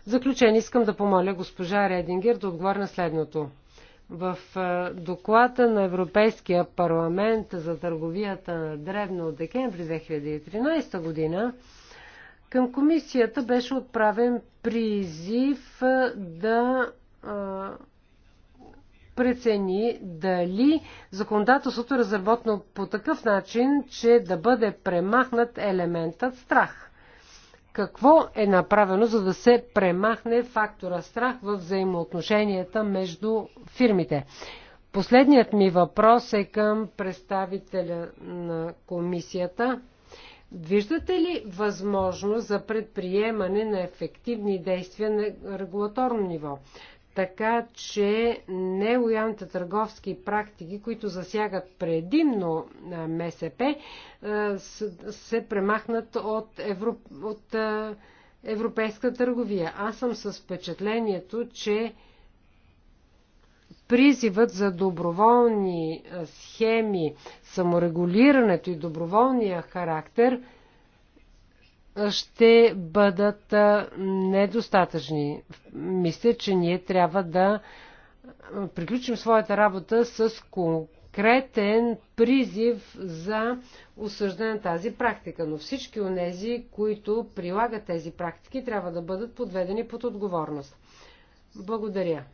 В заключение искам да помоля госпожа Редингер да отговори на следното. В доклада на Европейския парламент за търговията на Древно от декември 2013 година към комисията беше отправен призив да прецени дали законодателството е разработено по такъв начин, че да бъде премахнат елементът страх. Какво е направено, за да се премахне фактора страх в взаимоотношенията между фирмите? Последният ми въпрос е към представителя на комисията. Виждате ли възможност за предприемане на ефективни действия на регулаторно ниво? Така че нелоялните търговски практики, които засягат предимно МСП, се премахнат от, Европ... от европейска търговия. Аз съм с впечатлението, че призивът за доброволни схеми, саморегулирането и доброволния характер ще бъдат недостатъчни. Мисля, че ние трябва да приключим своята работа с конкретен призив за осъждане на тази практика. Но всички тези, които прилагат тези практики, трябва да бъдат подведени под отговорност. Благодаря.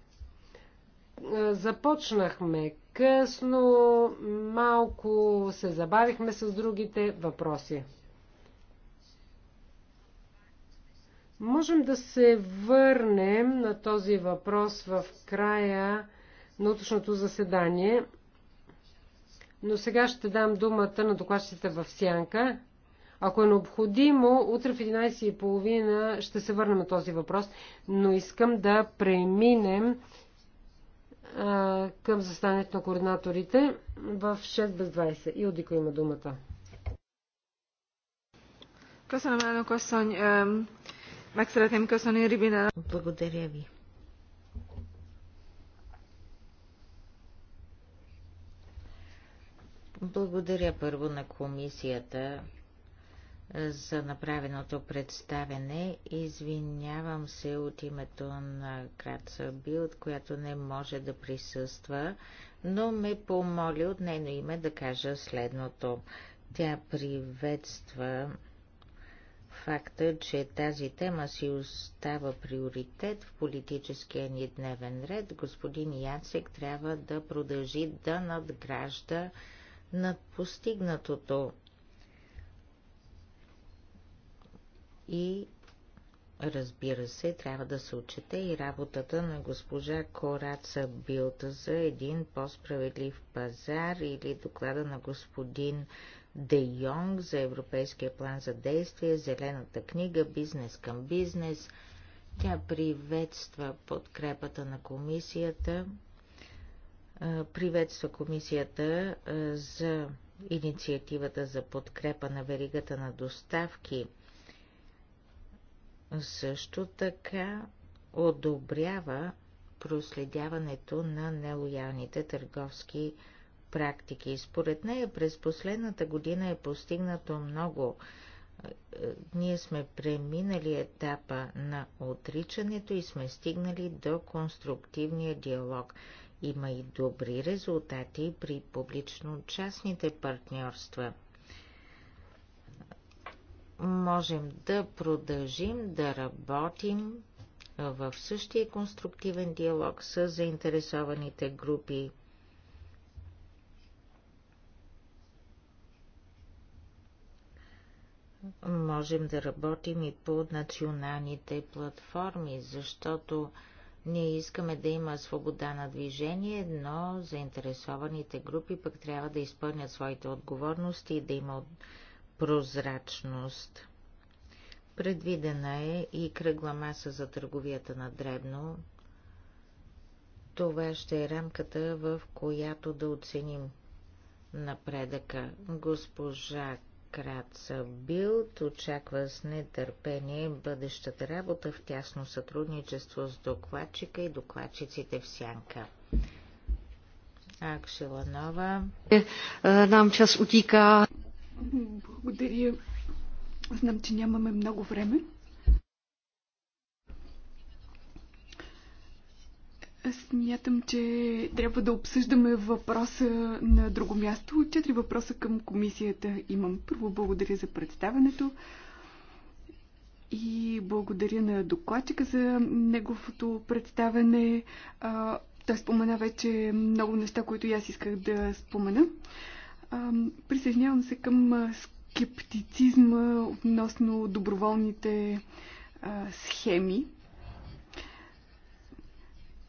Е, започнахме късно, малко се забавихме с другите въпроси. Можем да се върнем на този въпрос в края на утрешното заседание, но сега ще дам думата на докладчите в Сянка. Ако е необходимо, утре в 11.30 ще се върнем на този въпрос, но искам да преминем към застанието на координаторите в 6 без 20. Илдико има думата. Благодаря ви. Благодаря първо на комисията за направеното представене. Извинявам се от името на Сърби, от която не може да присъства, но ме помоли от нейно име да кажа следното. Тя приветства факта, че тази тема си остава приоритет в политическия ни дневен ред. Господин Яцек трябва да продължи да надгражда над постигнатото и разбира се, трябва да се отчете и работата на госпожа Кораца Билта за един по-справедлив пазар или доклада на господин Де Йонг за Европейския план за действие, Зелената книга, бизнес към бизнес. Тя приветства подкрепата на комисията, приветства комисията за инициативата за подкрепа на веригата на доставки също така одобрява проследяването на нелоялните търговски практики. Според нея през последната година е постигнато много. Е, ние сме преминали етапа на отричането и сме стигнали до конструктивния диалог. Има и добри резултати при публично-частните партньорства – можем да продължим да работим в същия конструктивен диалог с заинтересованите групи. Можем да работим и по националните платформи, защото ние искаме да има свобода на движение, но заинтересованите групи пък трябва да изпълнят своите отговорности и да има прозрачност. Предвидена е и кръгла маса за търговията на дребно. Това ще е рамката, в която да оценим напредъка. Госпожа Краца Билт, очаква с нетърпение бъдещата работа в тясно сътрудничество с докладчика и докладчиците в Сянка. Акшеланова. Е, е, нам час утика. Благодаря. Знам, че нямаме много време. Смятам, че трябва да обсъждаме въпроса на друго място. Четири въпроса към комисията имам. Първо, благодаря за представенето и благодаря на докладчика за неговото представене. Той спомена вече много неща, които аз исках да спомена. Присъединявам се към скептицизма относно доброволните а, схеми.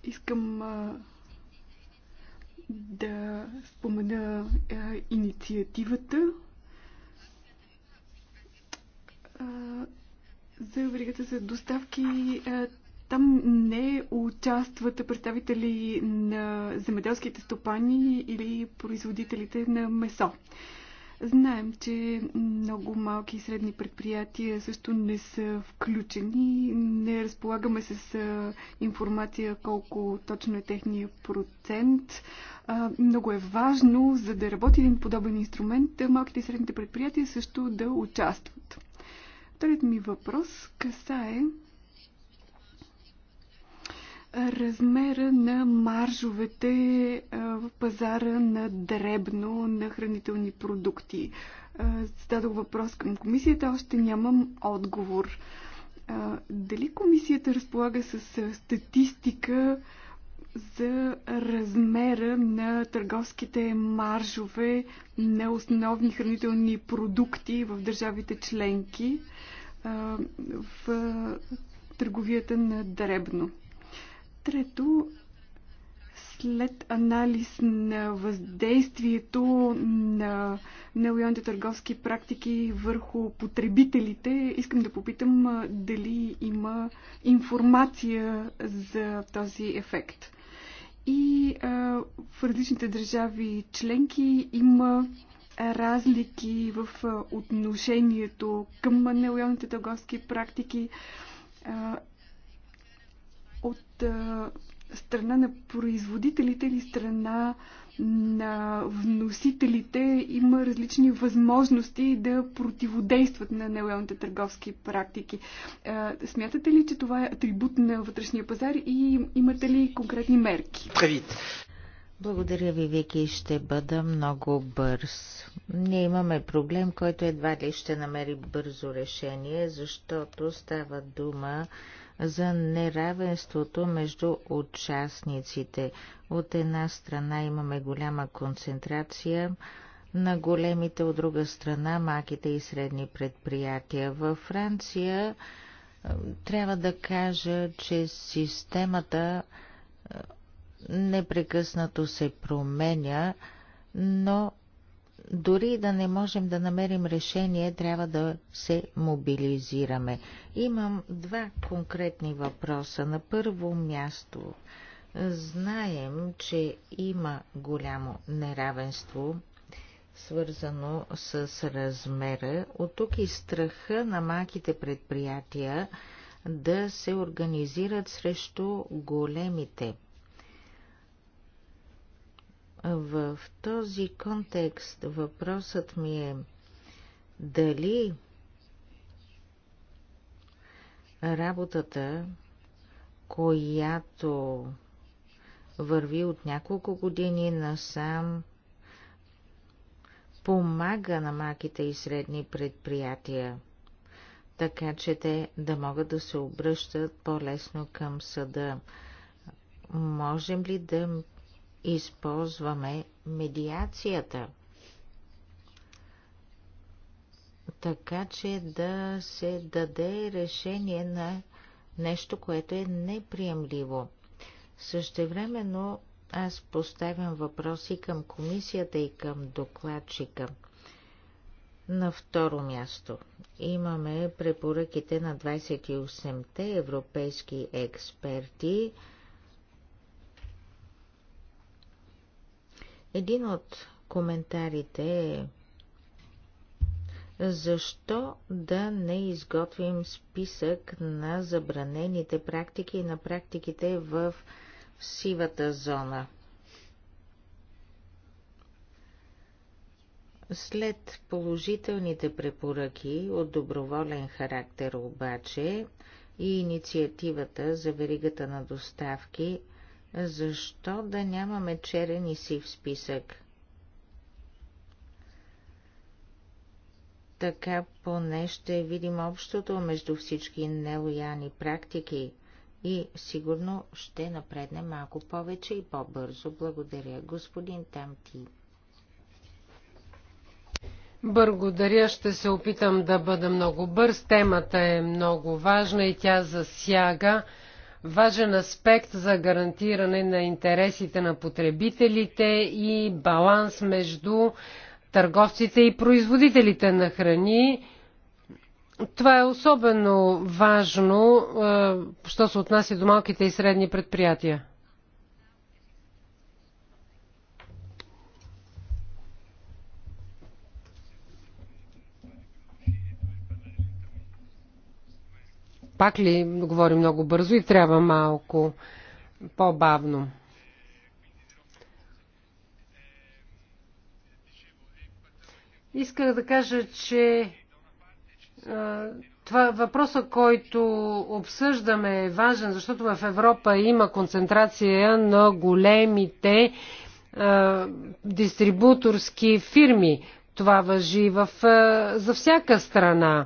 Искам а, да спомена а, инициативата а, за веригата за доставки а, там не участват представители на земеделските стопани или производителите на месо. Знаем, че много малки и средни предприятия също не са включени. Не разполагаме с информация колко точно е техния процент. Много е важно, за да работи един подобен инструмент, малките и средните предприятия също да участват. Вторият ми въпрос касае размера на маржовете в пазара на дребно на хранителни продукти. Зададох въпрос към комисията, още нямам отговор. Дали комисията разполага с статистика за размера на търговските маржове на основни хранителни продукти в държавите членки в търговията на дребно? Трето, след анализ на въздействието на нелоялните търговски практики върху потребителите, искам да попитам дали има информация за този ефект. И а, в различните държави членки има разлики в отношението към нелоялните търговски практики. А, страна на производителите или страна на вносителите има различни възможности да противодействат на нелоялните търговски практики. Смятате ли, че това е атрибут на вътрешния пазар и имате ли конкретни мерки? Правит. Благодаря ви, Вики. Ще бъда много бърз. Ние имаме проблем, който едва ли ще намери бързо решение, защото става дума за неравенството между участниците. От една страна имаме голяма концентрация на големите, от друга страна малките и средни предприятия. Във Франция трябва да кажа, че системата непрекъснато се променя, но дори да не можем да намерим решение, трябва да се мобилизираме. Имам два конкретни въпроса. На първо място, знаем, че има голямо неравенство, свързано с размера. От тук и страха на малките предприятия да се организират срещу големите в този контекст въпросът ми е дали работата, която върви от няколко години насам, помага на малките и средни предприятия, така че те да могат да се обръщат по-лесно към съда. Можем ли да използваме медиацията, така че да се даде решение на нещо, което е неприемливо. Същевременно аз поставям въпроси към комисията и към докладчика. На второ място имаме препоръките на 28-те европейски експерти – Един от коментарите е защо да не изготвим списък на забранените практики и на практиките в сивата зона? След положителните препоръки от доброволен характер обаче и инициативата за веригата на доставки – защо да нямаме черен и сив списък? Така поне ще видим общото между всички нелояни практики и сигурно ще напредне малко повече и по-бързо. Благодаря, господин Тамти. Благодаря, ще се опитам да бъда много бърз. Темата е много важна и тя засяга важен аспект за гарантиране на интересите на потребителите и баланс между търговците и производителите на храни. Това е особено важно, е, що се отнася до малките и средни предприятия. Пак ли говори много бързо и трябва малко по-бавно? Исках да кажа, че това въпроса, който обсъждаме е важен, защото в Европа има концентрация на големите а, дистрибуторски фирми. Това въжи в, а, за всяка страна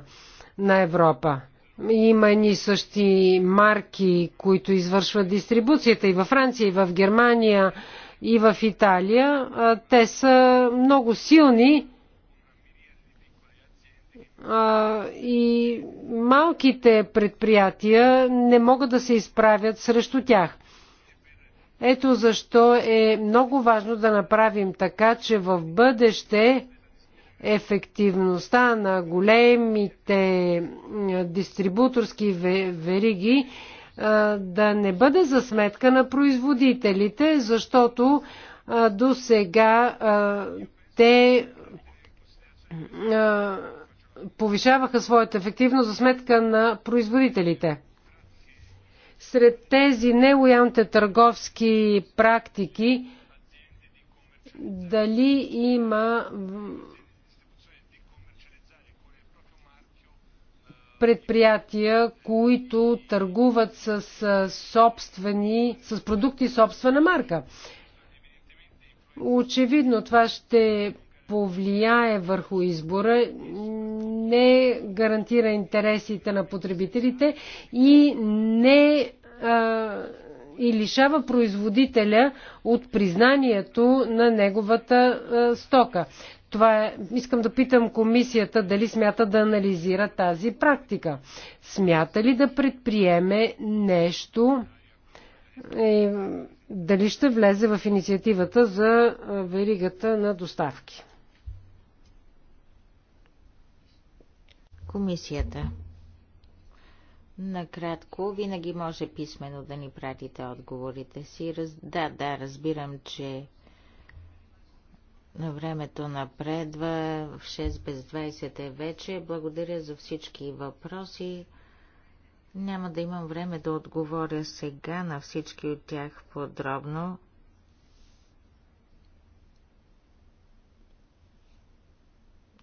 на Европа има едни същи марки, които извършват дистрибуцията и във Франция, и в Германия, и в Италия. Те са много силни и малките предприятия не могат да се изправят срещу тях. Ето защо е много важно да направим така, че в бъдеще ефективността на големите дистрибуторски вериги да не бъде за сметка на производителите, защото до сега те повишаваха своята ефективност за сметка на производителите. Сред тези нелоялните търговски практики дали има предприятия, които търгуват с, собствени, с продукти собствена марка. Очевидно това ще повлияе върху избора, не гарантира интересите на потребителите и не а, и лишава производителя от признанието на неговата а, стока. Това е, искам да питам комисията дали смята да анализира тази практика. Смята ли да предприеме нещо, и е, дали ще влезе в инициативата за е, веригата на доставки? Комисията. Накратко, винаги може писменно да ни пратите отговорите си. Раз... Да, да, разбирам, че Времето напредва, в 6 без 20 е вече. Благодаря за всички въпроси. Няма да имам време да отговоря сега на всички от тях подробно.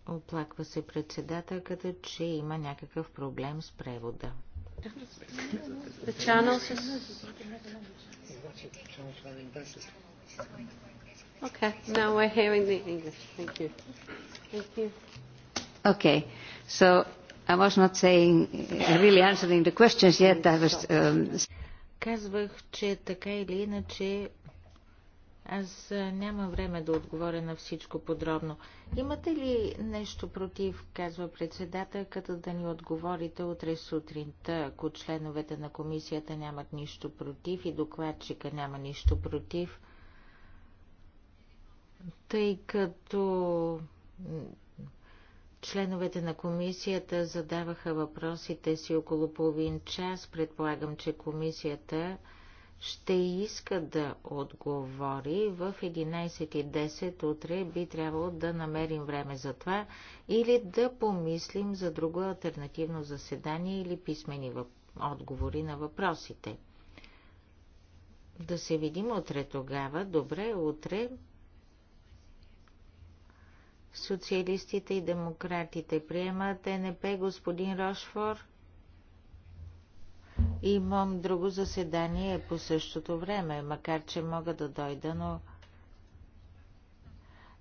Оплаква се председателката, че има някакъв проблем с превода. The channels is... Okay, now we're hearing the English. Thank you. Thank you. Okay, so I was not saying, really answering the questions yet. I was, um... Казвах, че така или иначе аз нямам време да отговоря на всичко подробно. Имате ли нещо против, казва председател, като да ни отговорите утре сутринта, ако членовете на комисията нямат нищо против и докладчика няма нищо против? тъй като членовете на комисията задаваха въпросите си около половин час. Предполагам, че комисията ще иска да отговори. В 11.10 утре би трябвало да намерим време за това или да помислим за друго альтернативно заседание или писмени отговори на въпросите. Да се видим утре тогава. Добре, утре Социалистите и демократите приемат НП господин Рошфор. Имам друго заседание по същото време, макар че мога да дойда, но...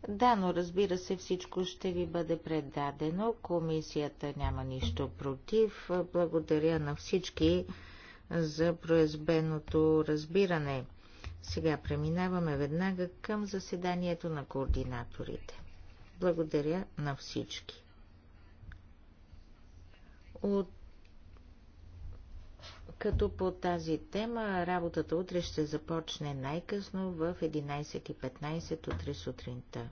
Да, но разбира се, всичко ще ви бъде предадено. Комисията няма нищо против. Благодаря на всички за произбеното разбиране. Сега преминаваме веднага към заседанието на координаторите. Благодаря на всички. От... Като по тази тема работата утре ще започне най-късно в 11.15 утре сутринта.